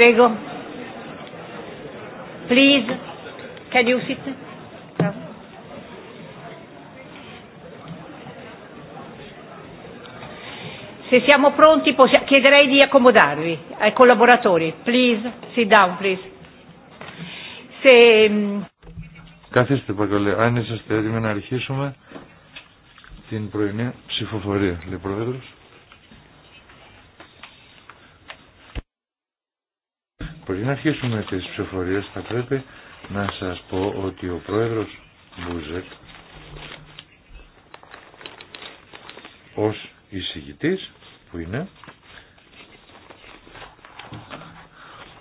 Prego. Please, can you sit? Se siamo pronti chiederei di accomodarvi ai collaboratori. Please, sit down, please. Se... Καθίστε παρακαλώ, αν είσαστε έτοιμοι να αρχίσουμε την πρωινή ψηφοφορία, λέει ο Πρόεδρος. Πριν αρχίσουμε τις ψηφορίες θα πρέπει να σας πω ότι ο πρόεδρος Μπούζεκ ως εισηγητής που είναι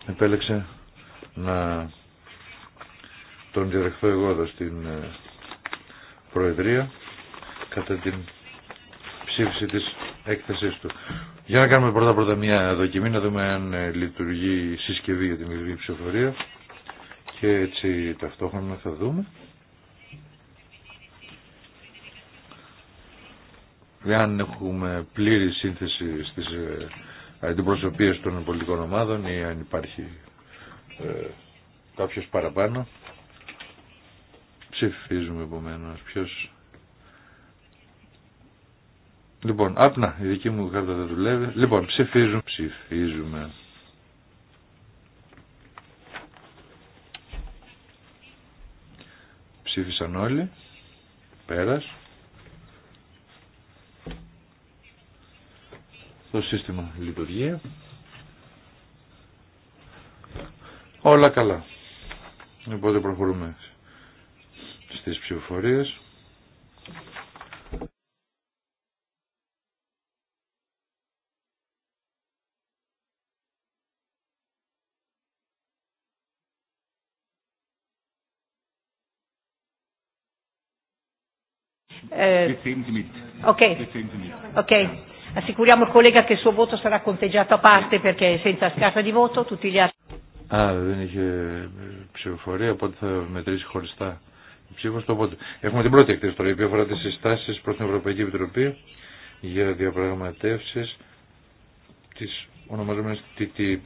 επέλεξε να τον διδεχθώ εγώ εδώ στην ε, Προεδρία κατά την ψήφιση της έκθεσής του. Για να κάνουμε πρώτα πρώτα μια δοκιμή να δούμε αν ε, λειτουργεί η συσκευή για την ηλική ψηφοφορία και έτσι ταυτόχρονα θα δούμε. Εάν έχουμε πλήρη σύνθεση στις ε, αντιπροσωπείες των πολιτικών ομάδων ή αν υπάρχει ε, κάποιος παραπάνω ψηφίζουμε επομένως ποιος Λοιπόν, άπνα, η δική μου κάρτα δεν δουλεύει. Λοιπόν, ψηφίζουμε, ψηφίζουμε. Ψήφισαν όλοι. Πέρας. Το σύστημα λειτουργεί. Όλα καλά. Οπότε προχωρούμε στις ψηφοφορίες. Jetzt ε, heben Okay. Jetzt Assicuriamo il collega che il suo voto sarà conteggiato a parte perché senza scarsa di voto tutti gli altri. Α, δεν είχε ψηφοφορία, οπότε θα μετρήσει χωριστά η ψήφο του. Οπότε έχουμε την πρώτη εκτέλεση τώρα, η οποία αφορά τι συστάσει προ την Ευρωπαϊκή Επιτροπή για διαπραγματεύσει τη ονομαζόμενη TTIP.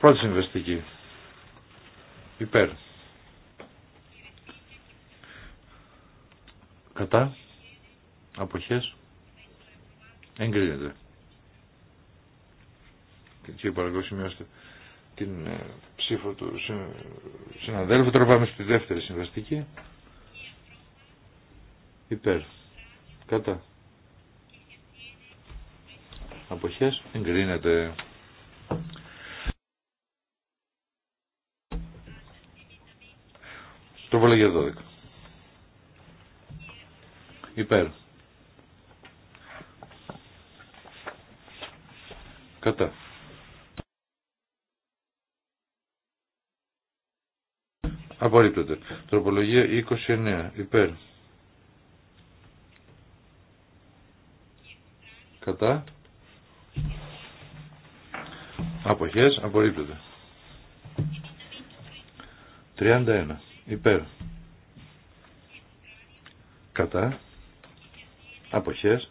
Πρώτη συμβεστική. Υπέρ. κατά αποχές εγκρίνεται και έτσι σημειώστε την ε, ψήφο του συναδέλφου τώρα πάμε στη δεύτερη συμβαστική υπέρ κατά αποχές εγκρίνεται το 12 υπέρ. Κατά. Απορρίπτεται. Τροπολογία 29. Υπέρ. Κατά. Αποχές. Απορρίπτεται. 31. Υπέρ. Κατά. Αποχές.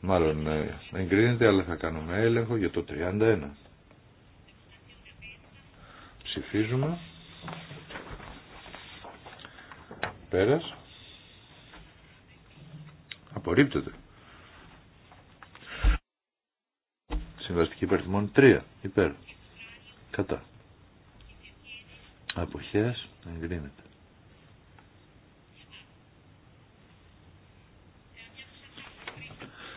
Μάλλον ε, εγκρίνεται, αλλά θα κάνουμε έλεγχο για το 31. Ψηφίζουμε. Πέρας. Απορρίπτεται. Συμβαστική υπερθυμών 3. Υπέρ. Κατά. Αποχές εγκρίνεται.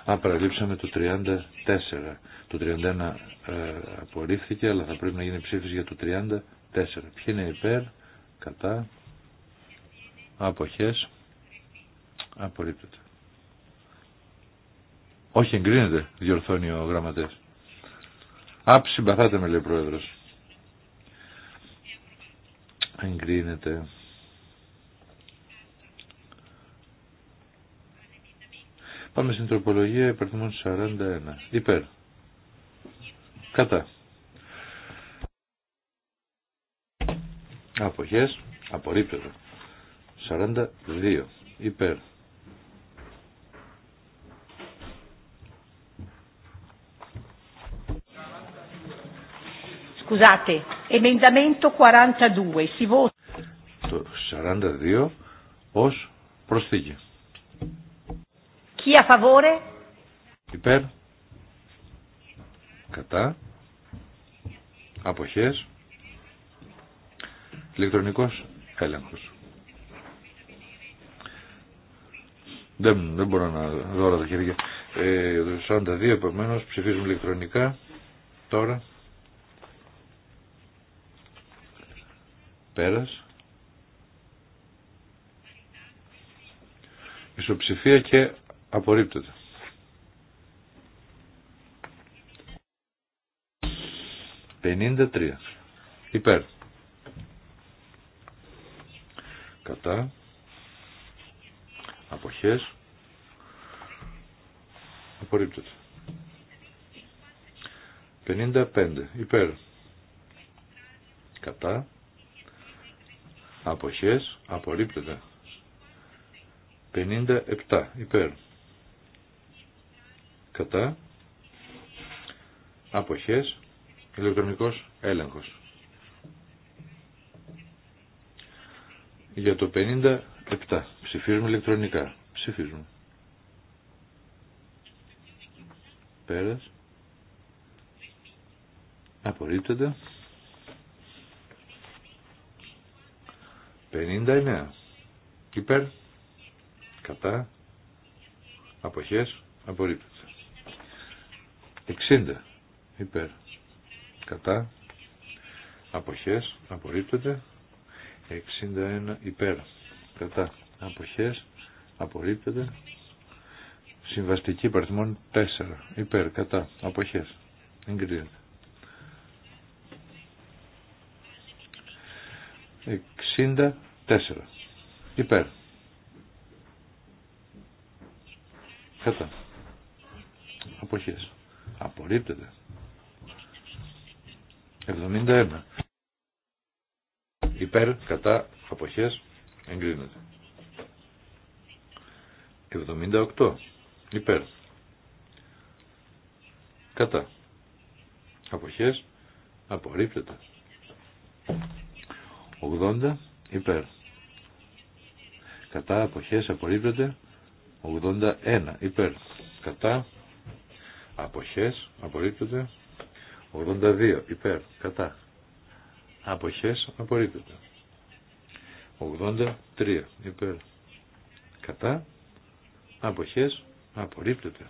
Α, παραλείψαμε το 34. Το 31 ε, απορρίφθηκε, αλλά θα πρέπει να γίνει ψήφιση για το 34. Ποιοι είναι υπέρ, κατά, αποχές, απορρίπτεται. Όχι εγκρίνεται, διορθώνει ο γραμματές. Α, συμπαθάτε με λέει ο πρόεδρος. Εγκρίνεται. Πάμε στην τροπολογία υπερθυμών 41. Υπέρ. Κατά. Αποχές. Απορρίπτωτο. 42. Υπέρ. Scusate, emendamento 42, si Το 42 ως προσθήκη. Chi a favore? Υπέρ. Κατά. Αποχές. Ηλεκτρονικός έλεγχος. Δεν, δεν μπορώ να δω όλα τα χέρια. Ε, 42 επομένω ψηφίζουμε ηλεκτρονικά τώρα. Πέρας. Ισοψηφία και Απορρίπτεται. Πενήντα τρία. Υπέρ. Κατά. Αποχές. Απορρίπτεται. 55. Υπέρ. Κατά. Αποχές. Απορρίπτεται. 57 υπέρ κατά αποχές ηλεκτρονικός έλεγχος. Για το 57 ψηφίζουμε ηλεκτρονικά. Ψηφίζουμε. Πέρας. Απορρίπτεται. 59. Υπέρ. Κατά. Αποχές. Απορρίπτεται. 60 υπέρ κατά αποχές απορρίπτεται 61 υπέρ κατά αποχές απορρίπτεται συμβαστική παρθμόν 4 υπέρ κατά αποχές εγκρίνεται 64 υπέρ κατά αποχές Απορρίπτεται. 71. Υπέρ, κατά, αποχές, εγκρίνεται. 78. Υπέρ. Κατά. Αποχές, απορρίπτεται. 80. Υπέρ. Κατά, αποχές, απορρίπτεται. 81. Υπέρ. Κατά, αποχές απορρίπτεται 82 υπέρ κατά αποχές απορρίπτεται 83 υπέρ κατά αποχές απορρίπτεται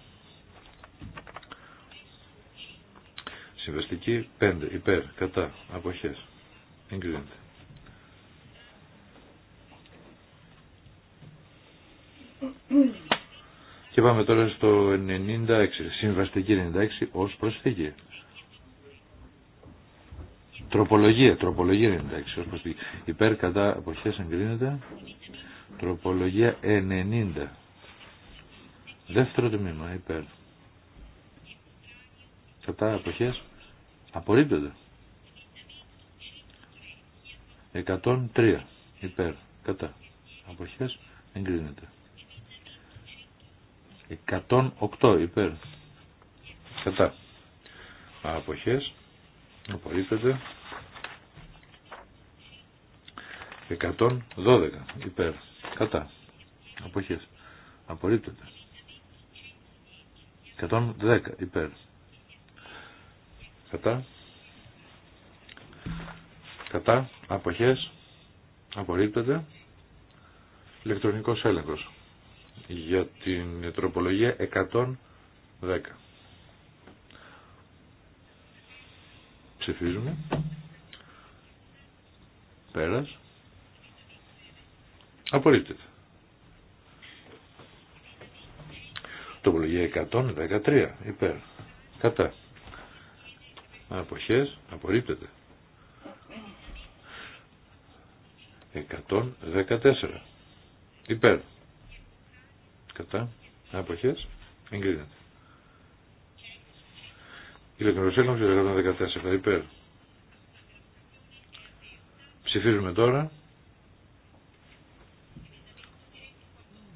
συμβαστική 5 υπέρ κατά αποχές εγκρίνεται Και πάμε τώρα στο 96, συμβαστική 96 ως προσθήκη. Τροπολογία, τροπολογία 96 ως προσθήκη. Υπέρ κατά αποχές εγκρίνεται. Τροπολογία 90. Δεύτερο τμήμα, υπέρ. Κατά αποχές απορρίπτονται. 103 υπέρ κατά αποχές εγκρίνεται. 108 υπέρ. Κατά. Αποχές. Απορρίπτεται. 112 υπέρ. Κατά. Αποχές. Απορρίπτεται. 110 υπέρ. Κατά. Κατά. Αποχές. Απορρίπτεται. Ηλεκτρονικός έλεγχος για την τροπολογία 110. Ψηφίζουμε. Πέρας. Απορρίπτεται. Τοπολογία 113. Υπέρ. Κατά. Αποχές. Απορρίπτεται. 114. Υπέρ κατά εποχές. εγκρίνεται. Ηλεκτρονικός έλεγχος 114 δηλαδή υπέρ. Ψηφίζουμε τώρα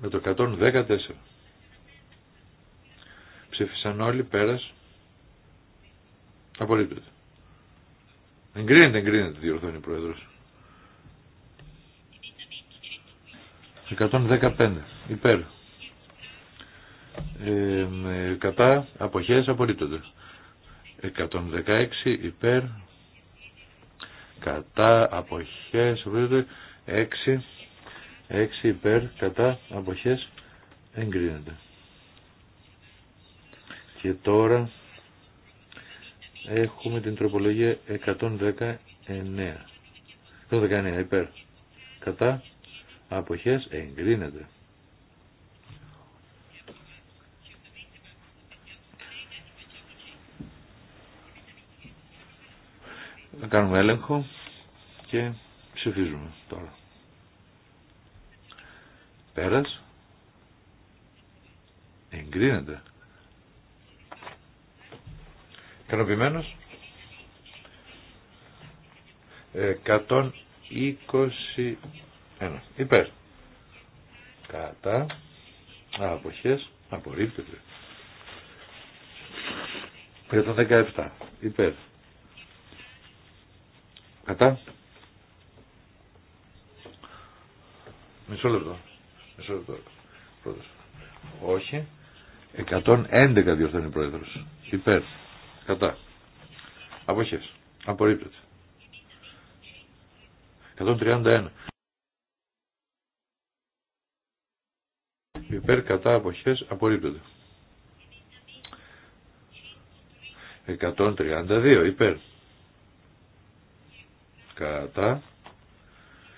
με το 114. Ψήφισαν όλοι πέρας. Απολύπτεται. Εγκρίνεται, εγκρίνεται, διορθώνει ο Πρόεδρος. 115. Υπέρ. Ε, κατά αποχές απορρίπτονται 116 υπέρ κατά αποχές απορρίπτονται 6 6 υπέρ κατά αποχές εγκρίνεται και τώρα έχουμε την τροπολογία 119 119 υπέρ κατά αποχές εγκρίνεται να κάνουμε έλεγχο και ψηφίζουμε τώρα. Πέρας. Εγκρίνεται. Κανοποιημένος. 121. Υπέρ. Κατά. Αποχές. Απορρίπτεται. 117. Υπέρ. Κατά. Μισό λεπτό. Μισό λεπτό. Πρώτος. Όχι. 111 διορθώνει πρόεδρος. Υπέρ. Κατά. Αποχές. Απορρίπτεται. 131. Υπέρ κατά αποχές απορρίπτεται. 132 υπέρ κατά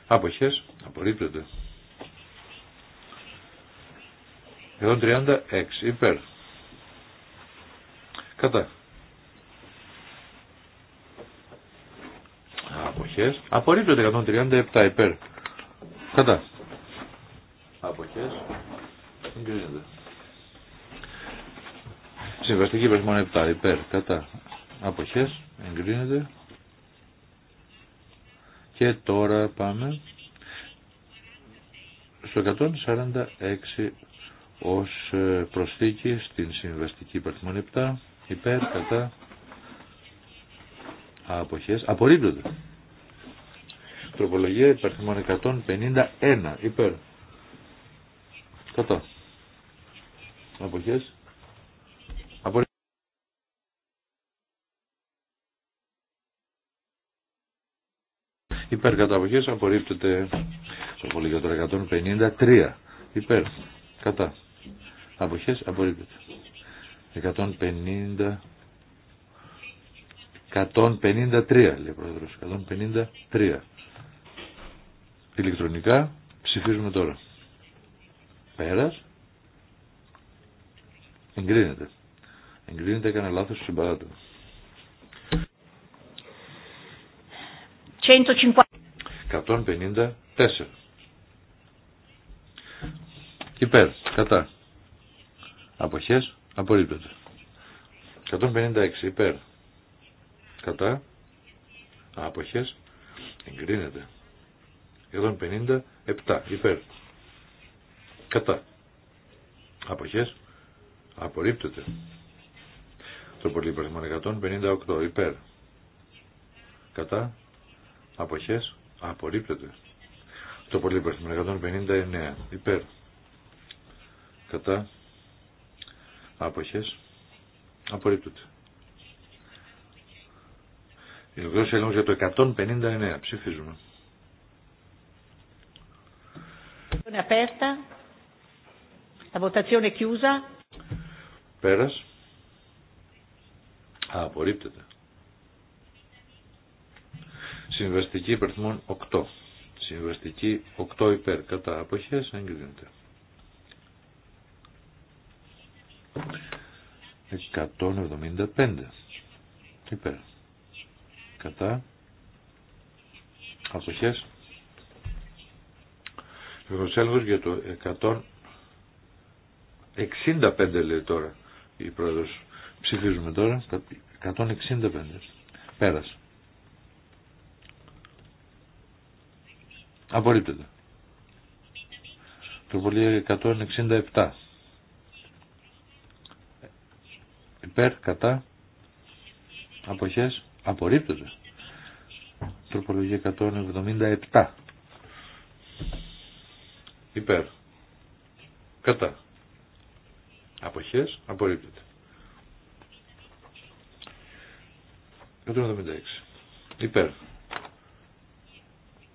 αποχές απορρίπτεται 136 υπέρ κατά αποχές απορρίπτεται 137 υπέρ κατά αποχές εγκρίνεται Συμβαστική υπερθυμόν 7 υπέρ κατά αποχές εγκρίνεται και τώρα πάμε στο 146 ως ε, προσθήκη στην συμβαστική Παρτιμόνιπτα 7 υπέρ κατά αποχές απορρίπτονται τροπολογία 151 υπέρ κατά αποχές υπέρ κατά αποχές απορρίπτεται 153 υπέρ κατά αποχές απορρίπτεται 150 153 λέει ο πρόεδρος 153 ηλεκτρονικά ψηφίζουμε τώρα πέρας εγκρίνεται εγκρίνεται έκανε λάθος συμπαράτημα 154. Υπέρ, κατά. Αποχές, απορρίπτεται. 156, υπέρ. Κατά. Αποχές, εγκρίνεται. 157, υπέρ. Κατά. Αποχές, απορρίπτεται. Το πολύ 158, υπέρ. Κατά αποχές απορρίπτεται. Το πολύ 159 υπέρ κατά αποχές απορρίπτεται. Η Ηλεκτρός έλεγχος για το 159 ψηφίζουμε. Aperta. κιούζα. Πέρας. απορρίπτεται. Συμβαστική υπερθμών 8. Συμβαστική 8 υπέρ. Κατά αποχές εγκρίνεται. 175 υπέρ. Κατά αποχές Ευρωσέλγος για το 165 λέει τώρα η πρόεδρος. Ψηφίζουμε τώρα 165. Πέρασε. Απορρίπτεται. Τροπολία 167. Υπέρ, κατά, αποχές, απορρίπτεται. Τροπολογία 177. Υπέρ. Κατά. Αποχές, απορρίπτεται. 176. Υπέρ.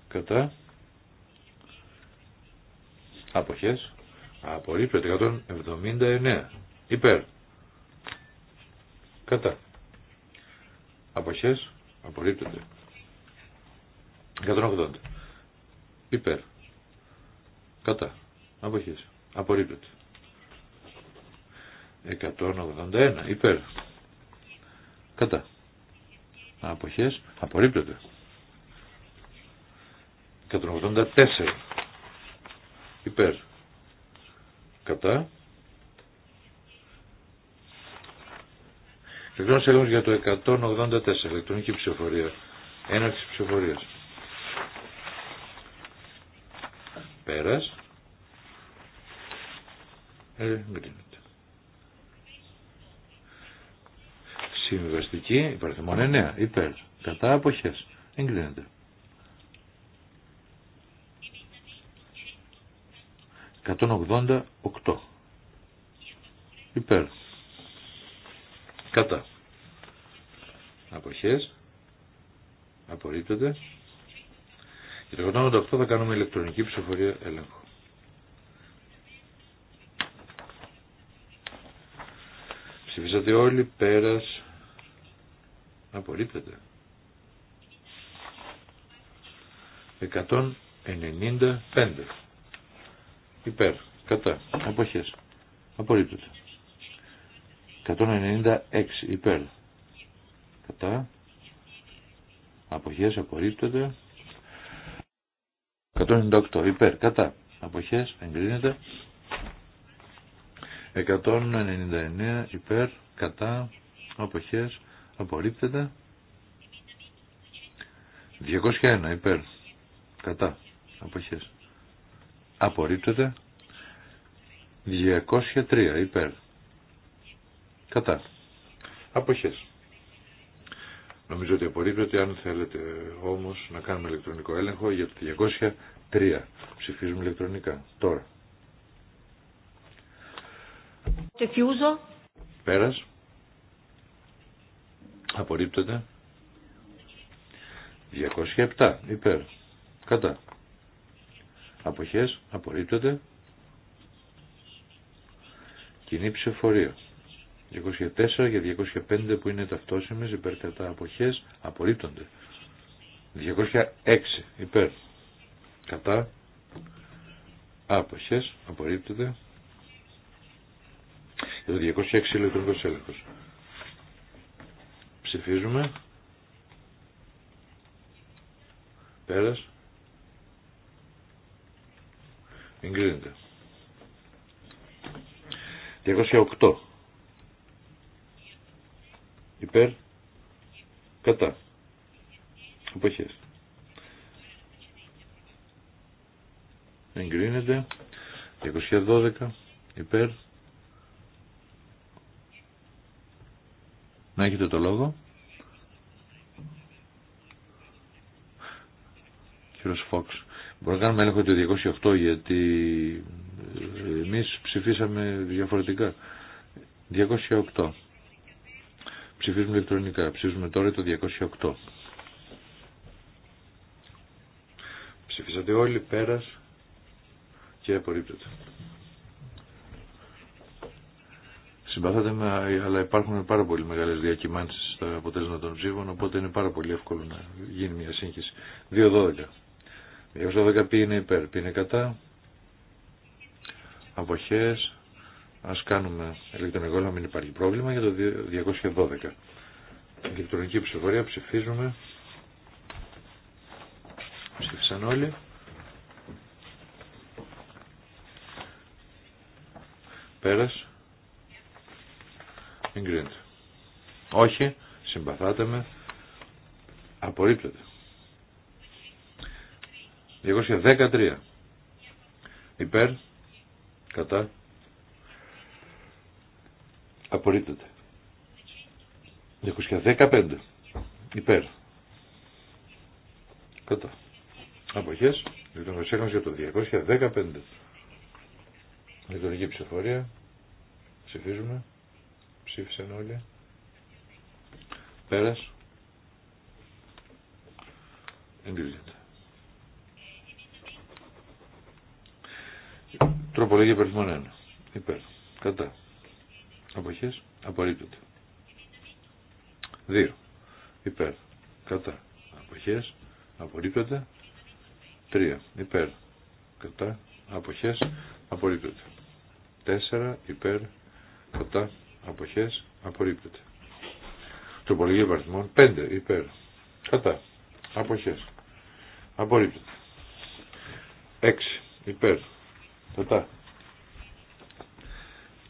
Κατά αποχές απορρίπτω 179 υπέρ κατά αποχές απορρίπτεται 180 υπέρ κατά αποχές απορρίπτεται 181 υπέρ κατά αποχές απορρίπτω. 184 υπέρ κατά σε έλεγχος για το 184 ηλεκτρονική ψηφοφορία έναρξη ψηφοφορίας πέρας ε, Συμβιβαστική υπαρθυμόν 9 υπέρ κατά αποχές εγκρίνεται 188 υπέρ κατά αποχές απορρίπτεται για το 188 θα κάνουμε ηλεκτρονική ψηφοφορία έλεγχο ψηφίσατε όλοι πέρας απορρίπτεται 195 υπέρ, κατά, αποχές, απορρίπτεται. 196 υπέρ, κατά, αποχές, απορρίπτεται. 198 υπέρ, κατά, αποχές, εγκρίνεται. 199 υπέρ, κατά, αποχές, απορρίπτεται. 201 υπέρ, κατά, αποχές, απορρίπτεται 203 υπέρ κατά αποχές νομίζω ότι απορρίπτεται αν θέλετε όμως να κάνουμε ηλεκτρονικό έλεγχο για το 203 ψηφίζουμε ηλεκτρονικά τώρα φιούζω. Πέρας. Απορρίπτεται. 207 υπέρ. Κατά αποχές Απορρίπτονται. κοινή ψηφορία 204 για 205 που είναι ταυτόσιμες υπέρ κατά αποχές απορρίπτονται 206 υπέρ κατά άποχες Απορρίπτονται. για το 206 ηλεκτρονικός έλεγχος ψηφίζουμε πέρας Εγκρίνεται. 208. Υπέρ. Κατά. Εποχές. Εγκρίνεται. 212. Υπέρ. Να έχετε το λόγο. Κύριος Φόξ. Μπορούμε να κάνουμε έλεγχο το 208 γιατί ε, εμείς ψηφίσαμε διαφορετικά. 208. Ψηφίζουμε ηλεκτρονικά. Ψηφίζουμε τώρα το 208. Ψηφίσατε όλοι πέρας και απορρίπτεται. Συμπαθάτε με, αλλά υπάρχουν πάρα πολύ μεγάλες διακυμάνσεις στα αποτέλεσμα των ψήφων, οπότε είναι πάρα πολύ εύκολο να γίνει μια σύγχυση. 2-12. 212 ποιοι είναι υπέρ, ποιοι είναι κατά. Αποχές. Ας κάνουμε ηλεκτρονικό να μην υπάρχει πρόβλημα για το 212. Ηλεκτρονική ψηφορία ψηφίζουμε. Ψήφισαν όλοι. Πέρας. Εγκρίνεται. Όχι. Συμπαθάτε με. Απορρίπτεται. 213. Υπέρ. Κατά. Απορρίπτεται. 215. Υπέρ. Κατά. Αποχές. το λοιπόν, έχουμε για το 215. Λειτουργική ψηφόρια, Ψηφίζουμε. Ψήφισαν όλοι. Πέρας. Εγκρίνεται. Τροπολογία υπερθυμών 1. Υπέρ. Κατά. Αποχές. Απορρίπτεται. 2. Υπέρ. Κατά. Αποχές. Απορρίπτεται. 3. Υπέρ. Κατά. Αποχές. Απορρίπτεται. 4. Υπέρ. Κατά. Αποχές. Απορρίπτεται. Τροπολογία υπερθυμών 5. Υπέρ. Κατά. Αποχές. Απορρίπτεται. 6. Υπέρ Κατά.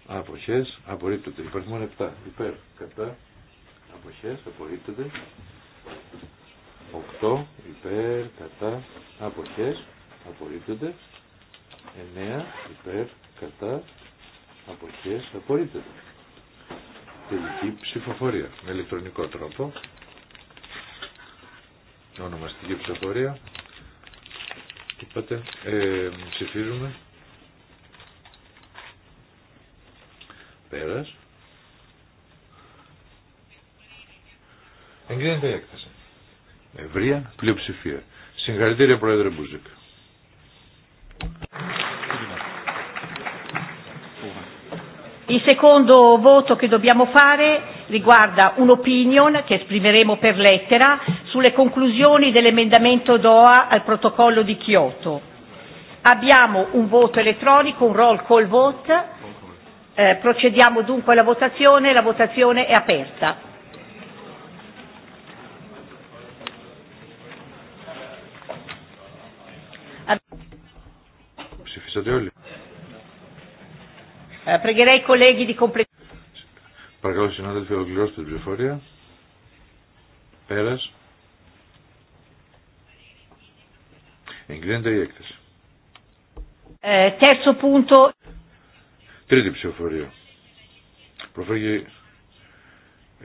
Αποχές απορρίπτεται. Υπάρχει μόνο 7. Υπέρ. Κατά. Αποχές απορρίπτεται. 8. Υπέρ. Κατά. Αποχές απορρίπτεται. 9. Υπέρ. Κατά. Αποχές απορρίπτεται. Τελική ψηφοφορία με ηλεκτρονικό τρόπο. Ονομαστική ψηφοφορία. Είπατε, ε, ψηφίζουμε. Εγκρίνεται η έκταση. Ευρεία πλειοψηφία. Συγχαρητήρια Πρόεδρε Μπούζικ. Il secondo voto che dobbiamo fare riguarda un'opinion che esprimeremo per lettera sulle conclusioni dell'emendamento DOA al protocollo di Kyoto. Abbiamo un voto elettronico, un roll call vote Eh, procediamo dunque alla votazione, la votazione è aperta. Eh, pregherei i colleghi di completare. terzo punto. Τρίτη ψηφοφορία. Προφέρει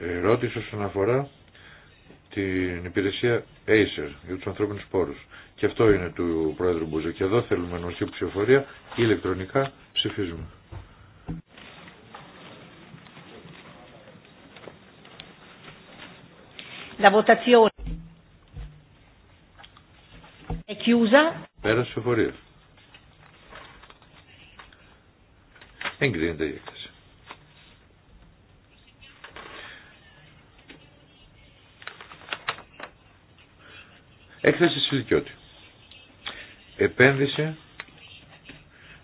ερώτηση όσον αφορά την υπηρεσία Acer για τους ανθρώπινους πόρους. Και αυτό είναι του Πρόεδρου Μπούζο. Και εδώ θέλουμε νομική ψηφοφορία ηλεκτρονικά ψηφίζουμε. La votazione è chiusa. ψηφοφορία. Εγκρίνεται η έκθεση. Έκθεση Σιλικιώτη. Επένδυση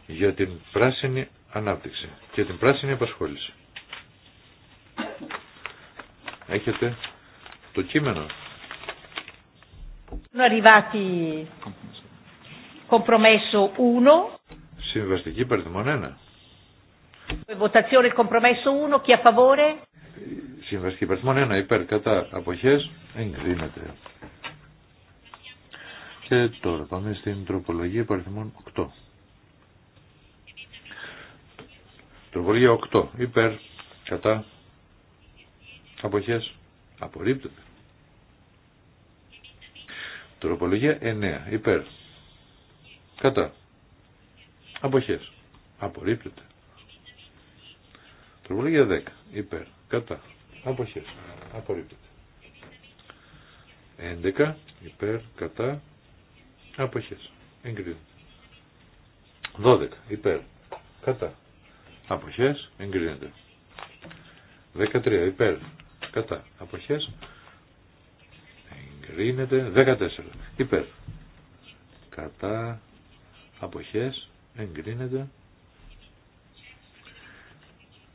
για την πράσινη ανάπτυξη και την πράσινη απασχόληση. Έχετε το κείμενο. Συμβαστική παρτιμόν 1. Votazione compromesso 1, chi a favore? Συμβαστική 1, υπέρ, κατά, αποχές, εγκρίνεται. Και τώρα πάμε στην τροπολογία υπαριθμών 8. Τροπολογία 8, υπέρ, κατά, αποχές, απορρίπτεται. Τροπολογία 9, υπέρ, κατά, αποχές, απορρίπτεται. Τροπολογία 10. Υπέρ. Κατά. Αποχές. Απορρίπτεται. 11. Υπέρ. Κατά. Αποχές. Εγκρίνεται. 12. Υπέρ. Κατά. Αποχές. Εγκρίνεται. 13. Υπέρ. Κατά. Αποχές. Εγκρίνεται. 14. Υπέρ. Κατά. Αποχές. Εγκρίνεται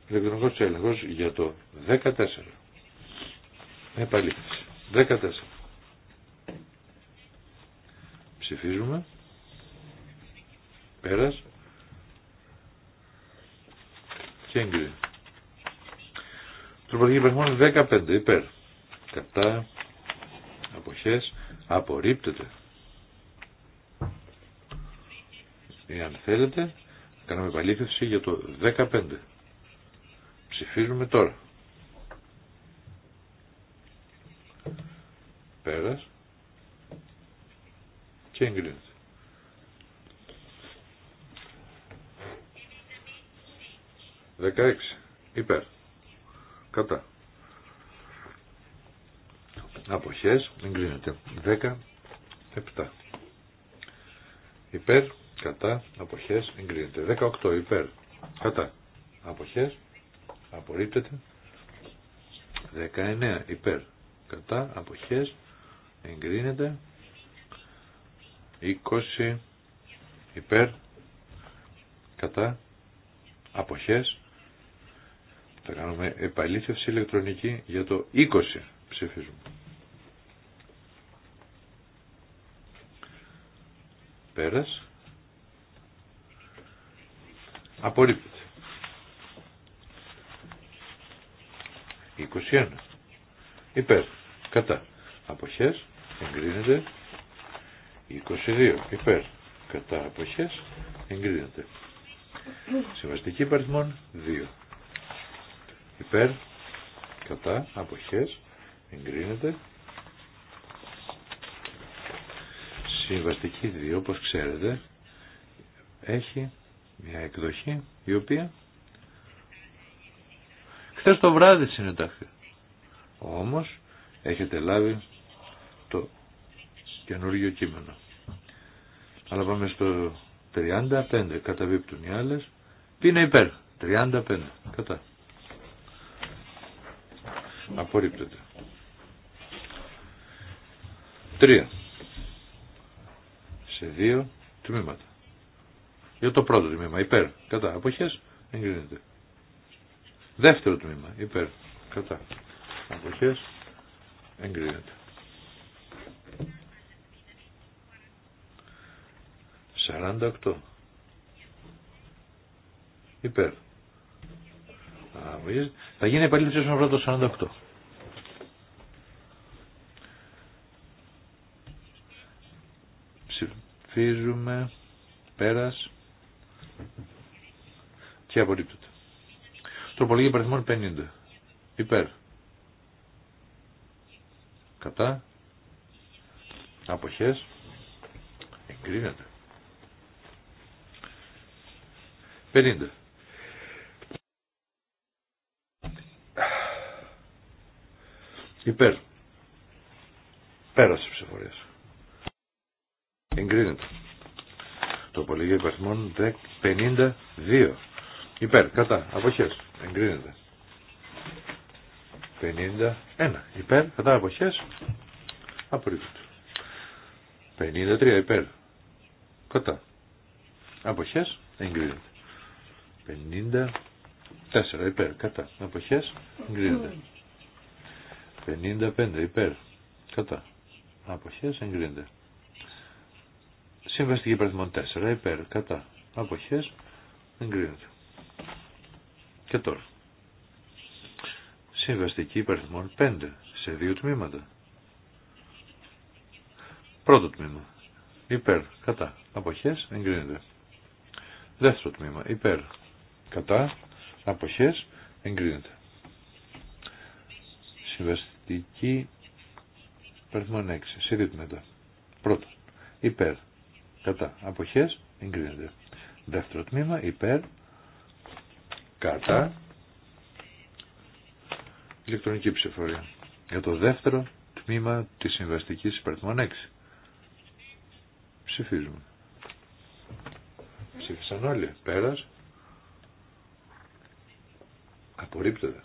ηλεκτρονικός έλεγχος για το 14. επαλήθηση. 14. Ψηφίζουμε. Πέρας. Και έγκρι. Τροπολογική υπερχόν 15 υπέρ. Κατά αποχές απορρίπτεται. Εάν θέλετε, κάνουμε επαλήθευση για το 15. Ψηφίζουμε τώρα. Πέρας. Και εγκρίνεται. Δεκαέξι. Υπέρ. Κατά. Αποχές. Εγκρίνεται. Δέκα. Επτά. Υπέρ. Κατά. Αποχές. Εγκρίνεται. Δέκα οκτώ. Υπέρ. Κατά. Αποχές απορρίπτεται 19 υπέρ κατά αποχές εγκρίνεται 20 υπέρ κατά αποχές θα κάνουμε επαλήθευση ηλεκτρονική για το 20 ψηφίζουμε πέρας απορρίπτεται 21. Υπέρ. Κατά. Αποχές. Εγκρίνεται. 22. Υπέρ. Κατά. Αποχές. Εγκρίνεται. Συμβαστική παριθμών 2. Υπέρ. Κατά. Αποχές. Εγκρίνεται. Συμβαστική 2, όπως ξέρετε, έχει μια εκδοχή η οποία Χθε το βράδυ συνετάχθη. Όμως έχετε λάβει το καινούργιο κείμενο. Αλλά πάμε στο 35. Καταβίπτουν οι άλλες. Τι είναι υπέρ. 35. Κατά. Απορρίπτεται. 3. Σε δύο τμήματα. Για το πρώτο τμήμα. Υπέρ. Κατά. Αποχές. Εγκρίνεται. Δεύτερο τμήμα, υπέρ, κατά. Αποχές, εγκρίνεται. 48. Υπέρ. Αποχές. Θα γίνει επαλήθευση όσον αφορά το 48. Ψηφίζουμε, πέρας και απορρίπτεται. Τροπολογία παριθμών 50. Υπέρ. Κατά. Αποχές. Εγκρίνεται. 50. Υπέρ. Πέρασε ψηφορία. Εγκρίνεται. Το υπαριθμών 52. Υπέρ. Κατά. Αποχές εγκρίνεται. 51 υπέρ, κατά αποχές, απορρίπτω. 53 υπέρ, κατά αποχές, εγκρίνεται. 54 υπέρ, κατά αποχές, εγκρίνεται. 55 υπέρ, κατά αποχές, εγκρίνεται. Συμβαστική παραθυμόν 4 υπέρ, κατά αποχές, εγκρίνεται. Και τώρα. Συμβαστική υπερθυμόν 5 σε δύο τμήματα. Πρώτο τμήμα. Υπέρ. Κατά. Αποχές. Εγκρίνεται. Δεύτερο τμήμα. Υπέρ. Κατά. Αποχές. Εγκρίνεται. Συμβαστική υπερθυμόν 6 σε δύο τμήματα. Πρώτο. Υπέρ. Κατά. Αποχές. Εγκρίνεται. Δεύτερο τμήμα. Υπέρ. Κατά. Ηλεκτρονική ψηφορία. Για το δεύτερο τμήμα της συμβαστικής υπερθμών 6. Ψηφίζουμε. Ψήφισαν όλοι. Πέρας. Απορρίπτεται.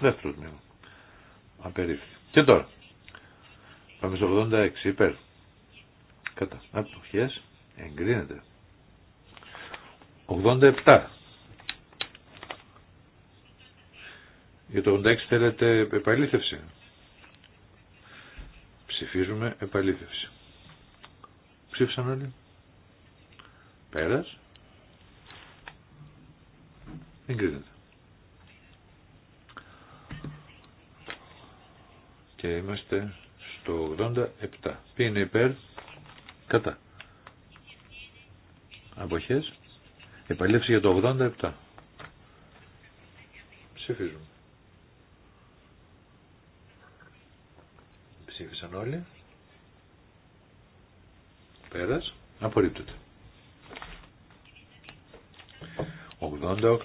Δεύτερο τμήμα. Απερίφθη. Και τώρα. Πάμε στο 86. Υπέρ. Κατά. Αποχές. Εγκρίνεται. 87. Για το 86 θέλετε επαλήθευση. Ψηφίζουμε επαλήθευση. Ψήφισαν όλοι. Πέρας. Εγκρίνεται. Και είμαστε στο 87. Ποιοι είναι υπέρ. Κατά. Αποχές. Επαλήψη για το 87. Ψηφίζουν. Ψήφισαν όλοι. Πέρας. Απορρίπτεται.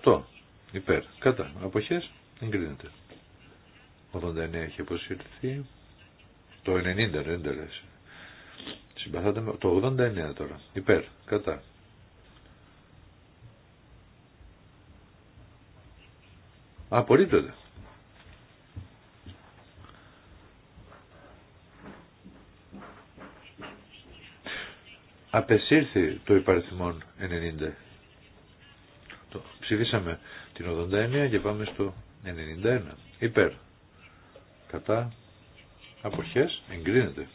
88. Υπέρ. Κατά. Αποχές. Εγκρίνεται. 89 έχει αποσυρθεί. Το 90 δεν τελέσει. Συμπαθάτε με το 89 τώρα. Υπέρ. Κατά. απορρίπτονται. Απεσύρθη το υπαριθμόν 90. Το ψηφίσαμε την 89 και πάμε στο 91. Υπέρ. Κατά. Αποχές. Εγκρίνεται.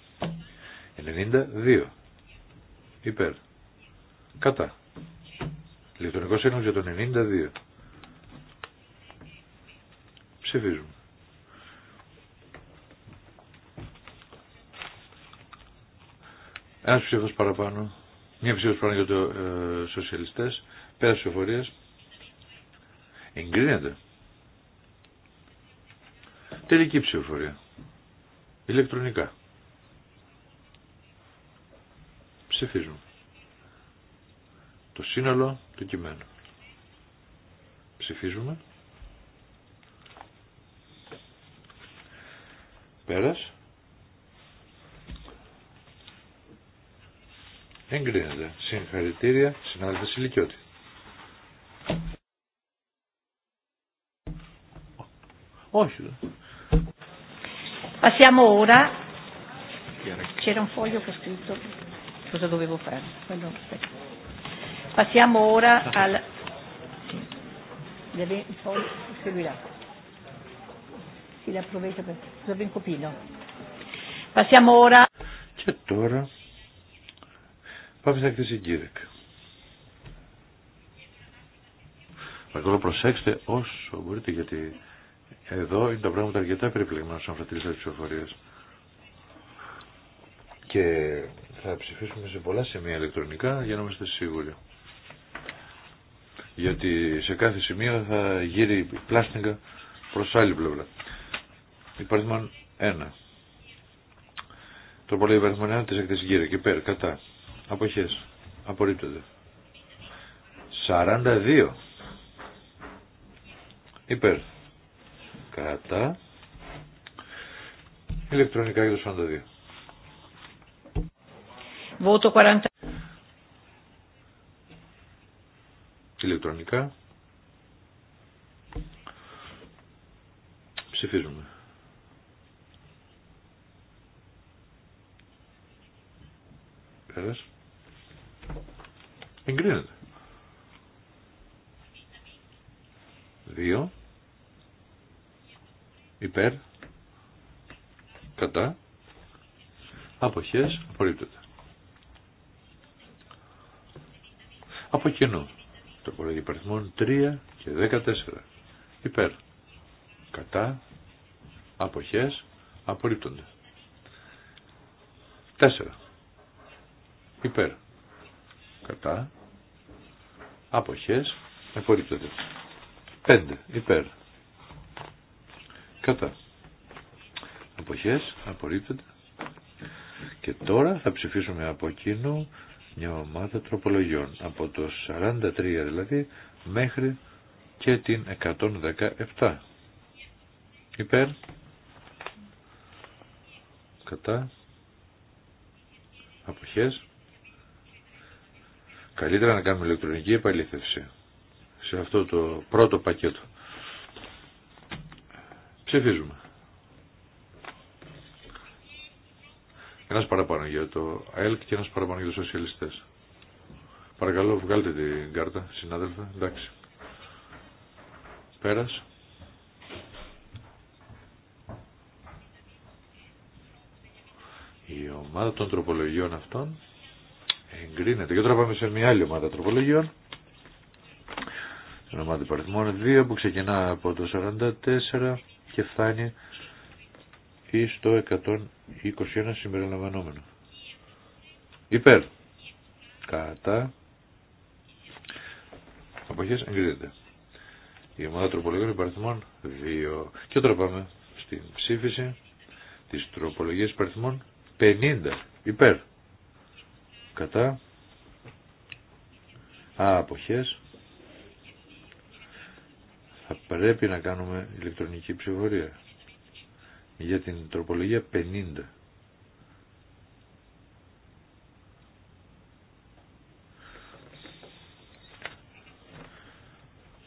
92. Υπέρ. Κατά. Λειτουργικό σύνολο για το 92. Ψηφίζουμε. Ένας ψήφος παραπάνω. Μια ψήφος παραπάνω για το ε, σοσιαλιστές. Πέρα ψηφοφορίας. Εγκρίνεται. Τελική ψηφοφορία. Ηλεκτρονικά. Ψηφίζουμε. Το σύνολο του κειμένου. Ψηφίζουμε. Πέρας. Εγκρίνεται. Συγχαρητήρια, συνάδελφε Σιλικιώτη. Όχι. Passiamo ora. C'era un foglio che ho scritto cosa dovevo fare. Quello, Passiamo ora al. Deve, poi seguirà. Και τώρα πάμε στην έκθεση Γκίρεκ. Παρακαλώ προσέξτε όσο μπορείτε γιατί εδώ είναι τα πράγματα αρκετά περιπλεγμένα σαν αυτή τη ψηφοφορία. Και θα ψηφίσουμε σε πολλά σημεία ηλεκτρονικά για να είμαστε σίγουροι. Γιατί σε κάθε σημείο θα γύρει η πλάστιγκα προς άλλη πλευρά. Υπαριθμόν 1. Το πολύ υπαριθμόν 1 της έκθεσης γύρω και πέρα. Κατά. Αποχές. Απορρίπτονται. 42. Υπέρ. Κατά. Ηλεκτρονικά για το 42. Βότο 40. Ηλεκτρονικά. Ψηφίζουμε. ανέφερε, Εγκρίνεται. Δύο. Υπέρ. Κατά. απόχέ Απορρίπτεται. Από κοινού. Το κολέγιο υπαριθμών 3 και 14. Υπέρ. Κατά. απόχέ, Απορρίπτονται. Τέσσερα υπέρ κατά αποχές απορρίπτεται 5 υπέρ κατά αποχές απορρίπτεται και τώρα θα ψηφίσουμε από εκείνο μια ομάδα τροπολογιών από το 43 δηλαδή μέχρι και την 117 υπέρ κατά αποχές Καλύτερα να κάνουμε ηλεκτρονική επαλήθευση σε αυτό το πρώτο πακέτο. Ψηφίζουμε. Ένας παραπάνω για το ΑΕΛΚ και ένας παραπάνω για τους σοσιαλιστές. Παρακαλώ βγάλτε την κάρτα, συνάδελφα. Εντάξει. Πέρας. Η ομάδα των τροπολογιών αυτών εγκρίνεται. Και τώρα πάμε σε μια άλλη ομάδα τροπολογιών. Στην ομάδα παριθμών 2 που ξεκινά από το 44 και φτάνει ή στο 121 συμπεριλαμβανόμενο. Υπέρ. Κατά. Αποχές εγκρίνεται. Η ομάδα τροπολογιών υπαριθμών 2. Και τώρα πάμε στην ψήφιση της τροπολογίας υπαριθμών 50. Υπέρ κατά αποχές θα πρέπει να κάνουμε ηλεκτρονική ψηφορία για την τροπολογία 50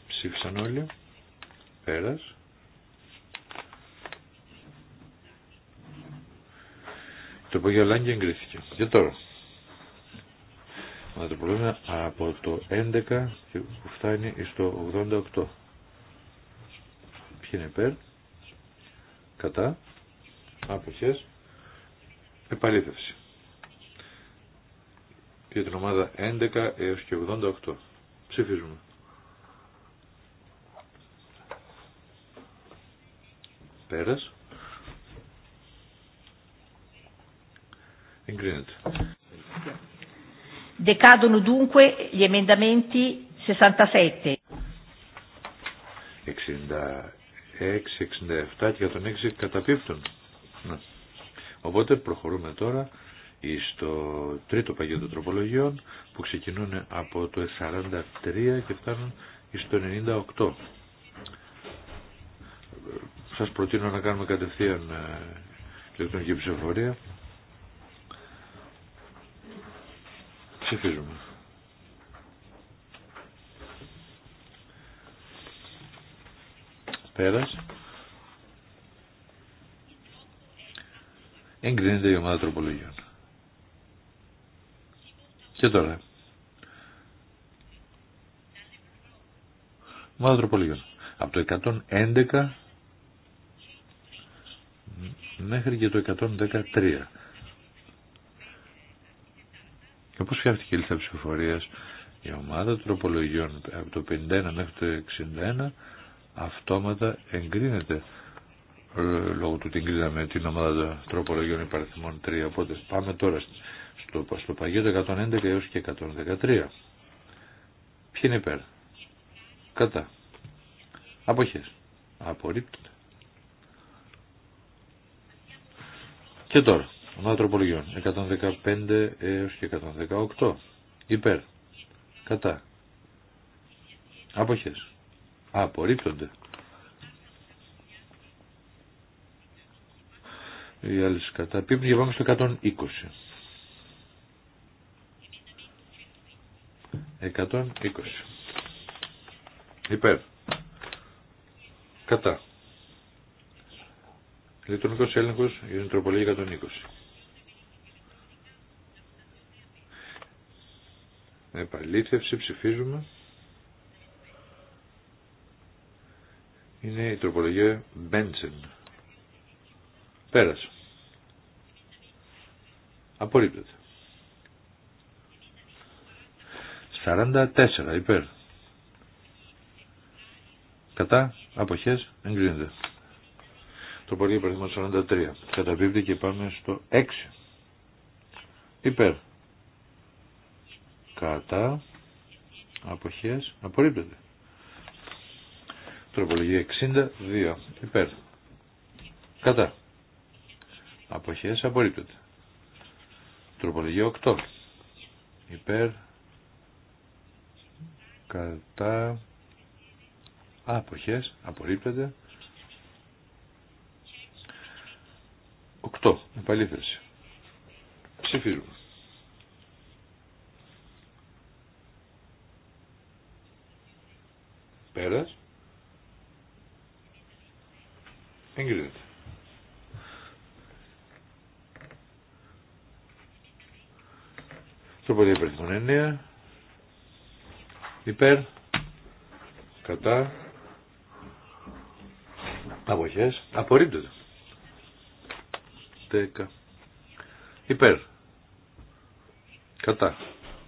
ψήφισαν όλοι πέρας Το Παγιολάνγκη εγκρίθηκε. Και τώρα με το από το 11 που φτάνει στο 88. Ποιοι είναι υπέρ, κατά, αποχές, επαλήθευση. Για την ομάδα 11 έως και 88. Ψηφίζουμε. Πέρας. Εγκρίνεται. Decadono dunque gli emendamenti 67. 66, 67 και τον 6 καταπίπτουν. Ναι. Οπότε προχωρούμε τώρα στο τρίτο των τροπολογιών που ξεκινούν από το 43 και φτάνουν στο 98. Σας προτείνω να κάνουμε κατευθείαν ε, ηλεκτρονική ψηφοφορία. Ψηφίζουμε. Πέρας. Εγκρίνεται η ομάδα τροπολογιών. Και τώρα. Ομάδα τροπολογιών. Από το 111 μέχρι και το 113. Και όπως φτιάχτηκε η λίστα ψηφοφορίας, η ομάδα τροπολογιών από το 51 μέχρι το 61 αυτόματα εγκρίνεται ε, λόγω του την κρίναμε την ομάδα τροπολογιών υπαριθμών 3. Οπότε πάμε τώρα στο, στο παγίδο 111 έως και 113. Ποιοι είναι υπέρ. Κατά. Αποχές. Απορρίπτουν. Και τώρα. Ομάδα τροπολογιών. 115 έως και 118. Υπέρ. Κατά. Αποχές. Απορρίπτονται. Οι άλλες καταπίπτουν και πάμε στο 120. 120. Υπέρ. Κατά. Λειτουργικό έλεγχο για την τροπολογία 120. επαλήθευση ψηφίζουμε. Είναι η τροπολογία Μπέντσεν. Πέρασε. Απορρίπτεται. 44 υπέρ. Κατά αποχές εγκρίνεται. Τροπολογία παραδείγματος 43. Καταπίπτει και πάμε στο 6. Υπέρ κατά αποχές απορρίπτεται τροπολογία 62 υπέρ κατά αποχές απορρίπτεται τροπολογία 8 υπέρ κατά αποχές απορρίπτεται 8 επαλήθευση ψηφίζουμε Πέρας. Εγκρίνεται. πολύ υπερθυμόν 9. Υπέρ. Κατά. Αποχές. Απορρίπτεται. Τέκα. Υπέρ. Κατά.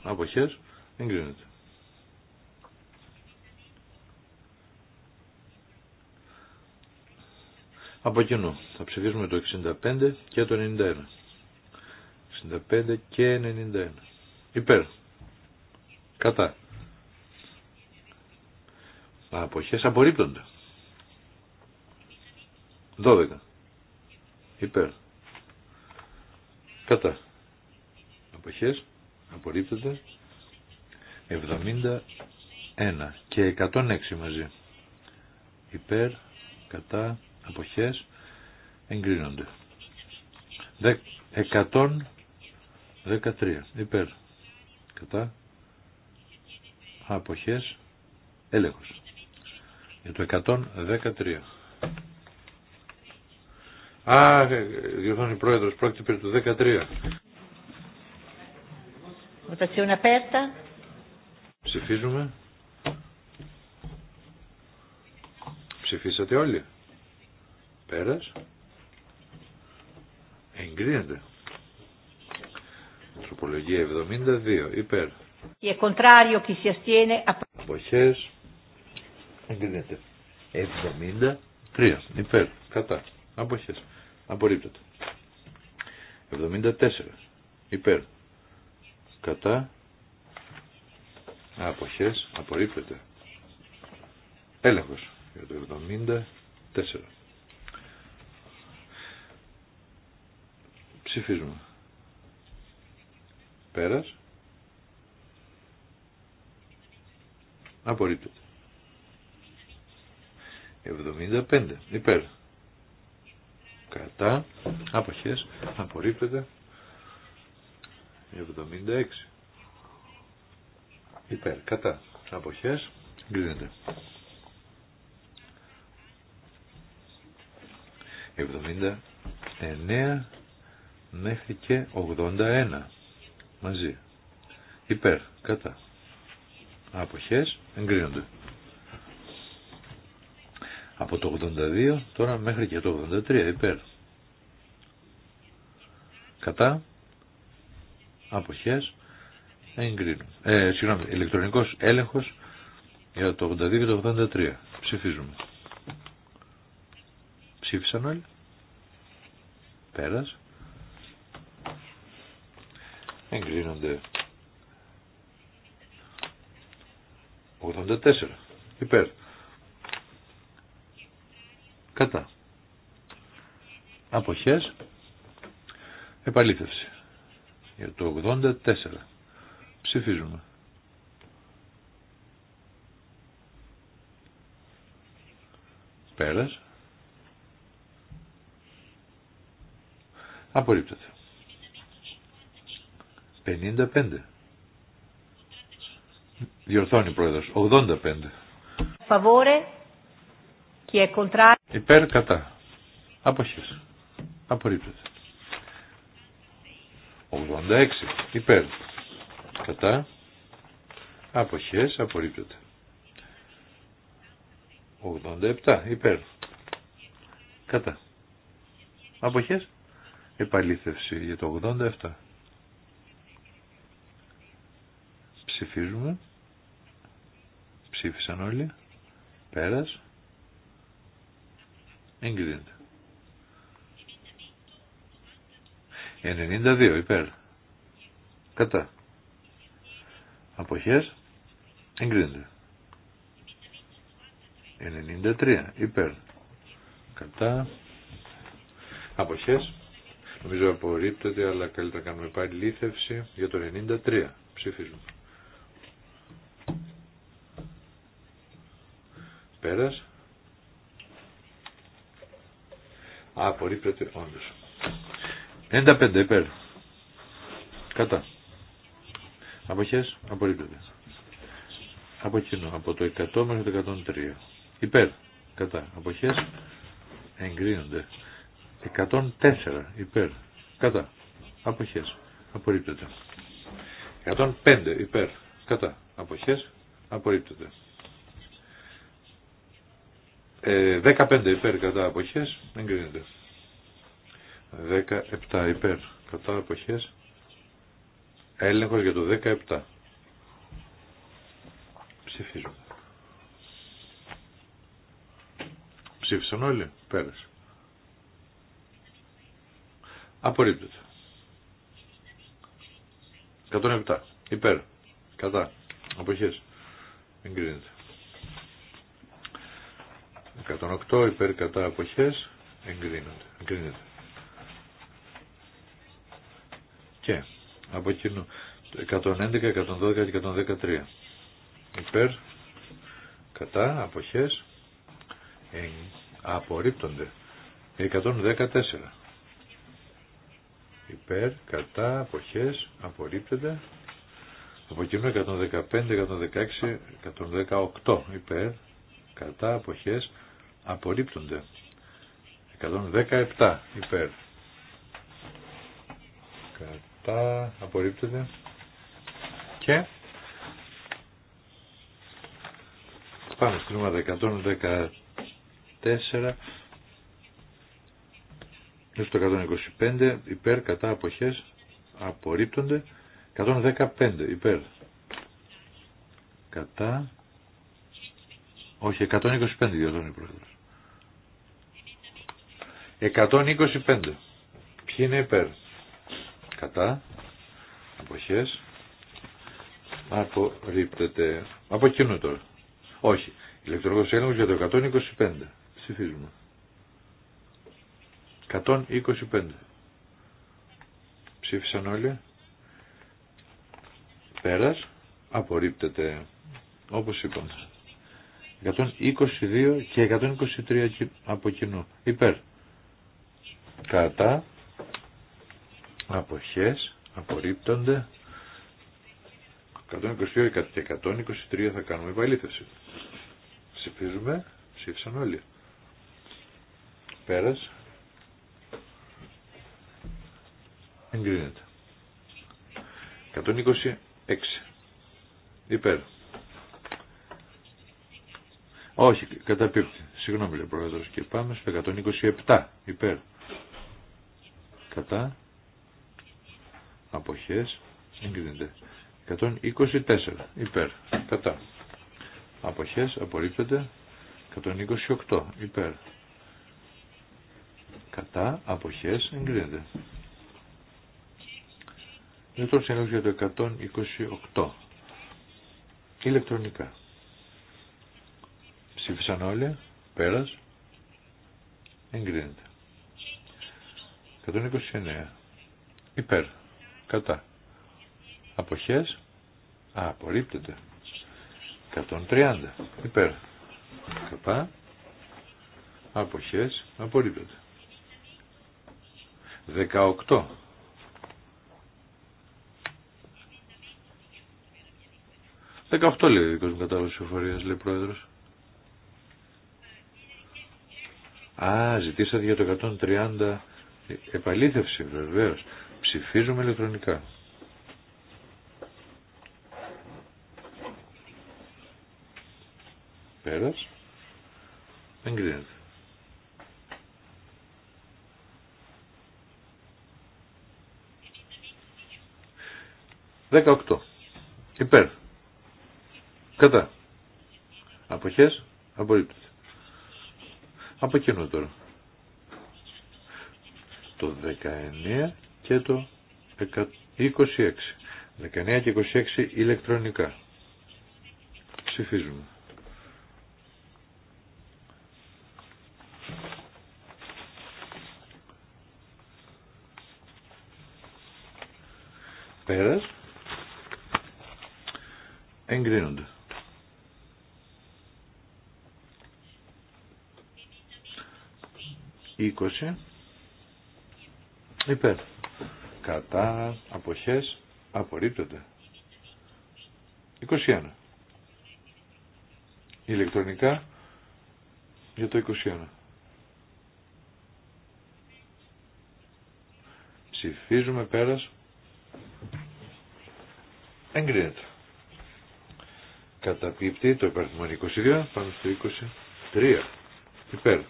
Αποχές. Εγκρίνεται. Από κοινού θα ψηφίσουμε το 65 και το 91. 65 και 91. Υπέρ. Κατά. Αποχές απορρίπτονται. 12. Υπέρ. Κατά. Αποχές απορρίπτονται. 71 και 106 μαζί. Υπέρ. Κατά αποχές εγκρίνονται 113 υπέρ κατά αποχές έλεγχος για το 113 Α, ε, διορθώνει πρόεδρος, πρόκειται περί του 13. aperta. Ψηφίζουμε. Ψηφίσατε όλοι. Πέρας. Εγκρίνεται. Τροπολογία 72. Υπέρ. Και κοντράριο και si Αποχές. Εγκρίνεται. 73. Υπέρ. Κατά. Αποχές. Απορρίπτεται. 74. Υπέρ. Κατά. Αποχές. Απορρίπτεται. Έλεγχος. Για το 74. Ψηφίζουμε. Πέρας. Απορρίπτεται. 75. Υπέρ. Κατά. Αποχές. Απορρίπτεται. 76. Υπέρ. Κατά. Αποχές. Γκρίνεται. 79 μέχρι και 81 μαζί. Υπέρ, κατά. Αποχές εγκρίνονται. Από το 82 τώρα μέχρι και το 83 υπέρ. Κατά. Αποχές Εγκρίνονται. Ε, συγγνώμη, ηλεκτρονικός έλεγχος για το 82 και το 83. Ψηφίζουμε. Ψήφισαν όλοι. Πέρας εγκρίνονται 84 υπέρ κατά αποχές επαλήθευση για το 84 ψηφίζουμε πέρας απορρίπτεται 55. Διορθώνει πρόεδρος. 85. Φαβόρε και κοντρά. Υπέρ κατά. Αποχές. Απορρίπτεται. 86. Υπέρ. Κατά. Αποχές. Απορρίπτεται. 87. Υπέρ. Κατά. Αποχές. Επαλήθευση για το 87. Ψηφίζουμε. Ψήφισαν όλοι. Πέρας. Εγκρίνεται. 92 υπέρ. Κατά. Αποχές. Εγκρίνεται. 93 υπέρ. Κατά. Αποχές. Νομίζω απορρίπτεται, αλλά καλύτερα κάνουμε πάλι λήθευση για το 93. Ψηφίζουμε. Πέρας. Απορρίπτεται όντως. 95 υπέρ. Κατά. Αποχές. Απορρίπτεται. Από κοινό. Από το 100 μέχρι το 103. Υπέρ. Κατά. Αποχές. Εγκρίνονται. 104 υπέρ. Κατά. Αποχές. Απορρίπτεται. 105 υπέρ. Κατά. Αποχές. Απορρίπτεται. 15 υπέρ κατά αποχές εγκρίνεται. 17 υπέρ κατά αποχές έλεγχος για το 17. Ψηφίζω. Ψήφισαν όλοι. Πέρασε. Απορρίπτεται. 107. Υπέρ. Κατά. Αποχές. Εγκρίνεται. 108 υπέρ κατά αποχές εγκρίνονται, εγκρίνεται. Και από εκείνο 111, 112 και 113 υπέρ κατά αποχές απορρίπτονται 114 υπέρ κατά αποχές απορρίπτονται. από εκείνο 115, 116, 118 υπέρ κατά αποχές απορρίπτονται 117 υπέρ κατά απορρίπτονται και πάμε στην ομάδα 114 έως το 125 υπέρ κατά αποχές απορρίπτονται 115 υπέρ κατά όχι 125 είναι πρόεδρος 125. Ποιοι είναι υπέρ. Κατά. Αποχές. Απορρίπτεται. Από κοινού τώρα. Όχι. Ηλεκτρονικός έλεγχος για το 125. Ψηφίζουμε. 125. Ψήφισαν όλοι. Πέρας. Απορρίπτεται. Όπως είπαμε. 122 και 123 από κοινού. Υπέρ κατά αποχές απορρίπτονται 122 και 123 θα κάνουμε υπαλήθευση. Ψηφίζουμε, ψήφισαν όλοι. Πέρας. Εγκρίνεται. 126. Υπέρ. Όχι, καταπίπτει. Συγγνώμη, λέει ο Πρόεδρος. Και πάμε στο 127. Υπέρ κατά αποχές εγκρίνεται 124 υπέρ κατά αποχές απορρίπτεται 128 υπέρ κατά αποχές εγκρίνεται Δεύτερος έλεγχος για το 128 ηλεκτρονικά ψήφισαν όλοι πέρας εγκρίνεται 129. Υπέρ. Κατά. Αποχές. Α, απορρίπτεται. 130. Υπέρ. Κατά. Αποχές. Απορρίπτεται. 18. 18 λέει ο δικός μου της εφορίας, λέει ο πρόεδρος. Α, ζητήσατε για το 130... Επαλήθευση βεβαίως. Ψηφίζουμε ηλεκτρονικά. Πέρας. Εγκρίνεται. Δέκα οκτώ. Υπέρ. Κατά. Αποχές. Απορρίπτωση. Από κοινού τώρα το 19 και το 26. 19 και 26 ηλεκτρονικά. Ψηφίζουμε. Πέρας. Εγκρίνονται. 20 υπέρ κατά αποχές απορρίπτονται. 21 ηλεκτρονικά για το 21 ψηφίζουμε πέρας εγκρίνεται καταπίπτει το υπαρθμό 22 πάμε στο 23 υπέρ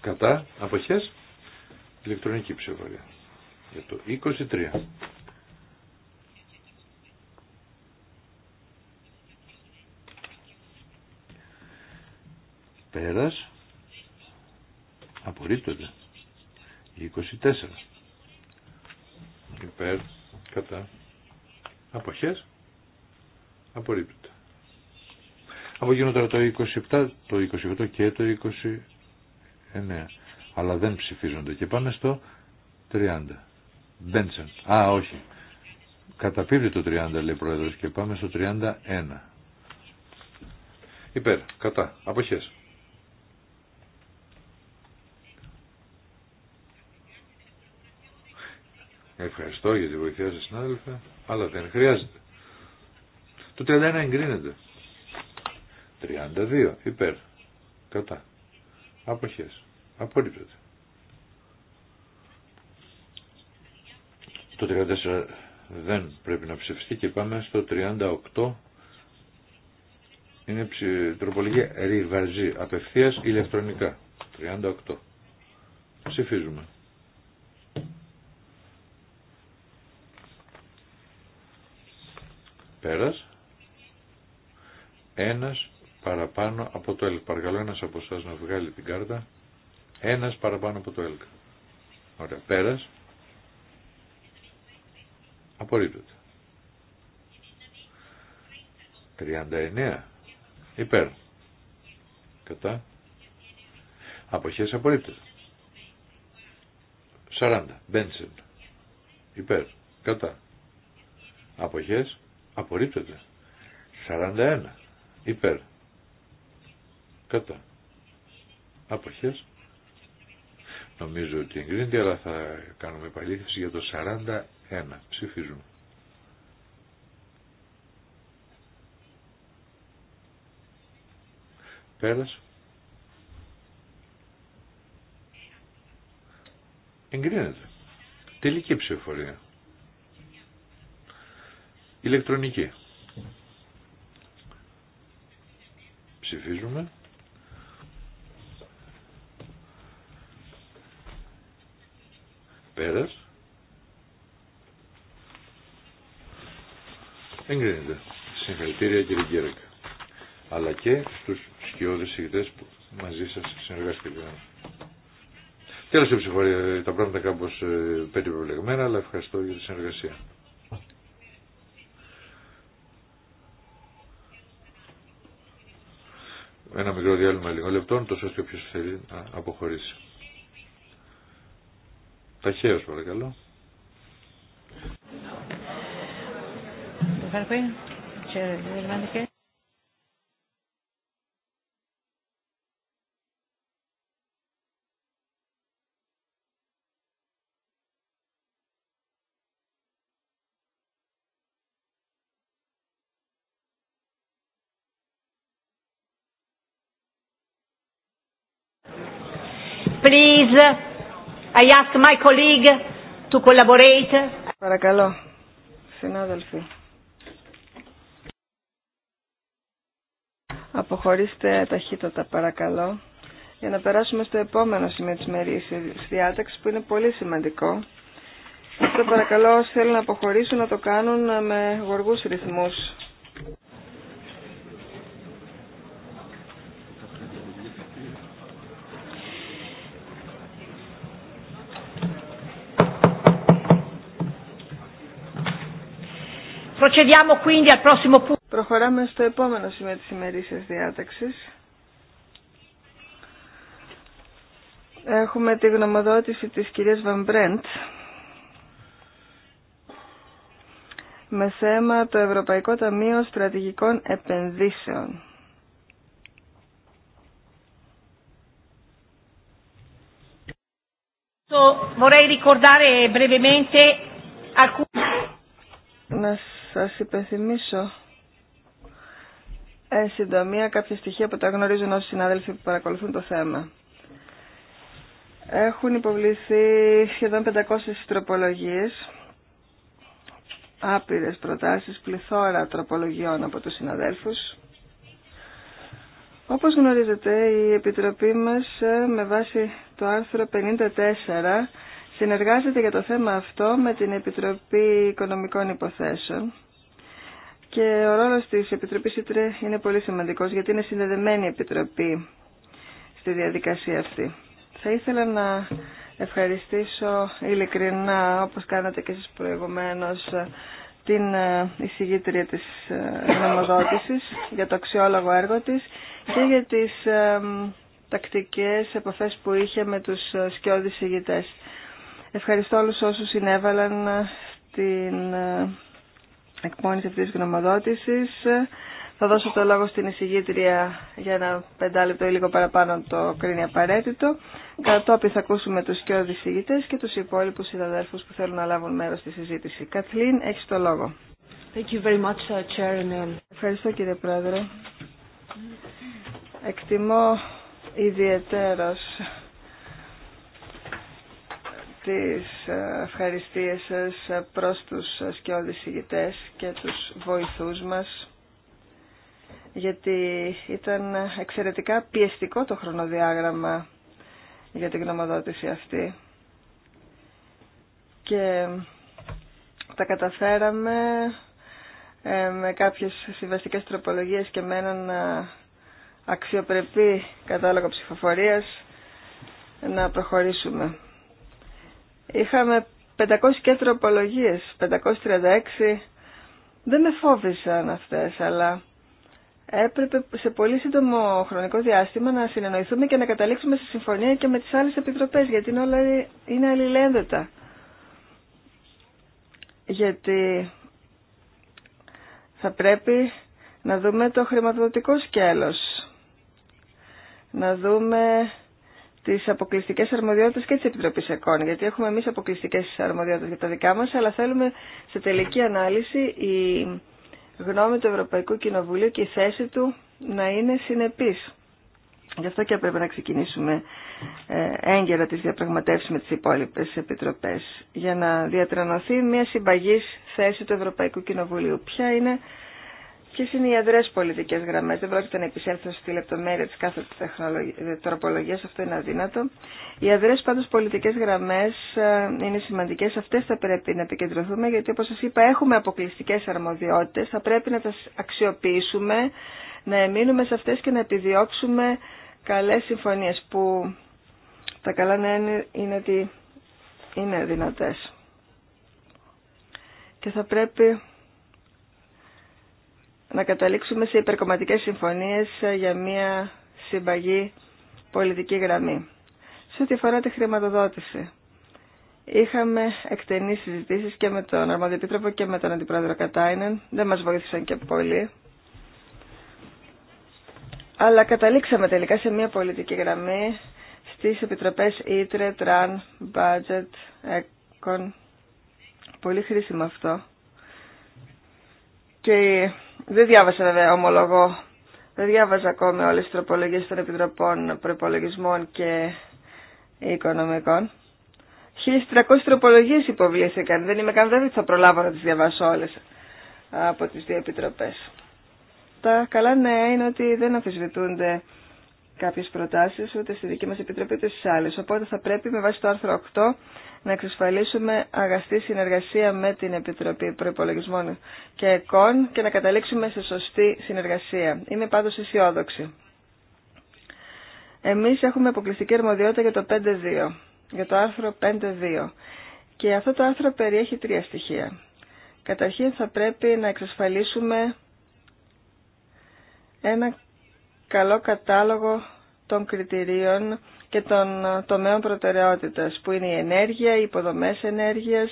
κατά αποχές ηλεκτρονική ψηφοφορία. Για το 23. Πέρας. Απορρίπτονται. 24. Υπέρ. Κατά. Αποχές. Απορρίπτονται. Από το 27, το 28 και το 29 αλλά δεν ψηφίζονται. Και πάμε στο 30. Μπέντσεν. Α, όχι. Καταπίπτει το 30, λέει ο Πρόεδρος, και πάμε στο 31. Υπέρ, κατά, αποχές. Ευχαριστώ για τη βοηθειά σας, συνάδελφε, αλλά δεν χρειάζεται. Το 31 εγκρίνεται. 32, υπέρ, κατά, αποχές απολύπτεται. Το 34 δεν πρέπει να ψηφιστεί και πάμε στο 38. Είναι τροπολογία ριβαζή, απευθείας ηλεκτρονικά. 38. Ψηφίζουμε. Πέρας. Ένας παραπάνω από το ΕΛΚ. Παρακαλώ ένας από εσάς να βγάλει την κάρτα. Ένας παραπάνω από το έλκα. Ωραία. Πέρας. Απορρίπτεται. 39. Υπέρ. Κατά. Αποχές απορρίπτεται. 40. Μπένσεν. Υπέρ. Κατά. Αποχές απορρίπτεται. 41. Υπέρ. Κατά. Αποχές Νομίζω ότι εγκρίνεται, αλλά θα κάνουμε επαλήθευση για το 41. Ψηφίζουμε. Πέρας. Εγκρίνεται. Τελική ψηφοφορία. Ηλεκτρονική. Ψηφίζουμε. Πέρας. Εγκρίνεται. Συγχαρητήρια κύριε Γκέρεκ, Αλλά και στους σκιώδες ηγητές που μαζί σας συνεργάστηκαν. Τέλος η ψηφορία. Τα πράγματα κάπως ε, περιπροβλεγμένα, αλλά ευχαριστώ για τη συνεργασία. Ένα μικρό διάλειμμα λίγο λεπτών, τόσο ώστε όποιος θέλει να αποχωρήσει. Ταχαίως παρακαλώ. Please I Παρακαλώ, συνάδελφοι. Αποχωρήστε ταχύτατα, παρακαλώ, για να περάσουμε στο επόμενο σημείο της μερίσης διάταξης, που είναι πολύ σημαντικό. Αυτό παρακαλώ όσοι θέλουν να αποχωρήσουν να το κάνουν με γοργούς ρυθμούς. Προχωράμε στο επόμενο σημείο της ημερήσιας διάταξης. Έχουμε τη γνωμοδότηση της κυρίας Βαμπρέντ με θέμα το Ευρωπαϊκό Ταμείο Στρατηγικών Επενδύσεων. Vorrei ricordare σας υπενθυμίσω εν συντομία κάποια στοιχεία που τα γνωρίζουν όσοι συνάδελφοι που παρακολουθούν το θέμα. Έχουν υποβληθεί σχεδόν 500 τροπολογίες, άπειρες προτάσεις, πληθώρα τροπολογιών από τους συναδέλφους. Όπως γνωρίζετε, η Επιτροπή μας ε, με βάση το άρθρο 54 συνεργάζεται για το θέμα αυτό με την Επιτροπή Οικονομικών Υποθέσεων και ο ρόλος της Επιτροπής ΙΤΡΕ είναι πολύ σημαντικός γιατί είναι συνδεδεμένη η Επιτροπή στη διαδικασία αυτή. Θα ήθελα να ευχαριστήσω ειλικρινά, όπως κάνατε και εσείς προηγουμένως, την ε, εισηγήτρια της ε, νομοδότησης για το αξιόλογο έργο της και για τις ε, τακτικές επαφές που είχε με τους σκιώδεις ηγητές. Ευχαριστώ όλους όσους συνέβαλαν στην εκπόνηση αυτής της γνωμοδότησης. Θα δώσω το λόγο στην εισηγήτρια για ένα πεντάλεπτο ή λίγο παραπάνω το κρίνει απαραίτητο. Κατόπιν θα ακούσουμε τους και οδησηγητές και τους υπόλοιπους συναδέλφους που θέλουν να λάβουν μέρος στη συζήτηση. Καθλίν, έχεις το λόγο. Thank you very much, uh, um, Ευχαριστώ κύριε Πρόεδρε. Εκτιμώ ιδιαίτερος τις ευχαριστίες σας προς τους σκιώδης ηγητές και τους βοηθούς μας γιατί ήταν εξαιρετικά πιεστικό το χρονοδιάγραμμα για την γνωμοδότηση αυτή και τα καταφέραμε ε, με κάποιες συμβαστικές τροπολογίες και με έναν ε, αξιοπρεπή κατάλογο ψηφοφορίας να προχωρήσουμε. Είχαμε 500 κεντρο απολογίε 536. Δεν με φόβησαν αυτές, αλλά έπρεπε σε πολύ σύντομο χρονικό διάστημα να συνεννοηθούμε και να καταλήξουμε σε συμφωνία και με τις άλλες επιτροπές, γιατί όλα είναι αλληλένδετα. Γιατί θα πρέπει να δούμε το χρηματοδοτικό σκέλος, να δούμε τι αποκλειστικέ αρμοδιότητες και τι επιτροπή ΕΚΟΝ, γιατί έχουμε εμεί αποκλειστικέ αρμοδιότητες για τα δικά μα, αλλά θέλουμε σε τελική ανάλυση η γνώμη του Ευρωπαϊκού Κοινοβουλίου και η θέση του να είναι συνεπή. Γι' αυτό και πρέπει να ξεκινήσουμε ε, έγκαιρα τις διαπραγματεύσεις με τις υπόλοιπες επιτροπές για να διατρανωθεί μια συμπαγή θέση του Ευρωπαϊκού Κοινοβουλίου. Ποια είναι Ποιε είναι οι αδρέ πολιτικέ γραμμέ. Δεν πρόκειται να επισέλθω στη λεπτομέρεια τη κάθε τροπολογία, αυτό είναι αδύνατο. Οι αδρέ πάντω πολιτικέ γραμμέ ε, είναι σημαντικέ. Αυτέ θα πρέπει να επικεντρωθούμε, γιατί όπω σα είπα, έχουμε αποκλειστικέ αρμοδιότητε. Θα πρέπει να τι αξιοποιήσουμε, να εμείνουμε σε αυτέ και να επιδιώξουμε καλέ συμφωνίε, που τα καλά να είναι, είναι ότι είναι δυνατέ. Και θα πρέπει να καταλήξουμε σε υπερκομματικές συμφωνίες ε, για μια συμπαγή πολιτική γραμμή. Σε ό,τι αφορά τη χρηματοδότηση, είχαμε εκτενείς συζητήσεις και με τον Αρμόδιο και με τον Αντιπρόεδρο Κατάινεν. Δεν μας βοήθησαν και πολύ. Αλλά καταλήξαμε τελικά σε μια πολιτική γραμμή στις επιτροπές Ήτρε, Τραν, Budget, Econ. Πολύ χρήσιμο αυτό και δεν διάβασα βέβαια, ομολογώ, δεν διάβαζα ακόμη όλες τις τροπολογίες των Επιτροπών Προπολογισμών και Οικονομικών. 1.300 τροπολογίες υποβλήθηκαν. Δεν είμαι καν βέβαιη ότι θα προλάβω να τις διαβάσω όλες από τις δύο επιτροπές. Τα καλά νέα είναι ότι δεν αμφισβητούνται κάποιες προτάσεις ούτε στη δική μας επιτροπή ούτε στις άλλες. Οπότε θα πρέπει με βάση το άρθρο 8 να εξασφαλίσουμε αγαστή συνεργασία με την Επιτροπή Προπολογισμών και ΕΚΟΝ και να καταλήξουμε σε σωστή συνεργασία. Είμαι πάντω αισιόδοξη. Εμείς έχουμε αποκλειστική αρμοδιότητα για το 5.2, για το άρθρο 5.2. Και αυτό το άρθρο περιέχει τρία στοιχεία. Καταρχήν θα πρέπει να εξασφαλίσουμε ένα καλό κατάλογο των κριτηρίων και των τομέων προτεραιότητας που είναι η ενέργεια, οι υποδομές ενέργειας,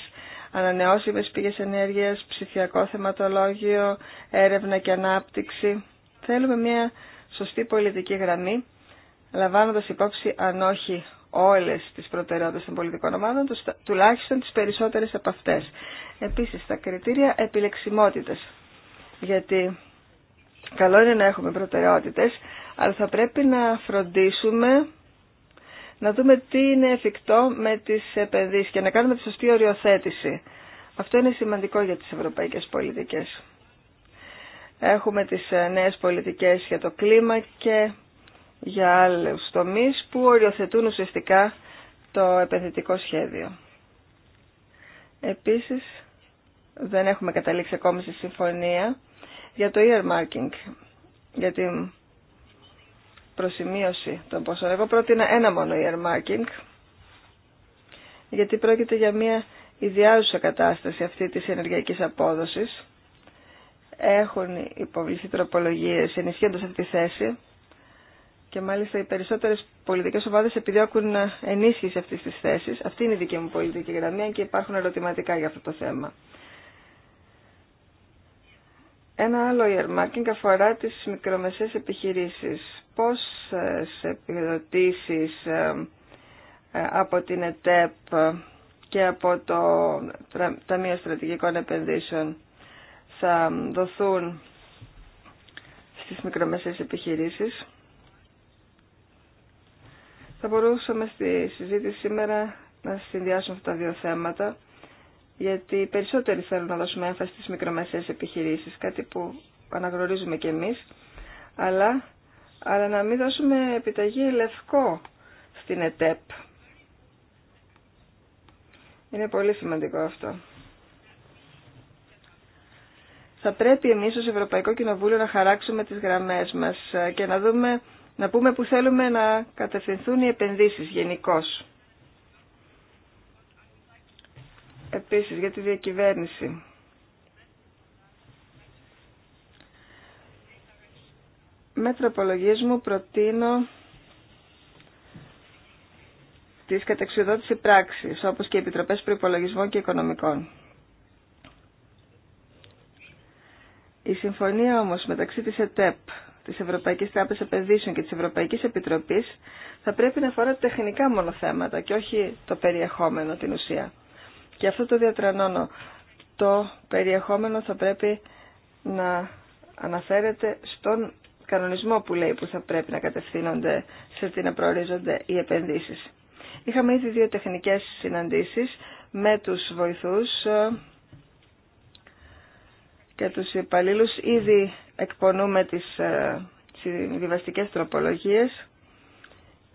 ανανεώσιμες πηγές ενέργειας, ψηφιακό θεματολόγιο, έρευνα και ανάπτυξη. Θέλουμε μια σωστή πολιτική γραμμή, λαμβάνοντα υπόψη αν όχι όλες τις προτεραιότητες των πολιτικών ομάδων, τουλάχιστον τις περισσότερες από αυτές. Επίσης, τα κριτήρια επιλεξιμότητας, γιατί καλό είναι να έχουμε προτεραιότητες, αλλά θα πρέπει να φροντίσουμε να δούμε τι είναι εφικτό με τις επενδύσεις και να κάνουμε τη σωστή οριοθέτηση. Αυτό είναι σημαντικό για τις ευρωπαϊκές πολιτικές. Έχουμε τις νέες πολιτικές για το κλίμα και για άλλους τομείς που οριοθετούν ουσιαστικά το επενδυτικό σχέδιο. Επίσης, δεν έχουμε καταλήξει ακόμη στη συμφωνία για το earmarking, για την προσημείωση των ποσών. Εγώ πρότεινα ένα μόνο earmarking, γιατί πρόκειται για μια ιδιάζουσα κατάσταση αυτή της ενεργειακής απόδοσης. Έχουν υποβληθεί τροπολογίες ενισχύοντας αυτή τη θέση και μάλιστα οι περισσότερες πολιτικές ομάδες επιδιώκουν ενίσχυση αυτής της θέσης. Αυτή είναι η δική μου πολιτική γραμμή και υπάρχουν ερωτηματικά για αυτό το θέμα. Ένα άλλο earmarking αφορά τις μικρομεσαίες επιχειρήσεις πόσες επιδοτήσεις ε, ε, από την ΕΤΕΠ και από το Ταμείο Στρατηγικών Επενδύσεων θα δοθούν στις μικρομεσαίες επιχειρήσεις. Θα μπορούσαμε στη συζήτηση σήμερα να συνδυάσουμε αυτά τα δύο θέματα, γιατί περισσότεροι θέλουν να δώσουμε έμφαση στις μικρομεσαίες επιχειρήσεις, κάτι που αναγνωρίζουμε και εμείς, αλλά αλλά να μην δώσουμε επιταγή λευκό στην ΕΤΕΠ. Είναι πολύ σημαντικό αυτό. Θα πρέπει εμείς ως Ευρωπαϊκό Κοινοβούλιο να χαράξουμε τις γραμμές μας και να, δούμε, να πούμε που θέλουμε να κατευθυνθούν οι επενδύσεις γενικώ. Επίσης για τη διακυβέρνηση. με τροπολογίες μου προτείνω τις κατεξιδότηση πράξης, όπως και οι Επιτροπές Προϋπολογισμών και Οικονομικών. Η συμφωνία όμως μεταξύ της ΕΤΕΠ, της Ευρωπαϊκής Τράπεζας Επενδύσεων και της Ευρωπαϊκής Επιτροπής θα πρέπει να αφορά τεχνικά μόνο θέματα και όχι το περιεχόμενο, την ουσία. Και αυτό το διατρανώνω. Το περιεχόμενο θα πρέπει να αναφέρεται στον κανονισμό που λέει που θα πρέπει να κατευθύνονται σε τι να προορίζονται οι επενδύσεις. Είχαμε ήδη δύο τεχνικές συναντήσεις με τους βοηθούς ε, και τους υπαλλήλου. Ήδη εκπονούμε τις ε, συμβιβαστικές τροπολογίες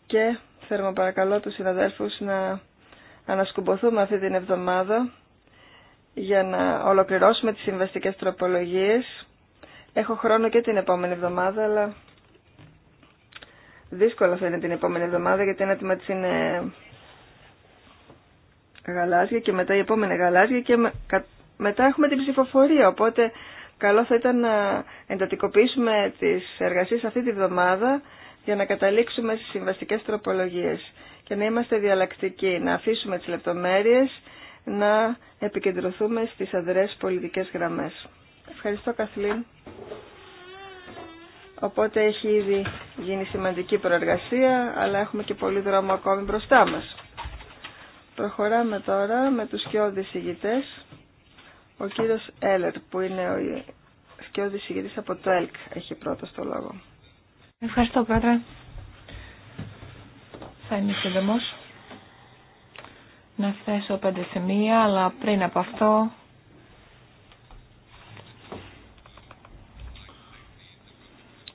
και θέλουμε παρακαλώ τους συναδέλφους να ανασκουμποθούμε αυτή την εβδομάδα για να ολοκληρώσουμε τις συμβαστικές τροπολογίες Έχω χρόνο και την επόμενη εβδομάδα, αλλά δύσκολα θα είναι την επόμενη εβδομάδα, γιατί ένα τίμα είναι γαλάζια και μετά η επόμενη γαλάζια και μετά έχουμε την ψηφοφορία, οπότε καλό θα ήταν να εντατικοποιήσουμε τις εργασίες αυτή τη εβδομάδα για να καταλήξουμε στις συμβαστικές τροπολογίες και να είμαστε διαλλακτικοί, να αφήσουμε τις λεπτομέρειες, να επικεντρωθούμε στις αδρές πολιτικές γραμμές. Ευχαριστώ Καθλή. Οπότε έχει ήδη γίνει σημαντική προεργασία, αλλά έχουμε και πολύ δρόμο ακόμη μπροστά μας. Προχωράμε τώρα με τους σκιώδης ηγητές. Ο κύριος Έλερ, που είναι ο σκιώδης ηγητής από το ΕΛΚ, έχει πρώτο το λόγο. Ευχαριστώ, Πρόεδρε. Θα είμαι σύντομος. Να θέσω πέντε σημεία, αλλά πριν από αυτό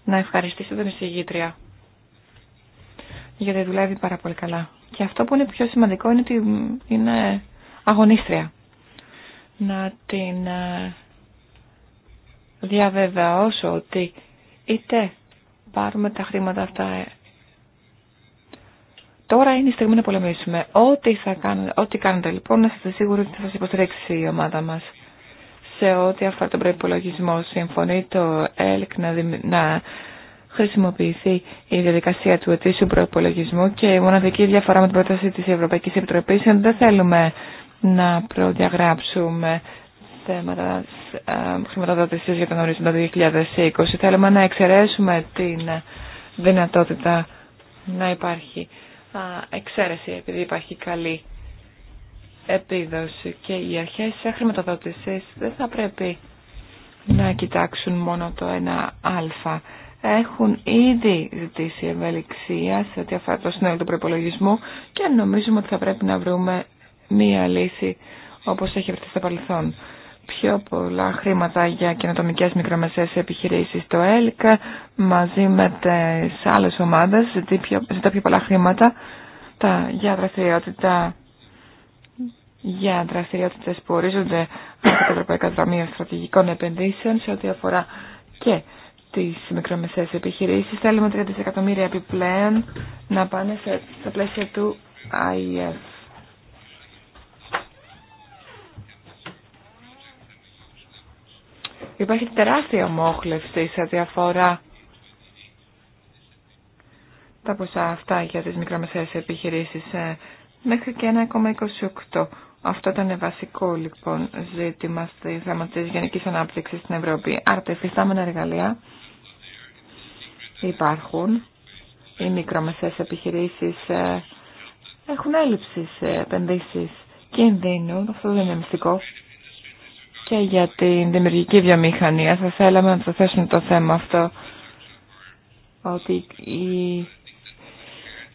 να ευχαριστήσω την εισηγήτρια. Γιατί δουλεύει πάρα πολύ καλά. Και αυτό που είναι πιο σημαντικό είναι ότι είναι αγωνίστρια. Να την ε, διαβεβαιώσω ότι είτε πάρουμε τα χρήματα αυτά ε, Τώρα είναι η στιγμή να πολεμήσουμε. Ό,τι, θα κάνετε, ό,τι λοιπόν, να είστε σίγουροι ότι θα σας υποστηρίξει η ομάδα μας σε ό,τι αφορά τον προπολογισμό. Συμφωνεί το ΕΛΚ να, δι... να χρησιμοποιηθεί η διαδικασία του ετήσιου προπολογισμού και η μοναδική διαφορά με την πρόταση της Ευρωπαϊκής Επιτροπής είναι ότι δεν θέλουμε να προδιαγράψουμε θέματα ε, χρηματοδότησης για τον ορίζοντα 2020. Θέλουμε να εξαιρέσουμε την δυνατότητα να υπάρχει εξαίρεση επειδή υπάρχει καλή επίδοση και οι αρχές χρηματοδότησης δεν θα πρέπει να κοιτάξουν μόνο το ένα αλφα. Έχουν ήδη ζητήσει ευελιξία σε ό,τι αφορά το συνέδριο του προπολογισμού και νομίζουμε ότι θα πρέπει να βρούμε μία λύση όπως έχει βρεθεί στο παρελθόν. Πιο πολλά χρήματα για καινοτομικές μικρομεσαίες επιχειρήσεις. Το ΕΛΚ μαζί με τις άλλες ομάδες ζητά πιο πολλά χρήματα τα, για δραστηριότητα για δραστηριότητε που ορίζονται από τα Ευρωπαϊκά Ταμεία Στρατηγικών Επενδύσεων σε ό,τι αφορά και τι μικρομεσαίες επιχειρήσει. Θέλουμε 3 δισεκατομμύρια επιπλέον να πάνε σε, στα πλαίσια του IEF. Υπάρχει τεράστια μόχλευση σε ό,τι αφορά τα ποσά αυτά για τις μικρομεσαίες επιχειρήσεις ε, μέχρι και 1,28 αυτό ήταν βασικό λοιπόν ζήτημα στη θέμα της γενικής ανάπτυξης στην Ευρώπη. Άρα τα εφιστάμενα εργαλεία υπάρχουν. Οι μικρομεσαίες επιχειρήσεις ε, έχουν έλλειψη σε επενδύσεις κινδύνου. Αυτό δεν είναι μυστικό. Και για την δημιουργική βιομηχανία θα θέλαμε να το το θέμα αυτό ότι η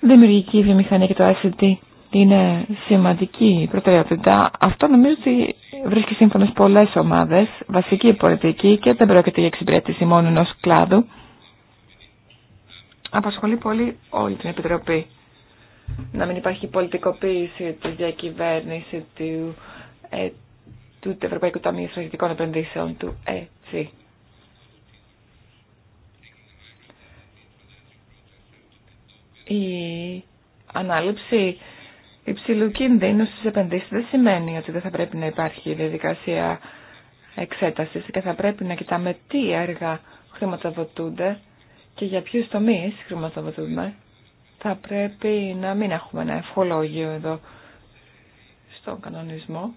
δημιουργική βιομηχανία και το ICT είναι σημαντική προτεραιότητα. Αυτό νομίζω ότι βρίσκει σε πολλέ ομάδε, βασική πολιτική και δεν πρόκειται για εξυπηρέτηση μόνο ενό κλάδου. Απασχολεί πολύ όλη την Επιτροπή. Να μην υπάρχει πολιτικοποίηση τη διακυβέρνηση του, ε, του Ευρωπαϊκού Ταμείου Στρατηγικών Επενδύσεων, του ΕΤΣΙ. Η ανάληψη υψηλού κινδύνου στις επενδύσεις δεν σημαίνει ότι δεν θα πρέπει να υπάρχει διαδικασία εξέτασης και θα πρέπει να κοιτάμε τι έργα χρηματοδοτούνται και για ποιους τομείς χρηματοδοτούμε, Θα πρέπει να μην έχουμε ένα ευχολόγιο εδώ στον κανονισμό,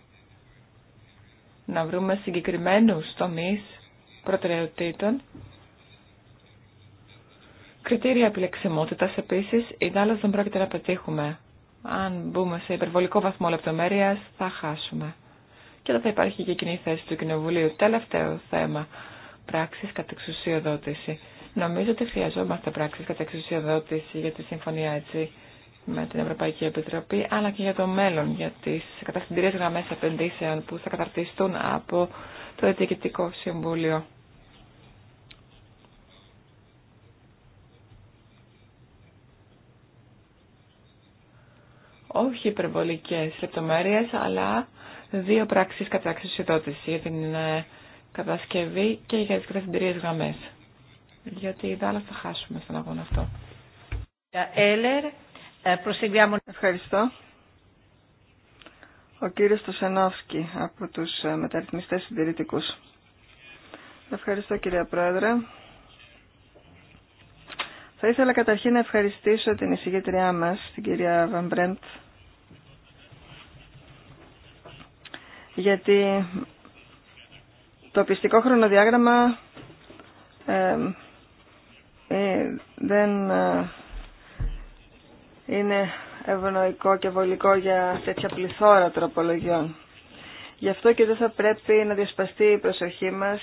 να βρούμε συγκεκριμένους τομείς προτεραιοτήτων Κριτήρια επιλεξιμότητας επίσης, ή δεν πρόκειται να πετύχουμε αν μπούμε σε υπερβολικό βαθμό λεπτομέρειας, θα χάσουμε. Και εδώ θα υπάρχει και κοινή θέση του Κοινοβουλίου. Τελευταίο θέμα. Πράξει κατά εξουσιοδότηση. Νομίζω ότι χρειαζόμαστε πράξει κατά εξουσιοδότηση για τη συμφωνία έτσι με την Ευρωπαϊκή Επιτροπή, αλλά και για το μέλλον, για τι καταστηντηρίες γραμμέ επενδύσεων που θα καταρτιστούν από το Διοικητικό Συμβούλιο. όχι υπερβολικές λεπτομέρειες, αλλά δύο πράξεις κατά αξιοσυνδότηση για την ε, κατασκευή και για τις κατευθυντηρίες γραμμές. Γιατί άλλα θα χάσουμε στον αγώνα αυτό. Ε, Ευχαριστώ. Ο κύριος Τουσενόφσκι από τους ε, μεταρρυθμιστές συντηρητικούς. Ευχαριστώ κυρία Πρόεδρε. Θα ήθελα καταρχήν να ευχαριστήσω την εισηγήτριά μας, την κυρία Βαμπρέντ γιατί το πιστικό χρονοδιάγραμμα ε, ε, δεν ε, είναι ευνοϊκό και βολικό για τέτοια πληθώρα τροπολογιών. Γι' αυτό και δεν θα πρέπει να διασπαστεί η προσοχή μας,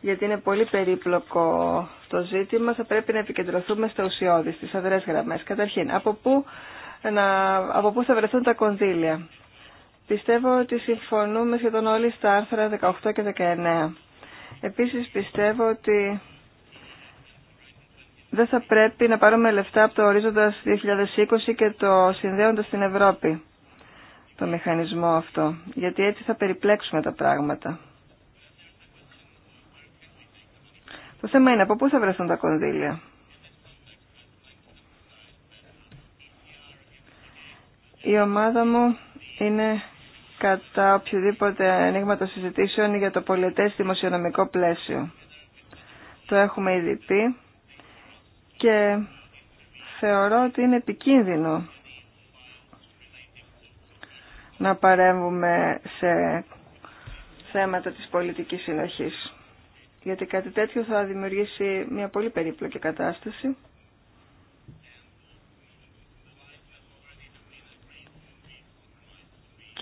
γιατί είναι πολύ περίπλοκο το ζήτημα, θα πρέπει να επικεντρωθούμε στα ουσιώδη, στις αδρές γραμμές. Καταρχήν, από πού θα βρεθούν τα κονδύλια. Πιστεύω ότι συμφωνούμε σχεδόν όλοι στα άρθρα 18 και 19. Επίσης πιστεύω ότι δεν θα πρέπει να πάρουμε λεφτά από το ορίζοντας 2020 και το συνδέοντας στην Ευρώπη, το μηχανισμό αυτό, γιατί έτσι θα περιπλέξουμε τα πράγματα. Το θέμα είναι από πού θα βρεθούν τα κονδύλια. Η ομάδα μου είναι κατά οποιοδήποτε ανοίγματο συζητήσεων για το πολιτές δημοσιονομικό πλαίσιο. Το έχουμε ήδη πει και θεωρώ ότι είναι επικίνδυνο να παρέμβουμε σε θέματα της πολιτικής συνοχής. Γιατί κάτι τέτοιο θα δημιουργήσει μια πολύ περίπλοκη κατάσταση.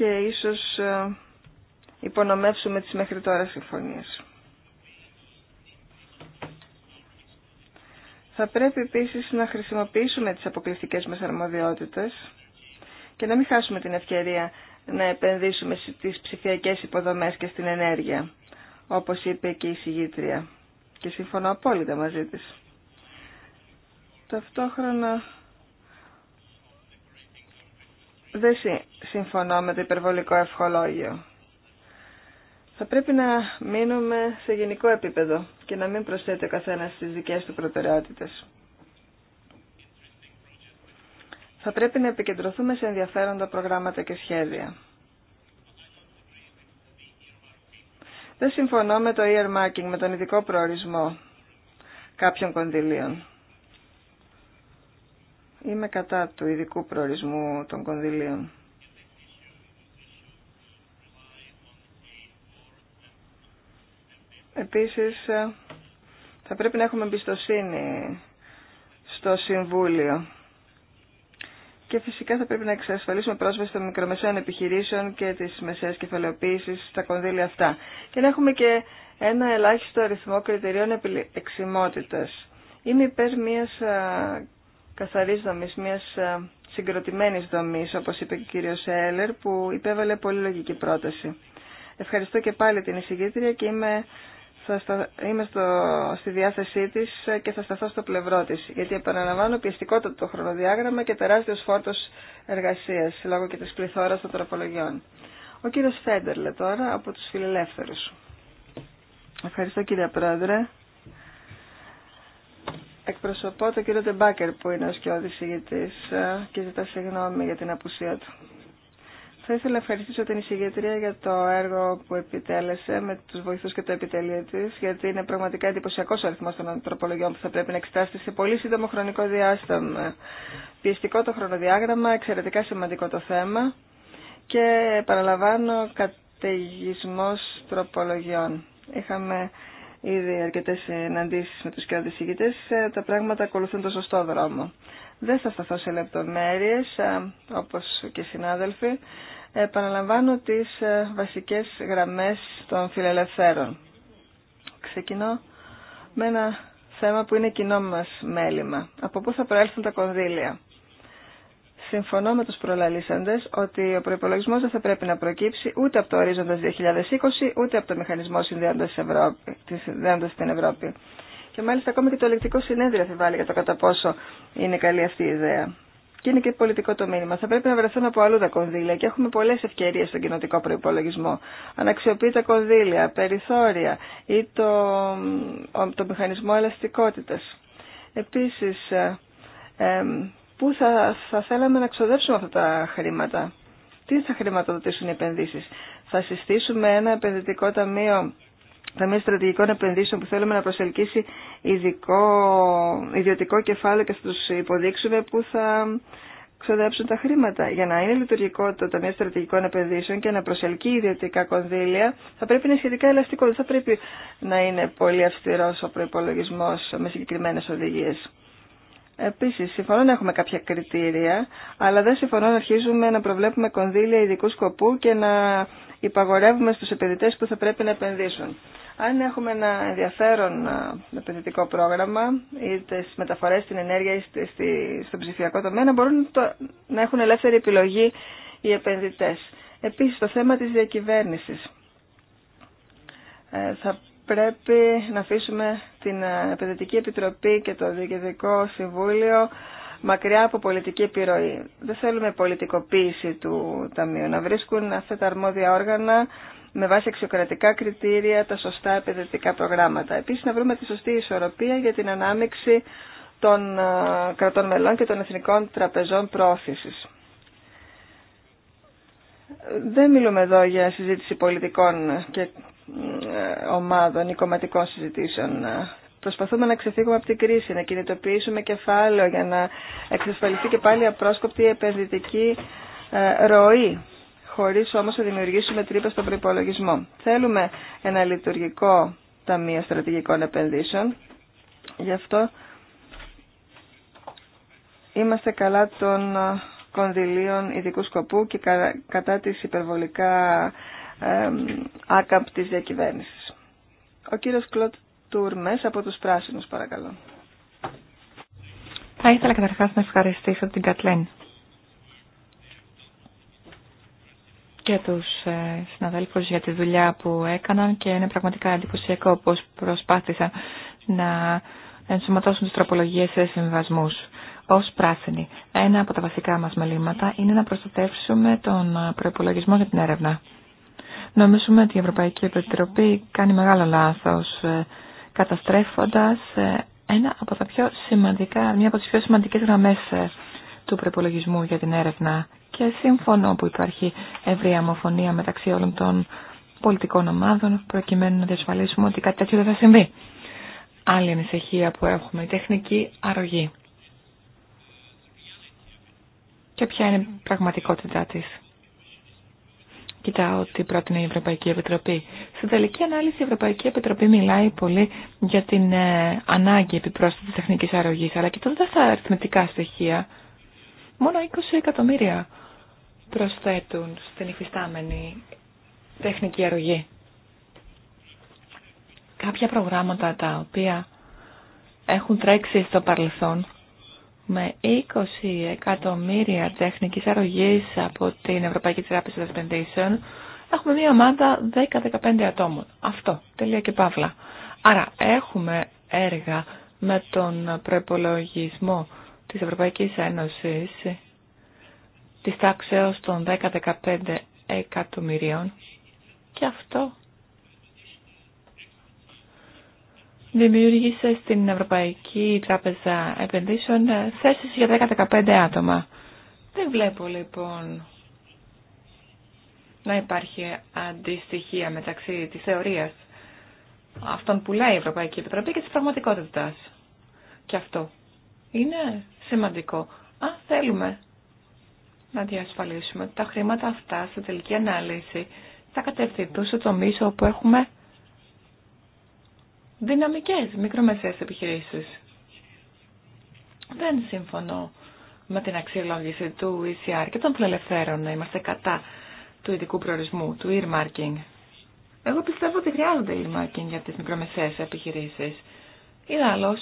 και ίσως ε, υπονομεύσουμε τις μέχρι τώρα συμφωνίες. Θα πρέπει επίσης να χρησιμοποιήσουμε τις αποκλειστικές μας αρμοδιότητες και να μην χάσουμε την ευκαιρία να επενδύσουμε στις ψηφιακές υποδομές και στην ενέργεια, όπως είπε και η συγγήτρια. Και συμφωνώ απόλυτα μαζί της. Ταυτόχρονα δεν συμφωνώ με το υπερβολικό ευχολόγιο. Θα πρέπει να μείνουμε σε γενικό επίπεδο και να μην προσθέτει ο καθένα τις δικέ του προτεραιότητε. Θα πρέπει να επικεντρωθούμε σε ενδιαφέροντα προγράμματα και σχέδια. Δεν συμφωνώ με το earmarking, με τον ειδικό προορισμό κάποιων κονδυλίων. Είμαι κατά του ειδικού προορισμού των κονδυλίων. Επίσης, θα πρέπει να έχουμε εμπιστοσύνη στο Συμβούλιο. Και φυσικά θα πρέπει να εξασφαλίσουμε πρόσβαση των μικρομεσαίων επιχειρήσεων και τις μεσαίες κεφαλαιοποίησης στα κονδύλια αυτά. Και να έχουμε και ένα ελάχιστο αριθμό κριτηρίων επιλεξιμότητας. Είμαι υπέρ μια καθαρής δομής, μιας ε, συγκροτημένης δομής, όπως είπε και ο κύριος Έλερ, που υπέβαλε πολύ λογική πρόταση. Ευχαριστώ και πάλι την εισηγήτρια και είμαι, στα, στο, στη διάθεσή της και θα σταθώ στο πλευρό της, γιατί επαναλαμβάνω πιεστικότατο το χρονοδιάγραμμα και τεράστιος φόρτος εργασίας, λόγω και της πληθώρας των τροπολογιών. Ο κύριος Φέντερλε τώρα από τους φιλελεύθερους. Ευχαριστώ κύριε Πρόεδρε. Εκπροσωπώ τον κύριο Τεμπάκερ που είναι ο σκιώδης ηγητής ε, και ζητά συγγνώμη για την απουσία του. Θα ήθελα να ευχαριστήσω την εισηγητρία για το έργο που επιτέλεσε με του βοηθού και το επιτελείο τη, γιατί είναι πραγματικά εντυπωσιακό ο αριθμό των ανθρωπολογιών που θα πρέπει να εξετάσει σε πολύ σύντομο χρονικό διάστημα. Πιεστικό το χρονοδιάγραμμα, εξαιρετικά σημαντικό το θέμα και παραλαμβάνω καταιγισμό τροπολογιών. Είχαμε ήδη αρκετέ συναντήσει με του κέρδη ηγητέ, ε, τα πράγματα ακολουθούν το σωστό δρόμο. Δεν θα σταθώ σε λεπτομέρειε, ε, όπω και οι συνάδελφοι. Επαναλαμβάνω τι ε, βασικέ γραμμέ των φιλελευθέρων. Ξεκινώ με ένα θέμα που είναι κοινό μα μέλημα. Από πού θα προέλθουν τα κονδύλια συμφωνώ με τους προλαλήσαντες ότι ο προϋπολογισμός δεν θα πρέπει να προκύψει ούτε από το ορίζοντας 2020 ούτε από το μηχανισμό συνδέοντας, Ευρώπη, την Ευρώπη. Και μάλιστα ακόμα και το ελεκτικό συνέδριο θα βάλει για το κατά πόσο είναι καλή αυτή η ιδέα. Και είναι και πολιτικό το μήνυμα. Θα πρέπει να βρεθούν από αλλού τα κονδύλια και έχουμε πολλέ ευκαιρίε στον κοινοτικό προπολογισμό. Αναξιοποιεί κονδύλια, περιθώρια ή το, το μηχανισμό ελαστικότητα. Επίση, ε, ε πού θα, θα θέλαμε να ξοδέψουμε αυτά τα χρήματα. Τι θα χρηματοδοτήσουν οι επενδύσεις. Θα συστήσουμε ένα επενδυτικό ταμείο Ταμείο Στρατηγικών Επενδύσεων που θέλουμε να προσελκύσει ειδικό, ιδιωτικό κεφάλαιο και θα τους υποδείξουμε που θα ξοδέψουν τα χρήματα. Για να είναι λειτουργικό το Ταμείο Στρατηγικών Επενδύσεων και να προσελκύει ιδιωτικά κονδύλια, θα πρέπει να είναι σχετικά ελαστικό. Δεν θα πρέπει να είναι πολύ αυστηρό ο προπολογισμό με συγκεκριμένε οδηγίε. Επίση, συμφωνώ να έχουμε κάποια κριτήρια, αλλά δεν συμφωνώ να αρχίζουμε να προβλέπουμε κονδύλια ειδικού σκοπού και να υπαγορεύουμε στου επενδυτέ που θα πρέπει να επενδύσουν. Αν έχουμε ένα ενδιαφέρον επενδυτικό πρόγραμμα, είτε στι μεταφορέ, στην ενέργεια ή στο ψηφιακό τομέα, να μπορούν να έχουν ελεύθερη επιλογή οι επενδυτέ. Επίση, το θέμα τη διακυβέρνηση. Ε, θα πρέπει να αφήσουμε την ε, Επιδετική Επιτροπή και το Διοικητικό Συμβούλιο μακριά από πολιτική επιρροή. Δεν θέλουμε πολιτικοποίηση του Ταμείου. Να βρίσκουν αυτά τα αρμόδια όργανα με βάση αξιοκρατικά κριτήρια τα σωστά επενδυτικά προγράμματα. Επίσης να βρούμε τη σωστή ισορροπία για την ανάμειξη των ε, κρατών μελών και των εθνικών τραπεζών πρόθεσης. Δεν μιλούμε εδώ για συζήτηση πολιτικών και ε, ομάδων ή κομματικών συζητήσεων. Ε, προσπαθούμε να ξεφύγουμε από την κρίση, να κινητοποιήσουμε κεφάλαιο για να εξασφαλιστεί και πάλι απρόσκοπτη επενδυτική ε, ροή, χωρίς όμως να δημιουργήσουμε τρύπε στον προπολογισμό. Θέλουμε ένα λειτουργικό ταμείο στρατηγικών επενδύσεων, γι' αυτό είμαστε καλά των κονδυλίων ειδικού σκοπού και κατά της υπερβολικά άκαμπτης διακυβέρνησης. Ο κύριος Κλωτ Τουρμές από τους Πράσινους, παρακαλώ. Θα ήθελα καταρχάς να ευχαριστήσω την Κατλέν και τους ε, συναδέλφους για τη δουλειά που έκαναν και είναι πραγματικά εντυπωσιακό πώς προσπάθησαν να ενσωματώσουν τις τροπολογίες σε συμβασμούς ως πράσινοι. Ένα από τα βασικά μας μελήματα είναι να προστατεύσουμε τον προπολογισμό για την έρευνα. Νομίζουμε ότι η Ευρωπαϊκή Επιτροπή κάνει μεγάλο λάθος ε, καταστρέφοντας ε, ένα από τα σημαντικά, μια από τις πιο σημαντικές γραμμές ε, του προπολογισμού για την έρευνα και σύμφωνο που υπάρχει ευρία ομοφωνία μεταξύ όλων των πολιτικών ομάδων προκειμένου να διασφαλίσουμε ότι κάτι τέτοιο δεν θα συμβεί. Άλλη ανησυχία που έχουμε, η τεχνική αρρωγή. Και ποια είναι η πραγματικότητά της κοιτάω ότι πρότεινε η Ευρωπαϊκή Επιτροπή. Στην τελική ανάλυση η Ευρωπαϊκή Επιτροπή μιλάει πολύ για την ε, ανάγκη επιπρόσθετης τεχνικής αρρωγής, αλλά κοιτώντα τα αριθμητικά στοιχεία, μόνο 20 εκατομμύρια προσθέτουν στην υφιστάμενη τεχνική αρρωγή. Κάποια προγράμματα τα οποία έχουν τρέξει στο παρελθόν με 20 εκατομμύρια τεχνικής αρρωγής από την Ευρωπαϊκή Τράπεζα Επενδύσεων, έχουμε μία ομάδα 10-15 ατόμων. Αυτό, τελεία και παύλα. Άρα έχουμε έργα με τον προπολογισμό της Ευρωπαϊκής Ένωσης της τάξεως των 10-15 εκατομμυρίων και αυτό δημιούργησε στην Ευρωπαϊκή Τράπεζα Επενδύσεων θέσεις για 10-15 άτομα. Δεν βλέπω λοιπόν να υπάρχει αντιστοιχία μεταξύ της θεωρίας αυτών που λέει η Ευρωπαϊκή Επιτροπή και της πραγματικότητας. Και αυτό είναι σημαντικό. Αν θέλουμε να διασφαλίσουμε τα χρήματα αυτά στη τελική ανάλυση θα κατευθυνθούν στο τομείς που έχουμε δυναμικές μικρομεσαίες επιχειρήσεις. Δεν συμφωνώ με την αξιολόγηση του ECR και των φιλελευθέρων να είμαστε κατά του ειδικού προορισμού, του earmarking. Εγώ πιστεύω ότι χρειάζονται earmarking για τις μικρομεσαίες επιχειρήσεις. Ή άλλως,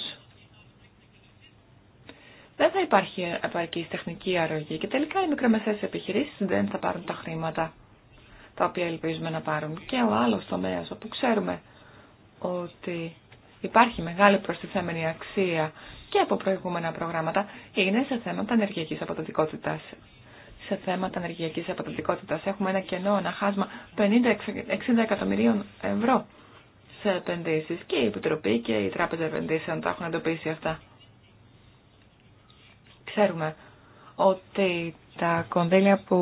δεν θα υπάρχει επαρκή τεχνική αρρωγή και τελικά οι μικρομεσαίες επιχειρήσεις δεν θα πάρουν τα χρήματα τα οποία ελπίζουμε να πάρουν. Και ο άλλος τομέας όπου ξέρουμε ότι υπάρχει μεγάλη προστιθέμενη αξία και από προηγούμενα προγράμματα είναι σε θέματα ενεργειακής αποδοτικότητας. Σε θέματα ενεργειακής αποδοτικότητας έχουμε ένα κενό, ένα χάσμα 50-60 εκατομμυρίων ευρώ σε επενδύσεις και η Επιτροπή και η Τράπεζα Επενδύσεων τα έχουν εντοπίσει αυτά. Ξέρουμε ότι τα κονδύλια που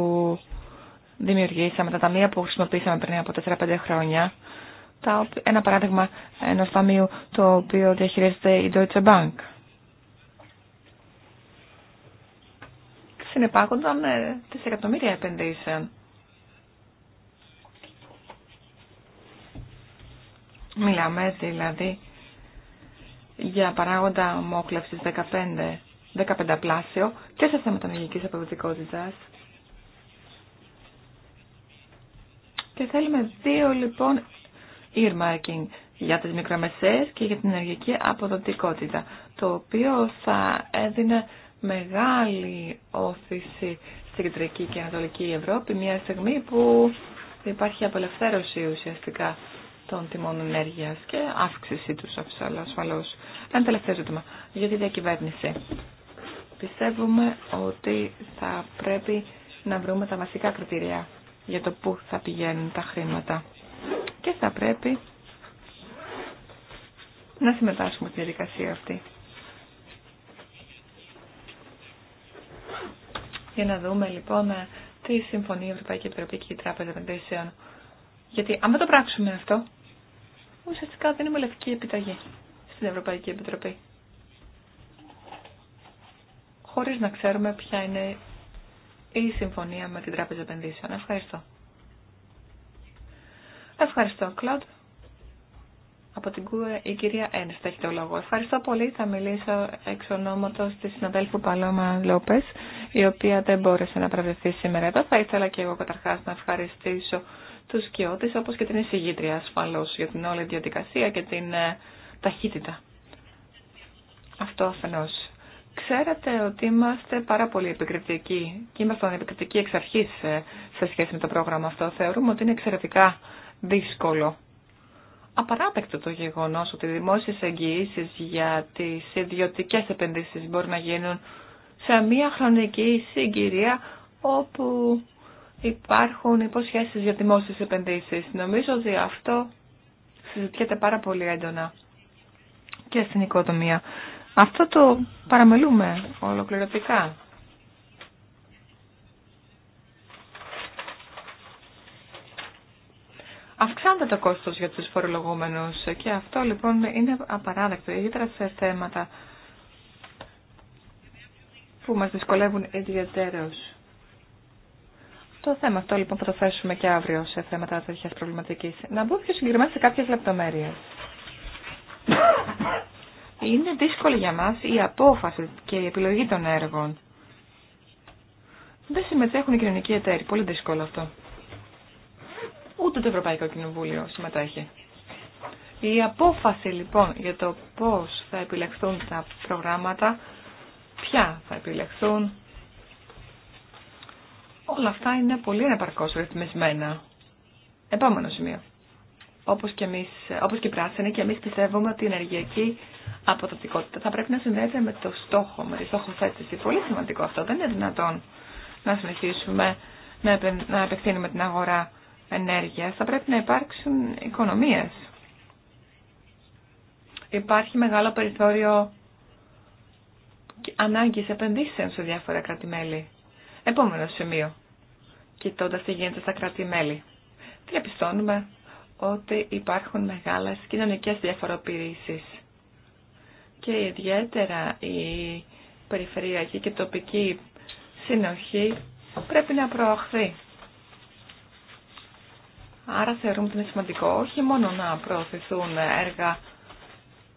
δημιουργήσαμε, τα ταμεία που χρησιμοποίησαμε πριν από 4-5 χρόνια, ένα παράδειγμα ενό ταμείου το οποίο διαχειρίζεται η Deutsche Bank. Συνεπάγονταν ε, δισεκατομμύρια επενδύσεων. Μιλάμε δηλαδή για παράγοντα μόκλευσης 15, 15 πλάσιο και σε θέματα ελληνικής αποδοτικότητας. Και θέλουμε δύο λοιπόν earmarking για τις μικρομεσαίες και για την ενεργειακή αποδοτικότητα, το οποίο θα έδινε μεγάλη όθηση στην κεντρική και ανατολική Ευρώπη, μια στιγμή που υπάρχει απελευθέρωση ουσιαστικά των τιμών ενέργεια και αύξηση τους ασφαλώς. Ένα τελευταίο ζήτημα για τη διακυβέρνηση. Πιστεύουμε ότι θα πρέπει να βρούμε τα βασικά κριτήρια για το πού θα πηγαίνουν τα χρήματα και θα πρέπει να συμμετάσχουμε στη διαδικασία αυτή. Για να δούμε λοιπόν τι συμφωνεί η Ευρωπαϊκή Επιτροπή και η Τράπεζα Επενδύσεων. Γιατί αν δεν το πράξουμε αυτό, ουσιαστικά δεν είναι λευκή επιταγή στην Ευρωπαϊκή Επιτροπή. Χωρίς να ξέρουμε ποια είναι η συμφωνία με την Τράπεζα Επενδύσεων. Ευχαριστώ. Ευχαριστώ, Κλοντ. Από την ΚΟΕ η κυρία Ένστα έχει το λόγο. Ευχαριστώ πολύ. Θα μιλήσω εξ ονόματο τη συναδέλφου Παλώμα Λόπε, η οποία δεν μπόρεσε να πραγματευτεί σήμερα εδώ. Θα ήθελα και εγώ καταρχά να ευχαριστήσω του σκιώτε, όπω και την εισηγήτρια ασφαλώ, για την όλη διαδικασία και την ε, ταχύτητα. Αυτό αφενό. Ξέρετε ότι είμαστε πάρα πολύ επικριτικοί και είμαστε επικριτικοί εξ αρχή ε, σε σχέση με το πρόγραμμα αυτό. Θεωρούμε ότι είναι εξαιρετικά δύσκολο. Απαράδεκτο το γεγονός ότι οι δημόσιες εγγυήσεις για τις ιδιωτικές επενδύσεις μπορούν να γίνουν σε μια χρονική συγκυρία όπου υπάρχουν υποσχέσεις για δημόσιες επενδύσεις. Νομίζω ότι αυτό συζητιέται πάρα πολύ έντονα και στην οικοδομία. Αυτό το παραμελούμε ολοκληρωτικά. αυξάνεται το κόστος για του φορολογούμενου. και αυτό λοιπόν είναι απαράδεκτο, ιδιαίτερα σε θέματα που μα δυσκολεύουν ιδιαίτερω. Το θέμα αυτό λοιπόν θα το θέσουμε και αύριο σε θέματα τέτοια προβληματική. Να μπω πιο συγκεκριμένα σε κάποιε λεπτομέρειε. Είναι δύσκολη για μα η απόφαση και η επιλογή των έργων. Δεν συμμετέχουν οι κοινωνικοί εταίροι. Πολύ δύσκολο αυτό ούτε το Ευρωπαϊκό Κοινοβούλιο συμμετέχει. Η απόφαση λοιπόν για το πώς θα επιλεχθούν τα προγράμματα, ποια θα επιλεχθούν, όλα αυτά είναι πολύ αναπαρκώς ρυθμισμένα. Επόμενο σημείο. Όπως και, εμείς, όπως και οι πράσινοι εμείς πιστεύουμε ότι η ενεργειακή αποδοτικότητα θα πρέπει να συνδέεται με το στόχο, με τη στόχοθέτηση. Πολύ σημαντικό αυτό. Δεν είναι δυνατόν να συνεχίσουμε να επεκτείνουμε την αγορά ενέργειας θα πρέπει να υπάρξουν οικονομίες. Υπάρχει μεγάλο περιθώριο ανάγκης επενδύσεων σε διάφορα κράτη-μέλη. Επόμενο σημείο, κοιτώντας τι γίνεται στα κράτη-μέλη. Διαπιστώνουμε ότι υπάρχουν μεγάλες κοινωνικές διαφοροποιήσεις και ιδιαίτερα η περιφερειακή και τοπική συνοχή πρέπει να προωθεί Άρα θεωρούμε ότι είναι σημαντικό όχι μόνο να προωθηθούν έργα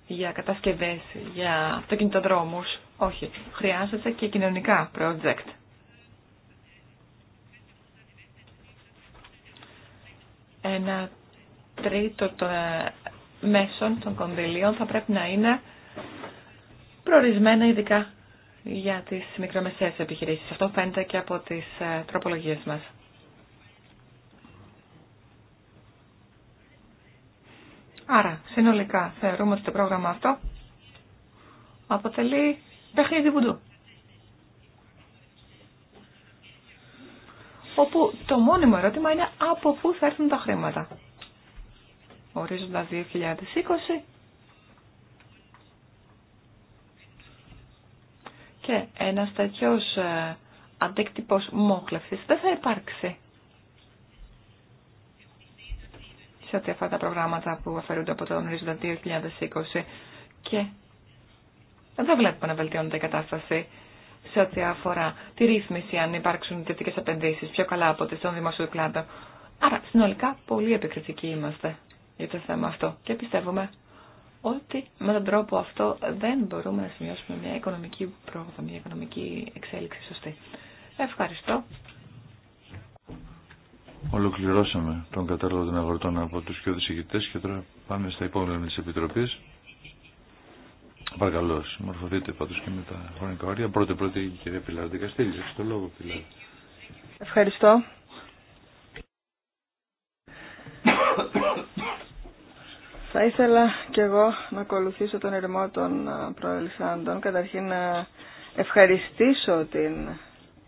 για κατασκευές, για αυτοκινητοδρόμους, όχι. Χρειάζεται και κοινωνικά project. Ένα τρίτο των ε, μέσων των κονδυλίων θα πρέπει να είναι προορισμένα ειδικά για τις μικρομεσαίες επιχειρήσεις. Αυτό φαίνεται και από τις ε, τροπολογίες μας. Άρα, συνολικά θεωρούμε ότι το πρόγραμμα αυτό αποτελεί παιχνίδι βουντού. Όπου το μόνιμο ερώτημα είναι από πού θα έρθουν τα χρήματα. Ορίζοντα 2020 και ένας τέτοιος ε, αντίκτυπος μόχλευσης δεν θα υπάρξει σε ό,τι αφορά τα προγράμματα που αφαιρούνται από τον ορίζοντα 2020 και δεν βλέπουμε να βελτιώνεται η κατάσταση σε ό,τι αφορά τη ρύθμιση αν υπάρξουν θετικέ επενδύσει πιο καλά από ό,τι στον δημόσιο κλάδο. Άρα συνολικά πολύ επικριτικοί είμαστε για το θέμα αυτό και πιστεύουμε ότι με τον τρόπο αυτό δεν μπορούμε να σημειώσουμε μια οικονομική πρόοδο, μια οικονομική εξέλιξη σωστή. Ευχαριστώ. Ολοκληρώσαμε τον κατάλογο των αγορτών από τους και δυσυγητές και τώρα πάμε στα υπόλοιπα της Επιτροπής. Παρακαλώ, συμμορφωθείτε πάντως και με τα χρονικά όρια. Πρώτη πρώτη η κυρία Πιλάρ το λόγο Ευχαριστώ. Θα ήθελα και εγώ να ακολουθήσω τον ερμό των ε, προελισάντων. Καταρχήν να ευχαριστήσω την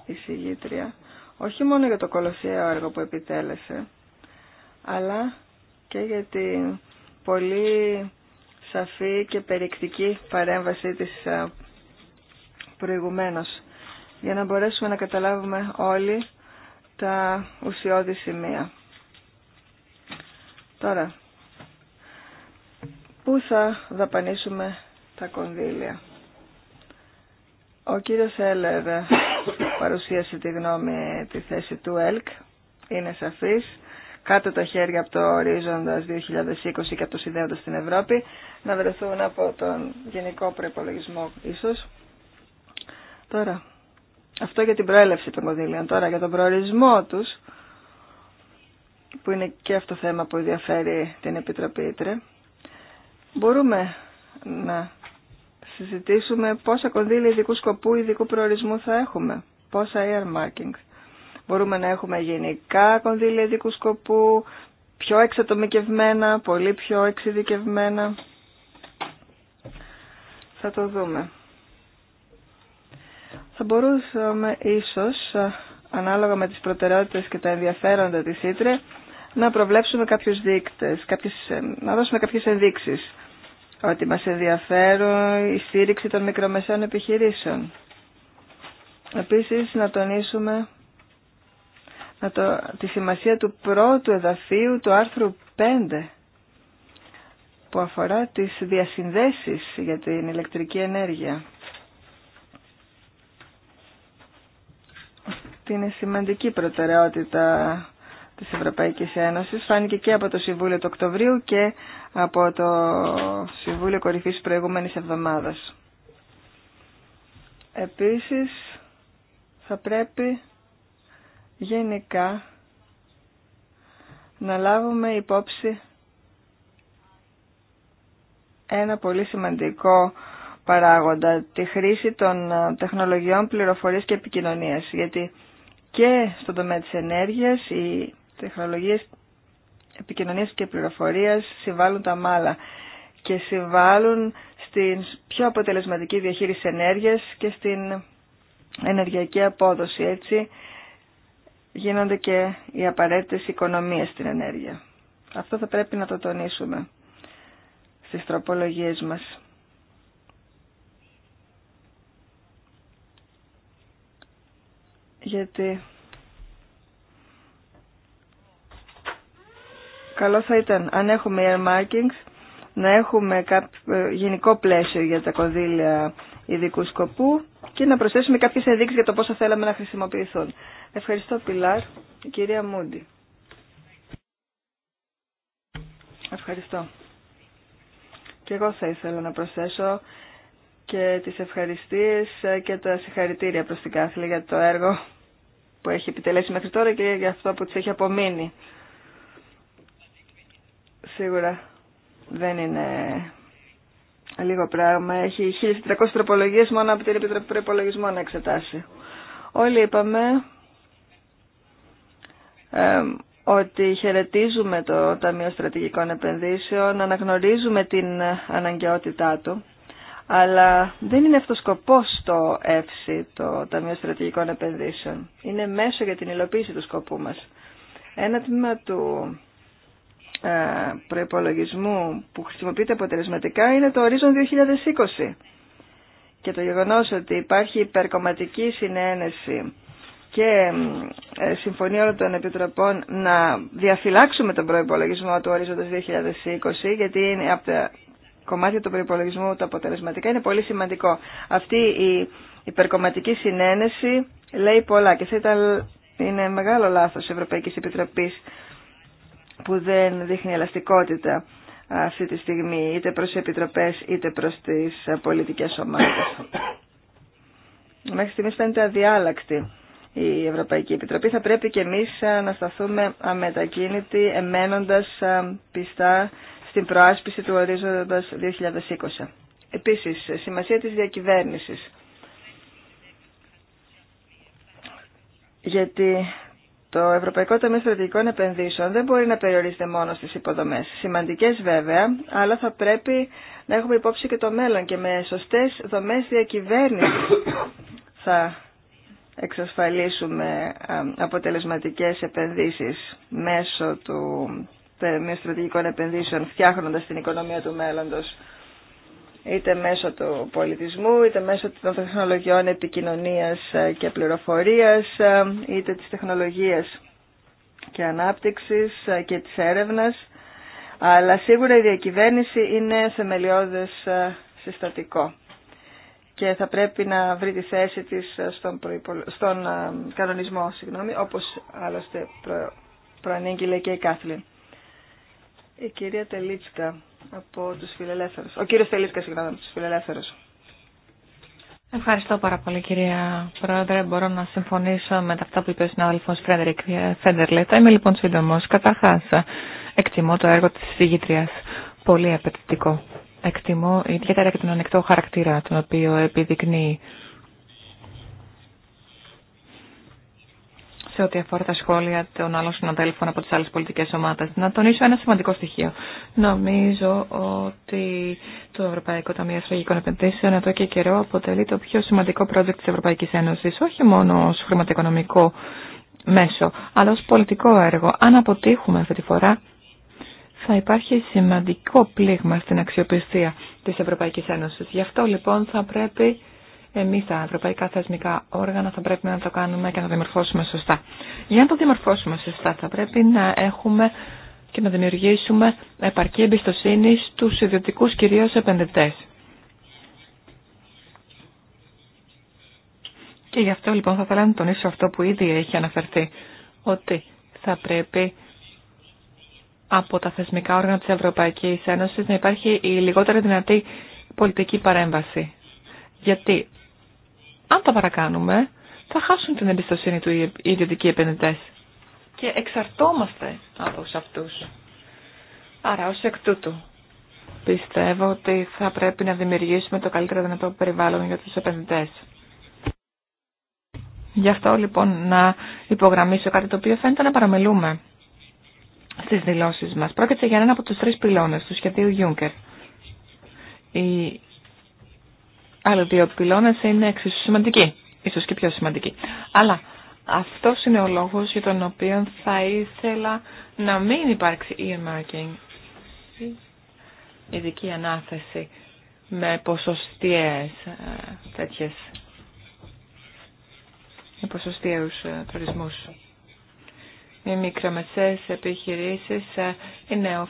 εισηγήτρια όχι μόνο για το κολοσσιαίο έργο που επιτέλεσε, αλλά και για την πολύ σαφή και περιεκτική παρέμβασή της ε, προηγουμένως, για να μπορέσουμε να καταλάβουμε όλοι τα ουσιώδη σημεία. Τώρα, πού θα δαπανίσουμε τα κονδύλια. Ο κύριος Έλερ παρουσίασε τη γνώμη τη θέση του ΕΛΚ. Είναι σαφής. Κάτω τα χέρια από το ορίζοντα 2020 και από το συνδέοντα στην Ευρώπη να βρεθούν από τον γενικό προπολογισμό ίσως. Τώρα, αυτό για την προέλευση των κονδύλιων. Τώρα για τον προορισμό τους, που είναι και αυτό θέμα που ενδιαφέρει την Επιτροπή Ήτρε, μπορούμε να συζητήσουμε πόσα κονδύλια ειδικού σκοπού, ειδικού προορισμού θα έχουμε πόσα markings Μπορούμε να έχουμε γενικά κονδύλια ειδικού σκοπού, πιο εξατομικευμένα, πολύ πιο εξειδικευμένα. Θα το δούμε. Θα μπορούσαμε ίσως, ανάλογα με τις προτεραιότητες και τα ενδιαφέροντα της Ήτρε, να προβλέψουμε κάποιους δείκτες, να δώσουμε κάποιες ενδείξεις ότι μας ενδιαφέρουν η στήριξη των μικρομεσαίων επιχειρήσεων. Επίσης να τονίσουμε να το, τη σημασία του πρώτου εδαφίου του άρθρου 5 που αφορά τις διασυνδέσεις για την ηλεκτρική ενέργεια. Την είναι σημαντική προτεραιότητα της Ευρωπαϊκής Ένωσης. Φάνηκε και από το Συμβούλιο του Οκτωβρίου και από το Συμβούλιο Κορυφής προηγούμενης εβδομάδας. Επίσης, θα πρέπει γενικά να λάβουμε υπόψη ένα πολύ σημαντικό παράγοντα, τη χρήση των ε, τεχνολογιών πληροφορίας και επικοινωνίας. Γιατί και στον τομέα της ενέργειας οι τεχνολογίες επικοινωνίας και πληροφορίας συμβάλλουν τα μάλα και συμβάλλουν στην πιο αποτελεσματική διαχείριση ενέργειας και στην ενεργειακή απόδοση. Έτσι γίνονται και οι απαραίτητες οικονομίες στην ενέργεια. Αυτό θα πρέπει να το τονίσουμε στις τροπολογίες μας. Γιατί καλό θα ήταν αν έχουμε earmarkings να έχουμε κάποιο ε, γενικό πλαίσιο για τα κονδύλια ειδικού σκοπού και να προσθέσουμε κάποιες ενδείξεις για το πόσο θα θέλαμε να χρησιμοποιηθούν. Ευχαριστώ Πιλάρ, κυρία Μούντι. Ευχαριστώ. Και εγώ θα ήθελα να προσθέσω και τις ευχαριστίες και τα συγχαρητήρια προς την Κάθλη για το έργο που έχει επιτελέσει μέχρι τώρα και για αυτό που της έχει απομείνει. Σίγουρα δεν είναι λίγο πράγμα. Έχει 1.300 τροπολογίες μόνο από την Επιτροπή Προπολογισμό να εξετάσει. Όλοι είπαμε ε, ότι χαιρετίζουμε το Ταμείο Στρατηγικών Επενδύσεων, αναγνωρίζουμε την αναγκαιότητά του, αλλά δεν είναι αυτός σκοπός το ΕΦΣΥ το Ταμείο Στρατηγικών Επενδύσεων. Είναι μέσο για την υλοποίηση του σκοπού μας. Ένα τμήμα του ε, προϋπολογισμού που χρησιμοποιείται αποτελεσματικά είναι το ορίζον 2020. Και το γεγονός ότι υπάρχει υπερκομματική συνένεση και ε, συμφωνία όλων των επιτροπών να διαφυλάξουμε τον προϋπολογισμό του ορίζοντος 2020 γιατί είναι από τα κομμάτια του προϋπολογισμού τα αποτελεσματικά είναι πολύ σημαντικό. Αυτή η υπερκομματική συνένεση λέει πολλά και θα ήταν είναι μεγάλο λάθος Ευρωπαϊκής Επιτροπής που δεν δείχνει ελαστικότητα αυτή τη στιγμή είτε προς επιτροπές είτε προς τις πολιτικές ομάδες. Μέχρι στιγμής φαίνεται αδιάλακτη η Ευρωπαϊκή Επιτροπή. Θα πρέπει και εμείς ε, να σταθούμε αμετακίνητοι εμένοντας ε, πιστά στην προάσπιση του ορίζοντας 2020. Επίσης, ε, σημασία της διακυβέρνησης. Γιατί το Ευρωπαϊκό Ταμείο Στρατηγικών Επενδύσεων δεν μπορεί να περιορίζεται μόνο στις υποδομές. Σημαντικές βέβαια, αλλά θα πρέπει να έχουμε υπόψη και το μέλλον και με σωστές δομές διακυβέρνησης θα εξασφαλίσουμε αποτελεσματικές επενδύσεις μέσω του Ταμείου Στρατηγικών Επενδύσεων φτιάχνοντας την οικονομία του μέλλοντος είτε μέσω του πολιτισμού, είτε μέσω των τεχνολογιών επικοινωνίας και πληροφορίας, είτε της τεχνολογίας και ανάπτυξης και της έρευνας. Αλλά σίγουρα η διακυβέρνηση είναι θεμελιώδες συστατικό και θα πρέπει να βρει τη θέση της στον, στον κανονισμό, συγγνώμη, όπως άλλωστε προ... προανήγγειλε και η Κάθλιν. Η κυρία Τελίτσκα από τους Ο κύριος Τελίσκα, συγγνώμη, από του Ευχαριστώ πάρα πολύ κυρία Πρόεδρε. Μπορώ να συμφωνήσω με αυτά που είπε ο συνάδελφο Φρέντερικ ε, Φέντερλε. είμαι λοιπόν σύντομο. Καταρχά, εκτιμώ το έργο της συγγήτριας. Πολύ απαιτητικό. Εκτιμώ ιδιαίτερα και τον ανοιχτό χαρακτήρα τον οποίο επιδεικνύει σε ό,τι αφορά τα σχόλια των άλλων συναδέλφων από τι άλλε πολιτικέ ομάδες. Να τονίσω ένα σημαντικό στοιχείο. Νομίζω ότι το Ευρωπαϊκό Ταμείο Στρατηγικών Επενδύσεων εδώ και καιρό αποτελεί το πιο σημαντικό project τη Ευρωπαϊκή Ένωση, όχι μόνο ω χρηματοοικονομικό μέσο, αλλά ω πολιτικό έργο. Αν αποτύχουμε αυτή τη φορά, θα υπάρχει σημαντικό πλήγμα στην αξιοπιστία της Ευρωπαϊκής Ένωσης. Γι' αυτό λοιπόν θα πρέπει Εμεί, τα ευρωπαϊκά θεσμικά όργανα θα πρέπει να το κάνουμε και να το δημορφώσουμε σωστά. Για να το δημορφώσουμε σωστά θα πρέπει να έχουμε και να δημιουργήσουμε επαρκή εμπιστοσύνη στους ιδιωτικούς κυρίως επενδυτές. Και γι' αυτό λοιπόν θα ήθελα να τονίσω αυτό που ήδη έχει αναφερθεί, ότι θα πρέπει από τα θεσμικά όργανα της Ευρωπαϊκής Ένωσης να υπάρχει η λιγότερη δυνατή πολιτική παρέμβαση. Γιατί αν τα παρακάνουμε, θα χάσουν την εμπιστοσύνη του οι ιδιωτικοί επενδυτέ. Και εξαρτώμαστε από αυτού. Άρα, ω εκ τούτου, πιστεύω ότι θα πρέπει να δημιουργήσουμε το καλύτερο δυνατό περιβάλλον για του επενδυτέ. Γι' αυτό λοιπόν να υπογραμμίσω κάτι το οποίο φαίνεται να παραμελούμε στι δηλώσει μα. Πρόκειται για έναν από του τρει πυλώνε του σχεδίου Juncker. Η Άλλο δύο πυλώνες είναι εξίσου σημαντικοί, ίσως και πιο σημαντικοί. Αλλά αυτός είναι ο λόγος για τον οποίο θα ήθελα να μην υπάρξει earmarking, ειδική ανάθεση με ποσοστιαίες ε, τέτοιες, με ποσοστιαίους ε, τουρισμού. Οι μικρομεσαίες επιχειρήσεις ε, είναι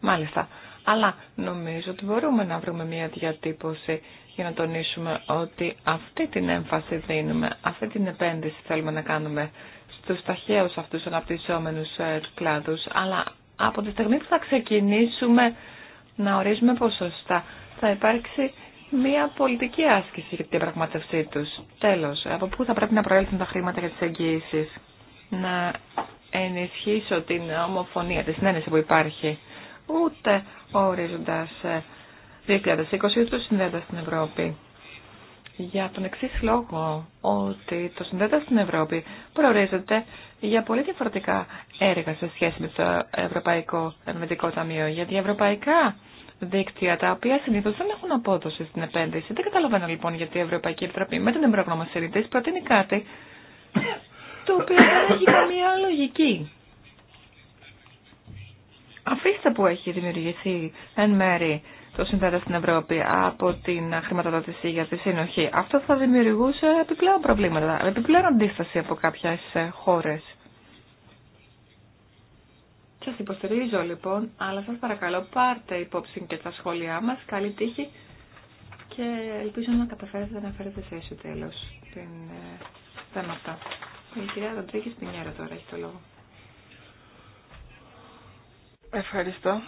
μάλιστα. Αλλά νομίζω ότι μπορούμε να βρούμε μια διατύπωση για να τονίσουμε ότι αυτή την έμφαση δίνουμε, αυτή την επένδυση θέλουμε να κάνουμε στους ταχαίους αυτούς αναπτυσσόμενους ε, κλάδους, αλλά από τη στιγμή που θα ξεκινήσουμε να ορίζουμε ποσοστά, θα υπάρξει μια πολιτική άσκηση για την πραγματευσή τους. Τέλος, από πού θα πρέπει να προέλθουν τα χρήματα για τις εγγύησεις. Να ενισχύσω την ομοφωνία, τη συνένεση που υπάρχει, ούτε ορίζοντας ε, 2020 του συνδέοντα στην Ευρώπη. Για τον εξή λόγο, ότι το συνδέεται στην Ευρώπη προορίζεται για πολύ διαφορετικά έργα σε σχέση με το Ευρωπαϊκό Ενωμετικό Ταμείο, Γιατί ευρωπαϊκά δίκτυα, τα οποία συνήθω δεν έχουν απόδοση στην επένδυση. Δεν καταλαβαίνω λοιπόν γιατί η Ευρωπαϊκή Επιτροπή με την εμπρογνωμοσύνη τη προτείνει κάτι το οποίο δεν έχει καμία λογική. Αφήστε που έχει δημιουργηθεί εν μέρη το συνδέεται στην Ευρώπη από την χρηματοδότηση για τη σύνοχη. Αυτό θα δημιουργούσε επιπλέον προβλήματα, επιπλέον αντίσταση από κάποιε χώρες. Σα υποστηρίζω λοιπόν, αλλά σα παρακαλώ πάρτε υπόψη και τα σχόλιά μας. Καλή τύχη και ελπίζω να καταφέρετε να φέρετε σε ίσο τέλος την ε, θέμα αυτά. Η κυρία Πινιέρα τώρα έχει το λόγο. Ευχαριστώ.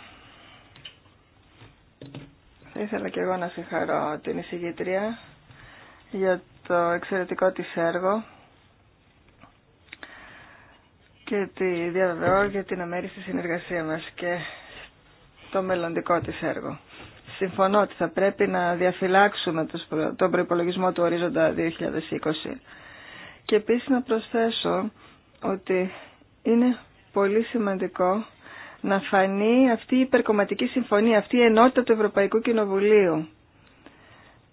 Θα ήθελα και εγώ να συγχαρώ την εισηγήτρια για το εξαιρετικό της έργο και τη διαβεβαιώ για την αμέριστη συνεργασία μας και το μελλοντικό της έργο. Συμφωνώ ότι θα πρέπει να διαφυλάξουμε τον προϋπολογισμό του ορίζοντα 2020 και επίσης να προσθέσω ότι είναι πολύ σημαντικό να φανεί αυτή η υπερκομματική συμφωνία, αυτή η ενότητα του Ευρωπαϊκού Κοινοβουλίου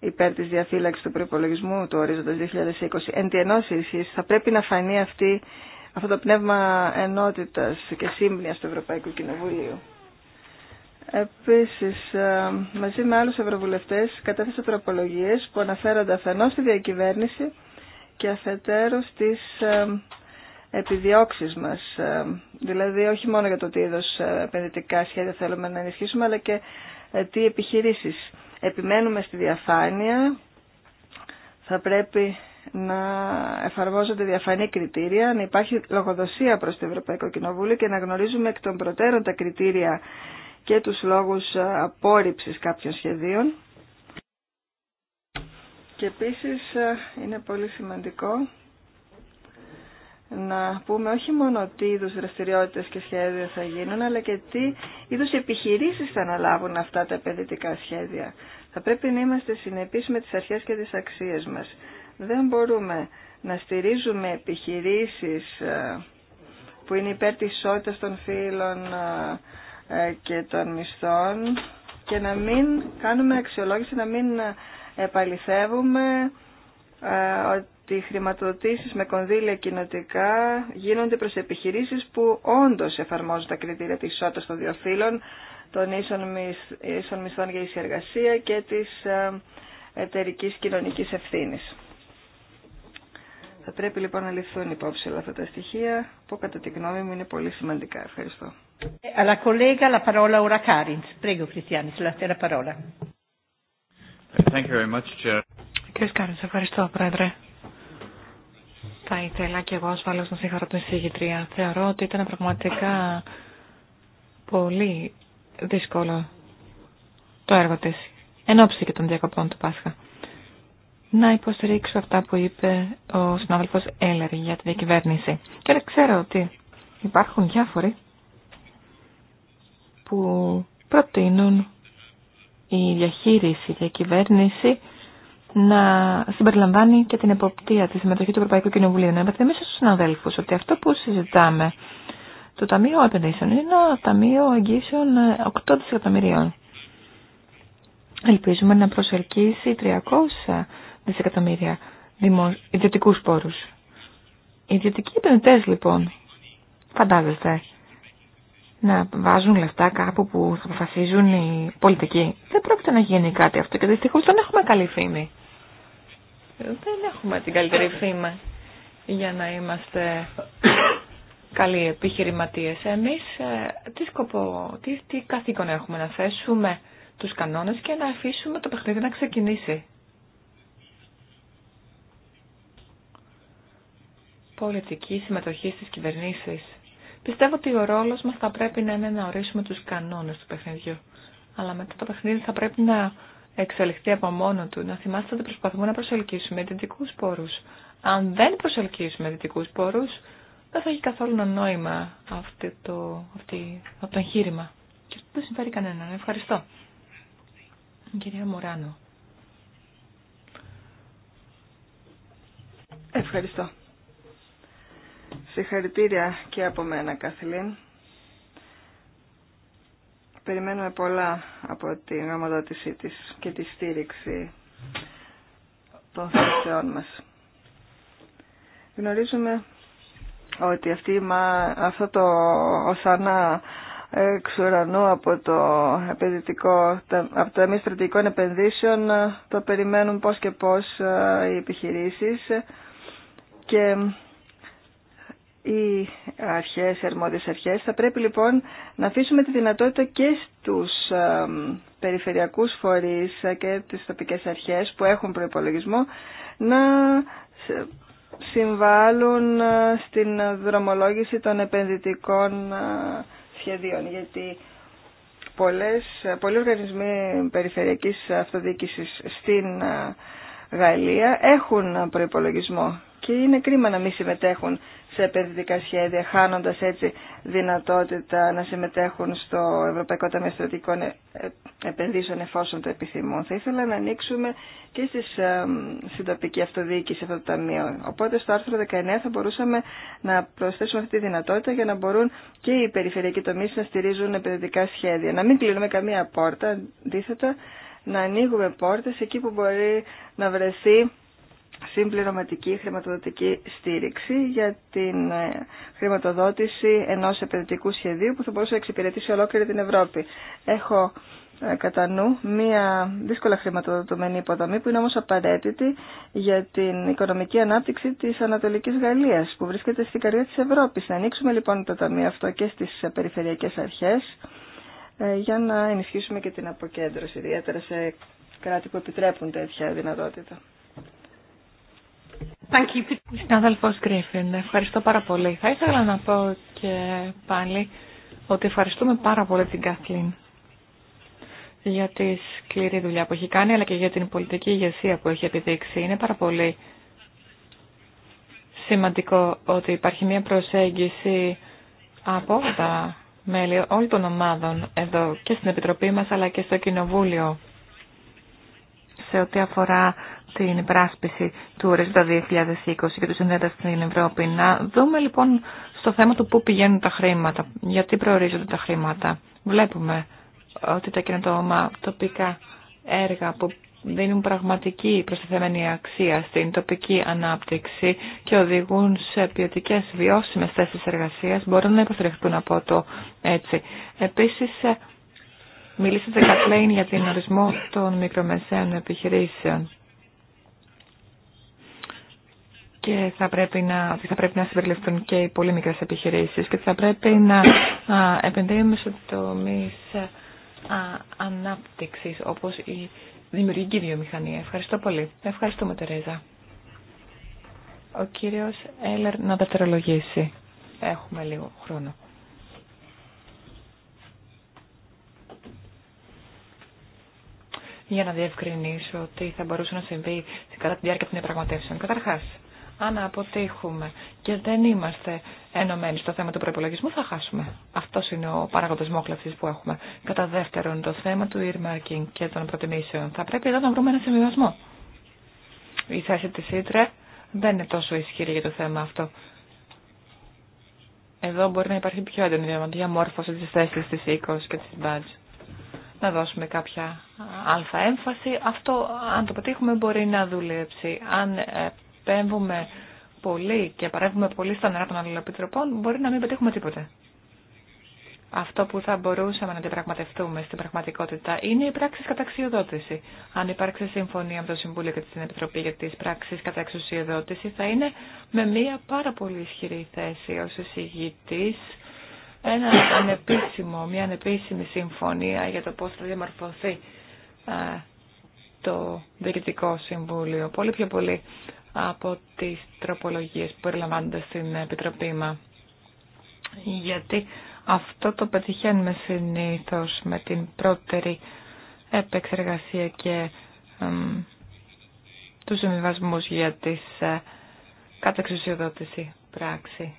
υπέρ της διαφύλαξης του προϋπολογισμού του ορίζοντας 2020. Εν θα πρέπει να φανεί αυτή, αυτό το πνεύμα ενότητας και σύμπνοιας του Ευρωπαϊκού Κοινοβουλίου. Επίσης, ε, μαζί με άλλους ευρωβουλευτές κατέθεσα τροπολογίες που αναφέρονται αφενός στη διακυβέρνηση και αφετέρου στις ε, επιδιώξεις μας. Ε, δηλαδή όχι μόνο για το τι είδος ε, επενδυτικά σχέδια θέλουμε να ενισχύσουμε, αλλά και ε, τι επιχειρήσεις. Επιμένουμε στη διαφάνεια, θα πρέπει να εφαρμόζονται διαφανή κριτήρια, να υπάρχει λογοδοσία προς το Ευρωπαϊκό Κοινοβούλιο και να γνωρίζουμε εκ των προτέρων τα κριτήρια και τους λόγους απόρριψης κάποιων σχεδίων. Και επίσης είναι πολύ σημαντικό να πούμε όχι μόνο τι είδους δραστηριότητες και σχέδια θα γίνουν, αλλά και τι είδους επιχειρήσεις θα αναλάβουν αυτά τα επενδυτικά σχέδια. Θα πρέπει να είμαστε συνεπείς με τις αρχές και τις αξίες μας. Δεν μπορούμε να στηρίζουμε επιχειρήσεις ε, που είναι υπέρ της ισότητας των φύλων ε, ε, και των μισθών και να μην κάνουμε αξιολόγηση, να μην επαληθεύουμε ότι οι χρηματοδοτήσεις με κονδύλια κοινοτικά γίνονται προς επιχειρήσεις που όντως εφαρμόζουν τα κριτήρια της ισότητας των δύο φύλων, των ίσων, μισθών για ίση εργασία και της ε, εταιρική κοινωνικής ευθύνης. Θα πρέπει λοιπόν να ληφθούν υπόψη όλα αυτά τα στοιχεία που κατά τη γνώμη μου είναι πολύ σημαντικά. Ευχαριστώ. Αλλά κολέγα, Κύριε ευχαριστώ, Πρόεδρε. Θα ήθελα και εγώ ασφαλώ να συγχαρώ την Θεωρώ ότι ήταν πραγματικά πολύ δύσκολο το έργο της. Εν και των διακοπών του Πάσχα. Να υποστηρίξω αυτά που είπε ο συνάδελφος Έλερ για τη διακυβέρνηση. Και ξέρω ότι υπάρχουν διάφοροι που προτείνουν η διαχείριση, η διακυβέρνηση να συμπεριλαμβάνει και την εποπτεία τη συμμετοχή του Ευρωπαϊκού Κοινοβουλίου. Να υπενθυμίσω στου συναδέλφου ότι αυτό που συζητάμε, το Ταμείο Επενδύσεων, είναι ένα Ταμείο Εγγύσεων 8 ε, δισεκατομμυρίων. Ελπίζουμε να προσελκύσει 300 δισεκατομμύρια ιδιωτικού πόρου. Οι ιδιωτικοί επενδυτέ λοιπόν, φαντάζεστε, να βάζουν λεφτά κάπου που θα αποφασίζουν οι πολιτικοί. Δεν πρόκειται να γίνει κάτι αυτό και δυστυχώ δεν έχουμε καλή φήμη δεν έχουμε την καλύτερη φήμη για να είμαστε καλοί επιχειρηματίες. Εμείς ε, τι σκοπό, τι, τι καθήκον έχουμε να θέσουμε τους κανόνες και να αφήσουμε το παιχνίδι να ξεκινήσει. Πολιτική συμμετοχή στις κυβερνήσεις. Πιστεύω ότι ο ρόλος μας θα πρέπει να είναι να ορίσουμε τους κανόνες του παιχνιδιού. Αλλά μετά το παιχνίδι θα πρέπει να εξελιχθεί από μόνο του. Να θυμάστε ότι προσπαθούμε να προσελκύσουμε δυτικού πόρου. Αν δεν προσελκύσουμε δυτικού πόρου, δεν θα έχει καθόλου νόημα αυτό το, αυτή, αυτό το εγχείρημα. Και αυτό δεν συμφέρει κανέναν. Ευχαριστώ. Κυρία Μουράνο. Ευχαριστώ. Συγχαρητήρια και από μένα, Καθηλήν περιμένουμε πολλά από την γραμματότησή της και τη στήριξη των θεών μας. Γνωρίζουμε ότι αυτή, μα αυτό το οσανά εξ ουρανού από το επενδυτικό, από Στρατηγικών Επενδύσεων ε, το περιμένουν πώς και πώς ε, οι επιχειρήσεις και οι αρχές, οι αρμόδιες αρχές. Θα πρέπει λοιπόν να αφήσουμε τη δυνατότητα και στους περιφερειακούς φορείς και τις τοπικές αρχές που έχουν προϋπολογισμό να συμβάλλουν ε, στην δρομολόγηση των επενδυτικών ε, σχεδίων. Γιατί πολλές, πολλοί οργανισμοί περιφερειακής αυτοδιοίκησης στην ε, Γαλλία έχουν προϋπολογισμό και είναι κρίμα να μην συμμετέχουν σε επενδυτικά σχέδια, χάνοντας έτσι δυνατότητα να συμμετέχουν στο Ευρωπαϊκό Ταμείο Στρατηγικών ε, ε, Επενδύσεων εφόσον το επιθυμούν. Θα ήθελα να ανοίξουμε και στις, ε, στην τοπική αυτοδιοίκηση αυτό το ταμείο. Οπότε στο άρθρο 19 θα μπορούσαμε να προσθέσουμε αυτή τη δυνατότητα για να μπορούν και οι περιφερειακοί τομείς να στηρίζουν επενδυτικά σχέδια. Να μην κλείνουμε καμία πόρτα, αντίθετα να ανοίγουμε πόρτες εκεί που μπορεί να βρεθεί συμπληρωματική χρηματοδοτική στήριξη για την ε, χρηματοδότηση ενός επενδυτικού σχεδίου που θα μπορούσε να εξυπηρετήσει ολόκληρη την Ευρώπη. Έχω ε, κατά νου μία δύσκολα χρηματοδοτωμένη υποδομή που είναι όμως απαραίτητη για την οικονομική ανάπτυξη της Ανατολικής Γαλλίας που βρίσκεται στην καρδιά της Ευρώπης. Να ανοίξουμε λοιπόν το ταμείο αυτό και στις περιφερειακές αρχές ε, για να ενισχύσουμε και την αποκέντρωση, ιδιαίτερα σε κράτη που επιτρέπουν τέτοια δυνατότητα. Συνάδελφος Γκρίφιν, ευχαριστώ πάρα πολύ. Θα ήθελα να πω και πάλι ότι ευχαριστούμε πάρα πολύ την Καθλίν για τη σκληρή δουλειά που έχει κάνει, αλλά και για την πολιτική ηγεσία που έχει επιδείξει. Είναι πάρα πολύ σημαντικό ότι υπάρχει μια προσέγγιση από τα μέλη όλων των ομάδων εδώ και στην Επιτροπή μας αλλά και στο Κοινοβούλιο σε ό,τι αφορά την υπεράσπιση του ορίζοντα 2020 και του συνδέοντα στην Ευρώπη. Να δούμε λοιπόν στο θέμα του πού πηγαίνουν τα χρήματα, γιατί προορίζονται τα χρήματα. Βλέπουμε ότι τα καινοτόμα τοπικά έργα που δίνουν πραγματική προστιθέμενη αξία στην τοπική ανάπτυξη και οδηγούν σε ποιοτικέ βιώσιμες θέσει εργασία μπορούν να υποστηριχθούν από το έτσι. Επίση, ε, μιλήσατε, Κατλέιν, για την ορισμό των μικρομεσαίων επιχειρήσεων. και θα πρέπει να, ότι θα πρέπει να συμπεριληφθούν και οι πολύ μικρές επιχειρήσεις και θα πρέπει να επενδύουμε σε τομεί ανάπτυξη όπως η δημιουργική βιομηχανία. Ευχαριστώ πολύ. Ευχαριστούμε Τερέζα. Ο κύριος Έλερ να δευτερολογήσει. Έχουμε λίγο χρόνο. για να διευκρινίσω τι θα μπορούσε να συμβεί κατά τη διάρκεια των διαπραγματεύσεων. Καταρχά, αν αποτύχουμε και δεν είμαστε ενωμένοι στο θέμα του προπολογισμού, θα χάσουμε. Αυτό είναι ο παράγοντα μόχλευση που έχουμε. Κατά δεύτερον, το θέμα του earmarking και των προτιμήσεων. Θα πρέπει εδώ να βρούμε ένα συμβιβασμό. Η θέση τη ΣΥΤΡΕ δεν είναι τόσο ισχυρή για το θέμα αυτό. Εδώ μπορεί να υπάρχει πιο έντονη διαμόρφωση τη θέση τη ΙΚΟ και τη ΜΠΑΤΖ. Να δώσουμε κάποια αλφα έμφαση. Αυτό, αν το πετύχουμε, μπορεί να δουλέψει. Αν ε, επέμβουμε πολύ και παρέμβουμε πολύ στα νερά των αλληλοπιτροπών, μπορεί να μην πετύχουμε τίποτε. Αυτό που θα μπορούσαμε να αντιπραγματευτούμε στην πραγματικότητα είναι οι πράξει κατά αξιοδότηση. Αν υπάρξει συμφωνία με το Συμβούλιο και την Επιτροπή για τι πράξει κατά εξουσιοδότηση, θα είναι με μια πάρα πολύ ισχυρή θέση ω εισηγητή ένα ανεπίσημο, μια ανεπίσημη συμφωνία για το πώ θα διαμορφωθεί ε, το Διοικητικό Συμβούλιο. Πολύ πιο πολύ από τις τροπολογίες που περιλαμβάνονται στην Επιτροπή μα. Γιατί αυτό το πετυχαίνουμε συνήθως με την πρώτερη επεξεργασία και του τους συμβιβασμού για τις ε, κατεξουσιοδότηση πράξη.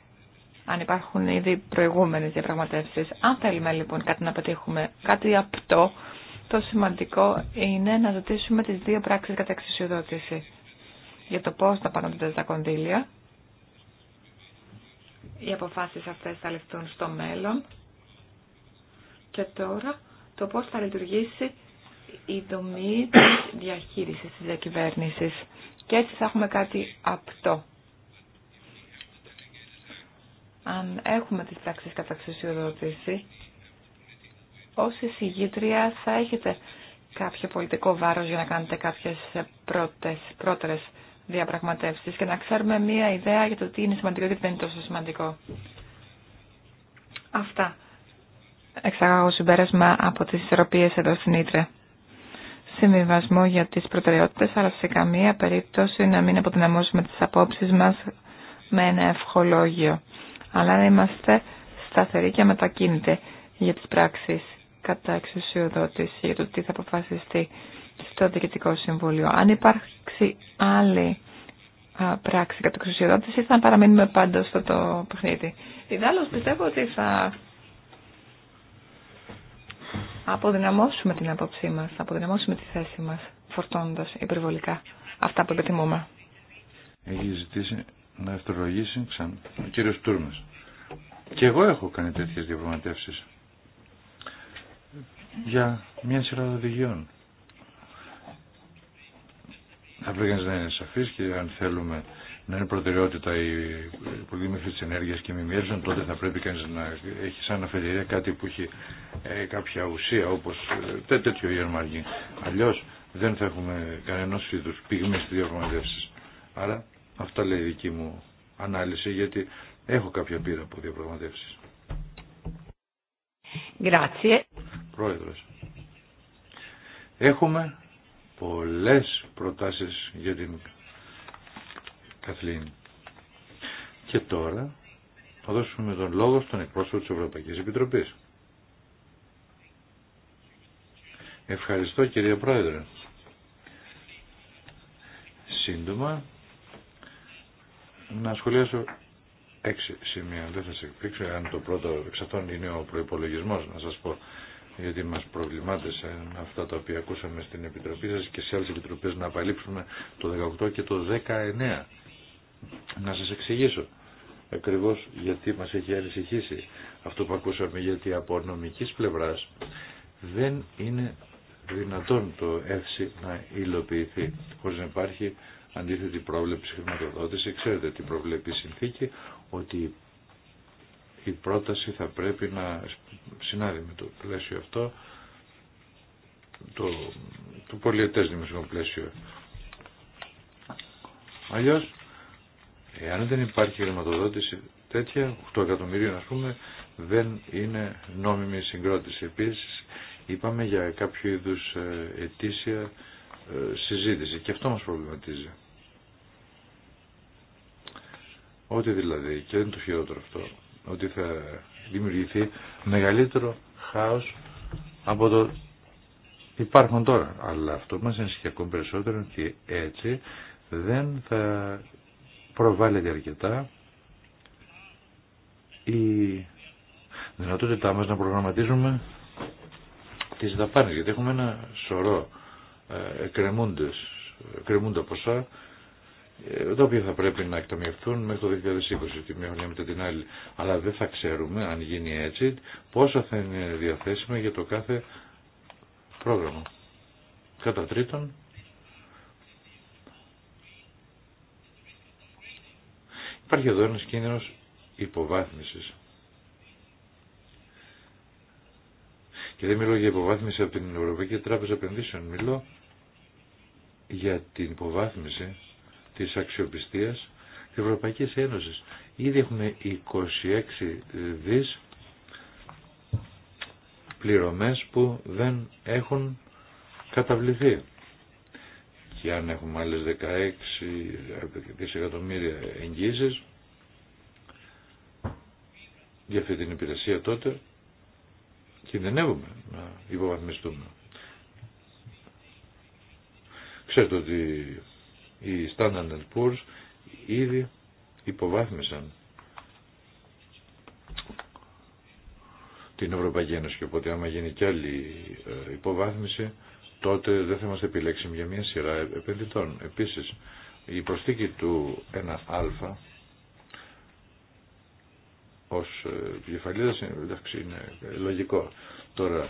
Αν υπάρχουν ήδη προηγούμενες διαπραγματεύσεις. Αν θέλουμε λοιπόν κάτι να πετύχουμε, κάτι απτό, το σημαντικό είναι να ζητήσουμε τις δύο πράξεις κατεξουσιοδότηση για το πώς θα τα κονδύλια. Οι αποφάσεις αυτές θα ληφθούν στο μέλλον. Και τώρα το πώς θα λειτουργήσει η δομή της διαχείρισης της διακυβέρνησης. Και έτσι θα έχουμε κάτι απτό. Αν έχουμε τις πράξεις κατά εξουσιοδότηση, ως εισηγήτρια θα έχετε κάποιο πολιτικό βάρος για να κάνετε κάποιες πρώτες, πρώτερες και να ξέρουμε μία ιδέα για το τι είναι σημαντικό και τι δεν είναι τόσο σημαντικό. Αυτά. Εξαγάγω συμπέρασμα από τις ισορροπίες εδώ στην Ήτρε. Συμβιβασμό για τις προτεραιότητες, αλλά σε καμία περίπτωση να μην αποδυναμώσουμε τις απόψεις μας με ένα ευχολόγιο. Αλλά να είμαστε σταθεροί και μετακίνητοι για τις πράξεις κατά εξουσιοδότηση, για το τι θα αποφασιστεί στο Διοικητικό Συμβούλιο. Αν υπάρξει άλλη πράξη κατά εξουσιοδότηση, θα παραμείνουμε πάντα στο το παιχνίδι. Ιδάλλω πιστεύω ότι θα αποδυναμώσουμε την άποψή μας, θα αποδυναμώσουμε τη θέση μας, φορτώνοντας υπερβολικά αυτά που επιθυμούμε. Έχει ζητήσει να ευθρολογήσει ξανά ο κύριος Τούρμες. Και εγώ έχω κάνει τέτοιες διαπραγματεύσεις για μια σειρά οδηγιών θα πρέπει να είναι σαφή και αν θέλουμε να είναι προτεραιότητα η πολυμορφή τη ενέργεια και η τότε θα πρέπει κανεί να έχει σαν αφετηρία κάτι που έχει ε, κάποια ουσία, όπω ε, τέτοιο γερμαργή. Αλλιώ δεν θα έχουμε κανένα είδου πυγμή στι διαπραγματεύσει. Άρα αυτά λέει η δική μου ανάλυση, γιατί έχω κάποια πείρα από διαπραγματεύσει. Grazie. Πρόεδρος. Έχουμε πολλές προτάσεις για την Καθλήν. Και τώρα θα δώσουμε τον λόγο στον εκπρόσωπο της Ευρωπαϊκής Επιτροπής. Ευχαριστώ κύριε Πρόεδρε. Σύντομα να σχολιάσω έξι σημεία. Δεν θα σε εκπλήξω αν το πρώτο εξ αυτών είναι ο προπολογισμό. Να σας πω γιατί μας προβλημάτισαν αυτά τα οποία ακούσαμε στην Επιτροπή σας και σε άλλες επιτροπές να απαλείψουμε το 18 και το 19. Να σας εξηγήσω ακριβώς γιατί μας έχει ανησυχήσει αυτό που ακούσαμε, γιατί από νομικής πλευράς δεν είναι δυνατόν το ΕΦΣΙ να υλοποιηθεί χωρίς να υπάρχει αντίθετη πρόβλεψη χρηματοδότηση. Ξέρετε τι προβλέπει η συνθήκη, ότι η πρόταση θα πρέπει να συνάδει με το πλαίσιο αυτό το, το πολιετές πλαίσιο. Αλλιώς, εάν δεν υπάρχει χρηματοδότηση τέτοια, 8 εκατομμυρίων ας πούμε, δεν είναι νόμιμη συγκρότηση. Επίσης, είπαμε για κάποιο είδους ε, ετήσια ε, συζήτηση και αυτό μας προβληματίζει. Ό,τι δηλαδή, και δεν το χειρότερο αυτό, ότι θα δημιουργηθεί μεγαλύτερο χάος από το υπάρχουν τώρα. Αλλά αυτό μας ενισχύει ακόμη περισσότερο και έτσι δεν θα προβάλλεται αρκετά η δυνατότητά μας να προγραμματίζουμε τις δαπάνες. Γιατί έχουμε ένα σωρό ε, κρεμούντα ποσά ε, τα οποία θα πρέπει να εκταμιευθούν μέχρι το 2020, τη μία χρονιά μετά την άλλη. Αλλά δεν θα ξέρουμε, αν γίνει έτσι, πόσα θα είναι διαθέσιμα για το κάθε πρόγραμμα. Κατά τρίτον, υπάρχει εδώ ένας κίνδυνος υποβάθμισης. Και δεν μιλώ για υποβάθμιση από την Ευρωπαϊκή Τράπεζα Επενδύσεων, μιλώ για την υποβάθμιση της αξιοπιστίας της Ευρωπαϊκής Ένωσης. Ήδη έχουμε 26 δις πληρωμές που δεν έχουν καταβληθεί. Και αν έχουμε άλλες 16 δισεκατομμύρια εγγύσεις για αυτή την υπηρεσία τότε κινδυνεύουμε να υποβαθμιστούμε. Ξέρετε ότι οι Standard Poor's ήδη υποβάθμισαν την Ευρωπαϊκή Ένωση οπότε άμα γίνει κι άλλη ε, υποβάθμιση τότε δεν θα είμαστε επιλέξιμοι για μια σειρά επενδυτών. Επίσης η προσθήκη του 1α ως ε, κεφαλίδας είναι ε, λογικό. Τώρα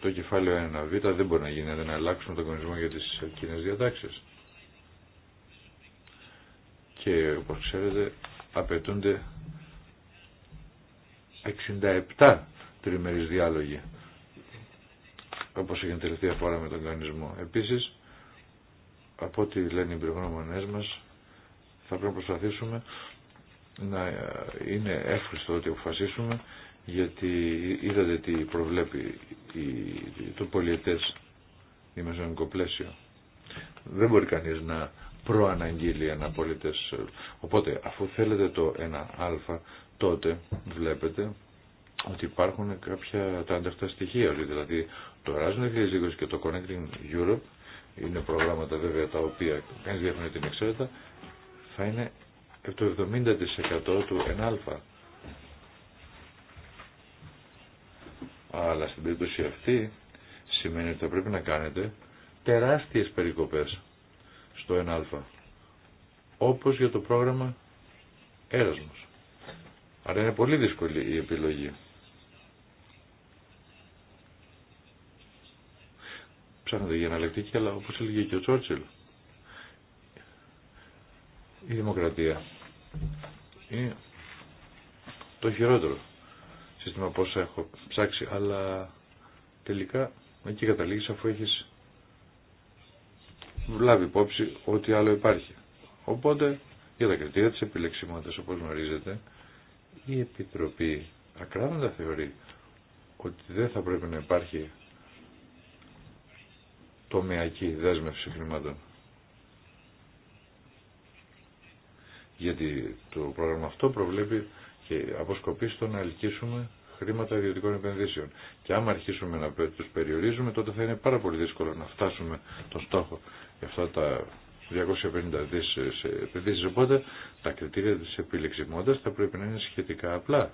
το κεφάλαιο 1β δεν μπορεί να γίνει, να αλλάξουμε τον κανονισμό για τις κοινέ διατάξεις και όπως ξέρετε απαιτούνται 67 τριμερείς διάλογοι όπως έγινε τελευταία φορά με τον κανονισμό. Επίσης, από ό,τι λένε οι προγνώμονές μας, θα πρέπει να προσπαθήσουμε να είναι εύχριστο ότι αποφασίσουμε, γιατί είδατε τι προβλέπει το πολιετές δημοσιονομικό πλαίσιο. Δεν μπορεί κανείς να προαναγγείλει ένα πολίτες. Οπότε αφού θέλετε το ένα α τότε βλέπετε ότι υπάρχουν κάποια τα ανταυτά στοιχεία. Δηλαδή το Erasmus 2020 και το Connecting Europe είναι προγράμματα βέβαια τα οποία κανείς διαφωνεί την εξαίρετα θα είναι το 70% του 1α. Αλλά στην περίπτωση αυτή σημαίνει ότι θα πρέπει να κάνετε τεράστιες περικοπές το 1α. Όπως για το πρόγραμμα Έρασμος. Άρα είναι πολύ δύσκολη η επιλογή. Ψάχνετε για αναλεκτική, αλλά όπως έλεγε και ο Τσόρτσιλ, η δημοκρατία είναι το χειρότερο σύστημα από έχω ψάξει, αλλά τελικά εκεί καταλήγεις αφού έχεις λάβει υπόψη ό,τι άλλο υπάρχει. Οπότε, για τα κριτήρια της επιλεξιμότητας, όπως γνωρίζετε, η Επιτροπή ακράδαντα θεωρεί ότι δεν θα πρέπει να υπάρχει τομεακή δέσμευση χρημάτων. Γιατί το πρόγραμμα αυτό προβλέπει και αποσκοπεί στο να ελκύσουμε χρήματα ιδιωτικών επενδύσεων. Και άμα αρχίσουμε να τους περιορίζουμε, τότε θα είναι πάρα πολύ δύσκολο να φτάσουμε τον στόχο για αυτά τα 250 δις ε, επενδύσεις. Οπότε τα κριτήρια της επιλεξιμότητας θα πρέπει να είναι σχετικά απλά.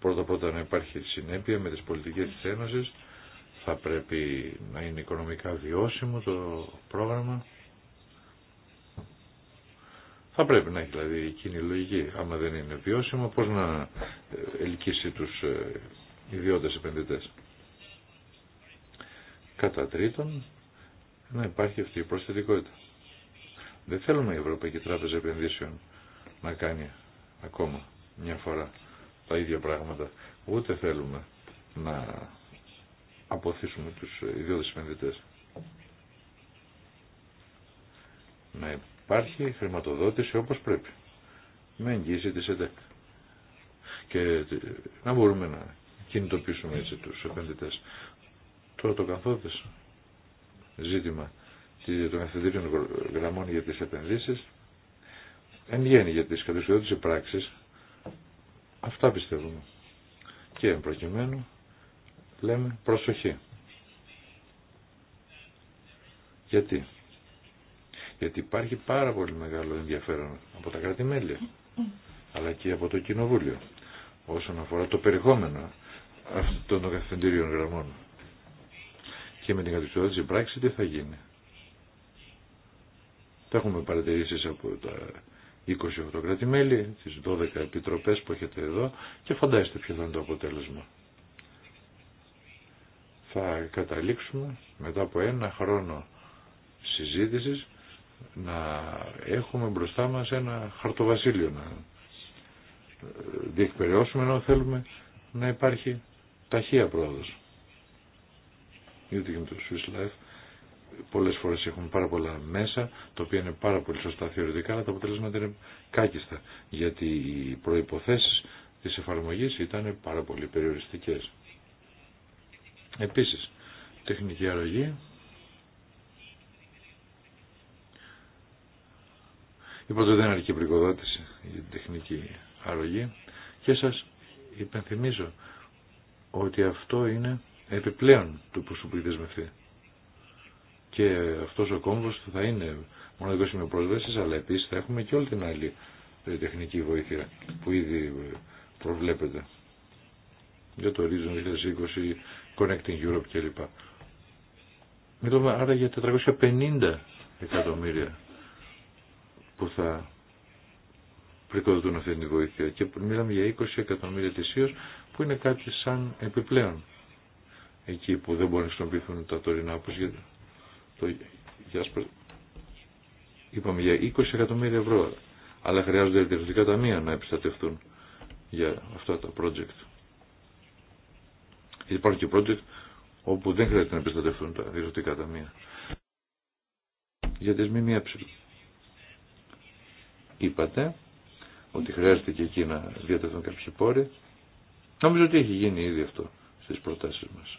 Πρώτα πρώτα να υπάρχει συνέπεια με τις πολιτικές της Ένωσης, θα πρέπει να είναι οικονομικά βιώσιμο το πρόγραμμα θα πρέπει να έχει δηλαδή εκείνη η λογική. Άμα δεν είναι βιώσιμο, πώς να ε, ελκύσει τους ε, ιδιώτες επενδυτές. Κατά τρίτον, να υπάρχει αυτή η προσθετικότητα. Δεν θέλουμε η Ευρωπαϊκή Τράπεζα Επενδύσεων να κάνει ακόμα μια φορά τα ίδια πράγματα. Ούτε θέλουμε να αποθήσουμε τους ε, ιδιώτες επενδυτές υπάρχει χρηματοδότηση όπως πρέπει. Με εγγύηση της ΕΤΕΚ. Και να μπορούμε να κινητοποιήσουμε έτσι τους επενδυτές. Τώρα το καθόδες ζήτημα των ευθυντήριων γραμμών για τις επενδύσεις εν γέννη για τις κατευθυντικές πράξεις αυτά πιστεύουμε και προκειμένου λέμε προσοχή γιατί γιατί υπάρχει πάρα πολύ μεγάλο ενδιαφέρον από τα κράτη-μέλη, αλλά και από το Κοινοβούλιο, όσον αφορά το περιεχόμενο αυτών των καθεντήριων γραμμών. Και με την της πράξη τι θα γίνει. Τα έχουμε παρατηρήσει από τα 28 κράτη-μέλη, τις 12 επιτροπές που έχετε εδώ και φαντάζεστε ποιο θα είναι το αποτέλεσμα. Θα καταλήξουμε μετά από ένα χρόνο συζήτησης να έχουμε μπροστά μας ένα χαρτοβασίλειο να διεκπαιρεώσουμε ενώ θέλουμε να υπάρχει ταχεία πρόοδος. Γιατί και με το Swiss Life πολλές φορές έχουμε πάρα πολλά μέσα τα οποία είναι πάρα πολύ σωστά θεωρητικά αλλά τα αποτελέσματα είναι κάκιστα γιατί οι προϋποθέσεις της εφαρμογής ήταν πάρα πολύ περιοριστικές. Επίσης, τεχνική αρρωγή Οπότε δεν αρκεί πρικοδότηση για την τεχνική αρρωγή. Και σας υπενθυμίζω ότι αυτό είναι επιπλέον του που σου Και αυτός ο κόμβος θα είναι μοναδικό σημείο πρόσβασης, αλλά επίσης θα έχουμε και όλη την άλλη ε, τεχνική βοήθεια που ήδη ε, προβλέπεται για το Horizon 2020, Connecting Europe κλπ. Μιλούμε άρα για 450 εκατομμύρια που θα πρικοδοτούν αυτή τη βοήθεια. Και μιλάμε για 20 εκατομμύρια ετησίω που είναι κάτι σαν επιπλέον. Εκεί που δεν μπορούν να χρησιμοποιηθούν τα τωρινά, όπω για το Είπαμε για 20 εκατομμύρια ευρώ. Αλλά χρειάζονται τα ταμεία να επιστατευτούν για αυτά τα project. Υπάρχουν και project όπου δεν χρειάζεται να επιστατευτούν τα διευθυντικά ταμεία. Για τις ΜΜΕ είπατε ότι χρειάζεται και εκεί να διατεθούν κάποιοι πόροι. Νομίζω ότι έχει γίνει ήδη αυτό στις προτάσεις μας.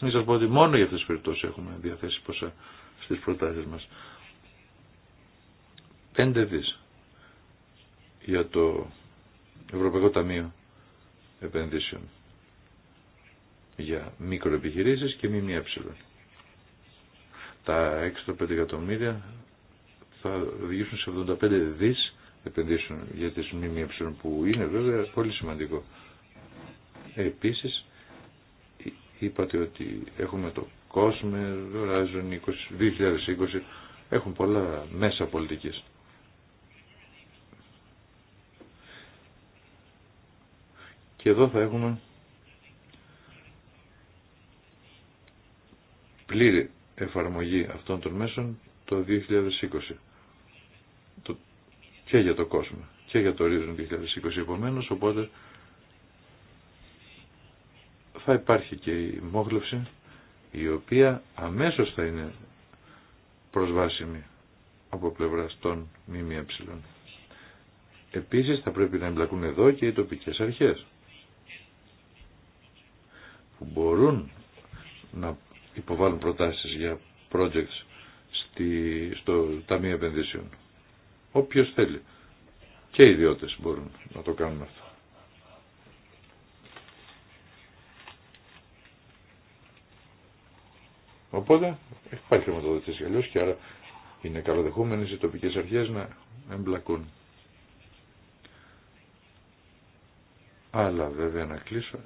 Να σας πω ότι μόνο για αυτές τις περιπτώσεις έχουμε διαθέσει ποσά στις προτάσεις μας. Πέντε δις για το Ευρωπαϊκό Ταμείο Επενδύσεων για μικροεπιχειρήσεις και έψιλον. Τα έξω 5 εκατομμύρια θα οδηγήσουν σε 75 δις επενδύσεων για τις ΜΜΕ που είναι βέβαια πολύ σημαντικό. Επίσης είπατε ότι έχουμε το COSME, Horizon 2020, έχουν πολλά μέσα πολιτικής. Και εδώ θα έχουμε πλήρη εφαρμογή αυτών των μέσων το 2020 και για το κόσμο και για το ρίζον 2020 επομένως, οπότε θα υπάρχει και η μόγλευση η οποία αμέσως θα είναι προσβάσιμη από πλευρά των ΜΜΕ. Επίσης θα πρέπει να εμπλακούν εδώ και οι τοπικές αρχές που μπορούν να υποβάλουν προτάσεις για projects στη, στο Ταμείο Επενδύσεων. Όποιος θέλει. Και οι ιδιώτες μπορούν να το κάνουν αυτό. Οπότε υπάρχει χρηματοδότηση αλλιώ και άρα είναι καλοδεχούμενοι οι τοπικές αρχές να εμπλακούν. Αλλά βέβαια να κλείσω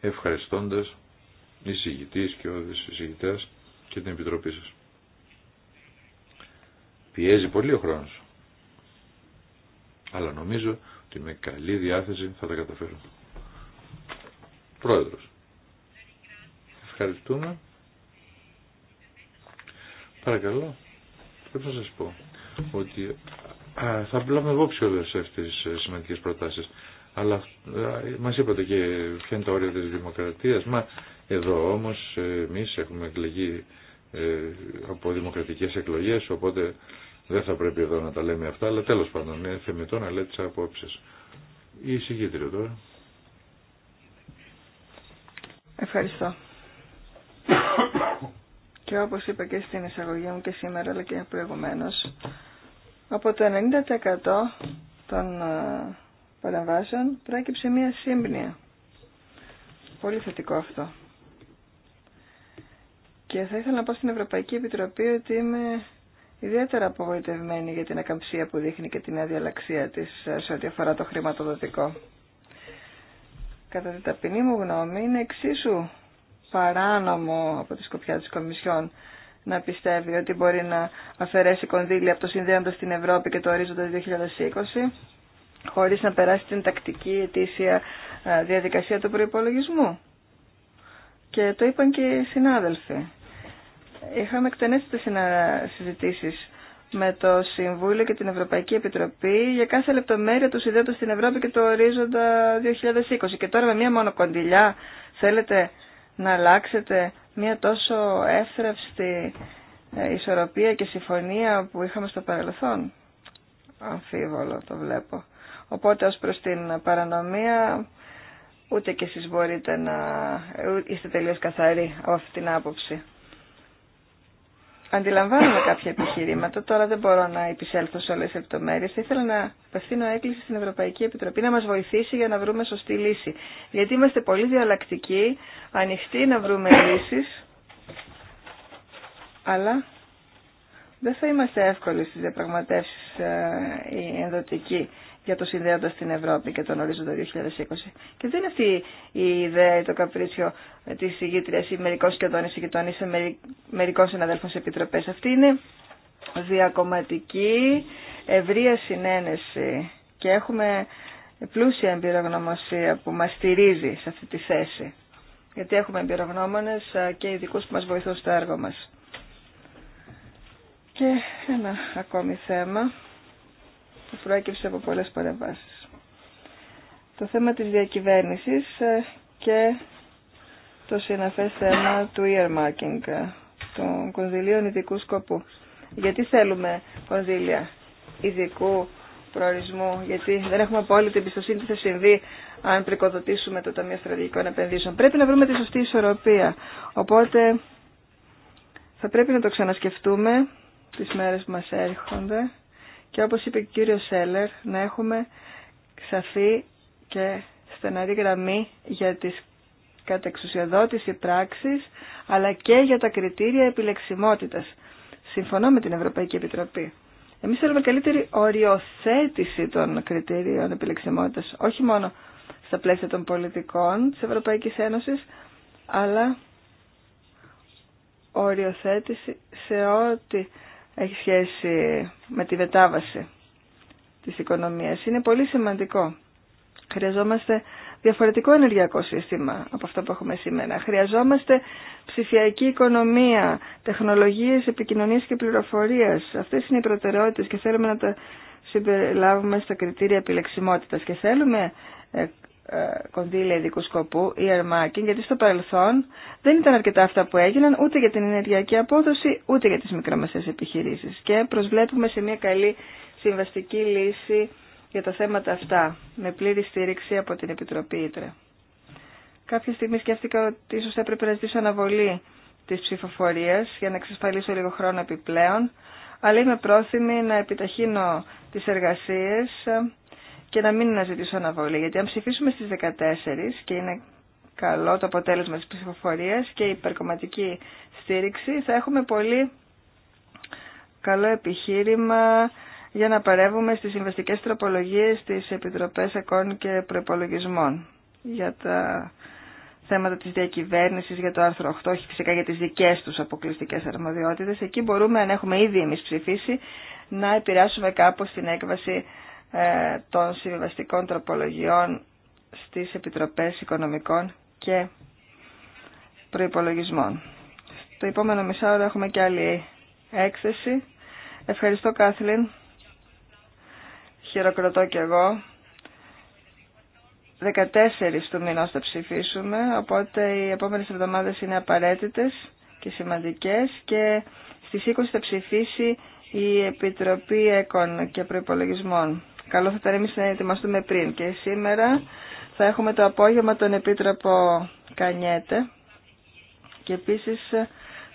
ευχαριστώντα εισηγητής και όδης εισηγητές και την επιτροπή σας. Πιέζει πολύ ο χρόνο. Αλλά νομίζω ότι με καλή διάθεση θα τα καταφέρω. Πρόεδρος. Ευχαριστούμε. Παρακαλώ. Πρέπει να σας πω ότι α, θα εγώ εγώ σε αυτές τις ε, σημαντικές προτάσεις. Αλλά μα μας είπατε και ποια είναι τα όρια της δημοκρατίας. Μα εδώ όμως εμείς έχουμε εκλεγεί ε, από δημοκρατικές εκλογές, οπότε δεν θα πρέπει εδώ να τα λέμε αυτά, αλλά τέλος πάντων είναι θεμητό να λέτε τις απόψεις. Η εισηγήτρια τώρα. Ευχαριστώ. και όπως είπα και στην εισαγωγή μου και σήμερα αλλά και προηγουμένως, από το 90% των ε, παρεμβάσεων πρόκειψε μία σύμπνοια. Πολύ θετικό αυτό. Και θα ήθελα να πω στην Ευρωπαϊκή Επιτροπή ότι είμαι ιδιαίτερα απογοητευμένη για την ακαμψία που δείχνει και την αδιαλαξία της ε, σε ό,τι αφορά το χρηματοδοτικό. Κατά την ταπεινή μου γνώμη είναι εξίσου παράνομο από τη σκοπιά της Κομισιόν να πιστεύει ότι μπορεί να αφαιρέσει κονδύλια από το συνδέοντα στην Ευρώπη και το ορίζοντα 2020 χωρίς να περάσει την τακτική ετήσια ε, διαδικασία του προϋπολογισμού. Και το είπαν και οι συνάδελφοι. Είχαμε εκτενέστατες συζητήσει με το Συμβούλιο και την Ευρωπαϊκή Επιτροπή για κάθε λεπτομέρεια του συνδέοντο στην Ευρώπη και το ορίζοντα 2020. Και τώρα με μία μόνο κοντιλιά θέλετε να αλλάξετε μία τόσο εύθραυστη ε, ισορροπία και συμφωνία που είχαμε στο παρελθόν. Αμφίβολο το βλέπω. Οπότε ως προς την παρανομία ούτε και εσείς μπορείτε να ε, είστε τελείως καθαροί από αυτή την άποψη. Αντιλαμβάνομαι κάποια επιχειρήματα, τώρα δεν μπορώ να επισέλθω σε όλε τι λεπτομέρειε. Θα ήθελα να απευθύνω έκκληση στην Ευρωπαϊκή Επιτροπή να μα βοηθήσει για να βρούμε σωστή λύση. Γιατί είμαστε πολύ διαλλακτικοί, ανοιχτοί να βρούμε λύσει, αλλά δεν θα είμαστε εύκολοι στι διαπραγματεύσει ε, ενδοτικοί για το συνδέοντα στην Ευρώπη και τον ορίζοντα 2020. Και δεν είναι αυτή η ιδέα ή το καπρίτσιο τη ηγήτρια ή μερικών σχεδόν εισηγητών ή σε μερικών συναδέλφων σε επιτροπέ. Αυτή είναι διακομματική, ευρεία συνένεση και έχουμε πλούσια εμπειρογνωμοσία που μας στηρίζει σε αυτή τη θέση. Γιατί έχουμε εμπειρογνώμονες και ειδικού που μας βοηθούν στο έργο μας. Και ένα ακόμη θέμα που προέκυψε από πολλές παρεμβάσεις. Το θέμα της διακυβέρνησης ε, και το συναφές θέμα του earmarking, ε, των κονδυλίων ειδικού σκοπού. Γιατί θέλουμε κονδύλια ειδικού προορισμού, γιατί δεν έχουμε απόλυτη εμπιστοσύνη τι θα συμβεί αν πρικοδοτήσουμε το Ταμείο Στρατηγικών Επενδύσεων. Πρέπει να βρούμε τη σωστή ισορροπία. Οπότε θα πρέπει να το ξανασκεφτούμε τις μέρες που μας έρχονται και όπως είπε ο κύριος Σέλερ να έχουμε σαφή και στεναρή γραμμή για τις κατεξουσιοδότηση πράξεις, αλλά και για τα κριτήρια επιλεξιμότητας. Συμφωνώ με την Ευρωπαϊκή Επιτροπή. Εμείς θέλουμε καλύτερη οριοθέτηση των κριτήριων επιλεξιμότητας, όχι μόνο στα πλαίσια των πολιτικών της Ευρωπαϊκής Ένωσης, αλλά οριοθέτηση σε ό,τι έχει σχέση με τη μετάβαση της οικονομίας. Είναι πολύ σημαντικό. Χρειαζόμαστε διαφορετικό ενεργειακό σύστημα από αυτό που έχουμε σήμερα. Χρειαζόμαστε ψηφιακή οικονομία, τεχνολογίες επικοινωνίας και πληροφορίας. Αυτές είναι οι προτεραιότητες και θέλουμε να τα συμπεριλάβουμε στα κριτήρια επιλεξιμότητας και θέλουμε ε, ε, κονδύλια ειδικού σκοπού, η αρμάκιν, γιατί στο παρελθόν δεν ήταν αρκετά αυτά που έγιναν ούτε για την ενεργειακή απόδοση, ούτε για τις μικρομεσαίες επιχειρήσεις. Και προσβλέπουμε σε μια καλή συμβαστική λύση για τα θέματα αυτά, με πλήρη στήριξη από την Επιτροπή Ήτρε. Κάποια στιγμή σκέφτηκα ότι ίσως έπρεπε να ζητήσω αναβολή τη ψηφοφορία για να εξασφαλίσω λίγο χρόνο επιπλέον, αλλά είμαι πρόθυμη να επιταχύνω τις εργασίες και να μην αναζητήσω αναβολή. Γιατί αν ψηφίσουμε στι 14 και είναι καλό το αποτέλεσμα τη ψηφοφορία και η υπερκομματική στήριξη, θα έχουμε πολύ καλό επιχείρημα για να παρεύουμε στις συμβαστικές τροπολογίες στις Επιτροπές Εκών και Προπολογισμών για τα θέματα της διακυβέρνησης, για το άρθρο 8, όχι φυσικά για τις δικές τους αποκλειστικές αρμοδιότητες. Εκεί μπορούμε, αν έχουμε ήδη εμείς ψηφίσει, να επηρεάσουμε κάπω την έκβαση ε, των συμβιβαστικών τροπολογιών στις Επιτροπές Οικονομικών και Προϋπολογισμών. Στο επόμενο μισάωρο έχουμε και άλλη έκθεση. Ευχαριστώ Κάθλιν. Χειροκροτώ και εγώ. 14 του μηνός θα ψηφίσουμε, οπότε οι επόμενες εβδομάδες είναι απαραίτητες και σημαντικές και στις 20 θα ψηφίσει η Επιτροπή Έκων και Προϋπολογισμών. Καλό θα ήταν εμείς να ετοιμαστούμε πριν. Και σήμερα θα έχουμε το απόγευμα τον Επίτροπο Κανιέτε και επίσης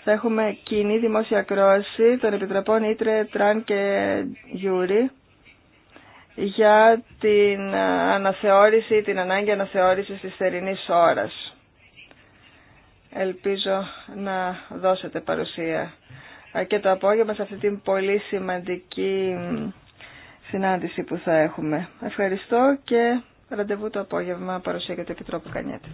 θα έχουμε κοινή δημόσια κρόση των Επιτροπών Ήτρε, Τραν και Γιούρι για την αναθεώρηση, την ανάγκη αναθεώρησης της θερινής ώρας. Ελπίζω να δώσετε παρουσία και το απόγευμα σε αυτή την πολύ σημαντική συνάντηση που θα έχουμε. Ευχαριστώ και ραντεβού το απόγευμα παρουσία για το Επιτρόπο Κανιέτη.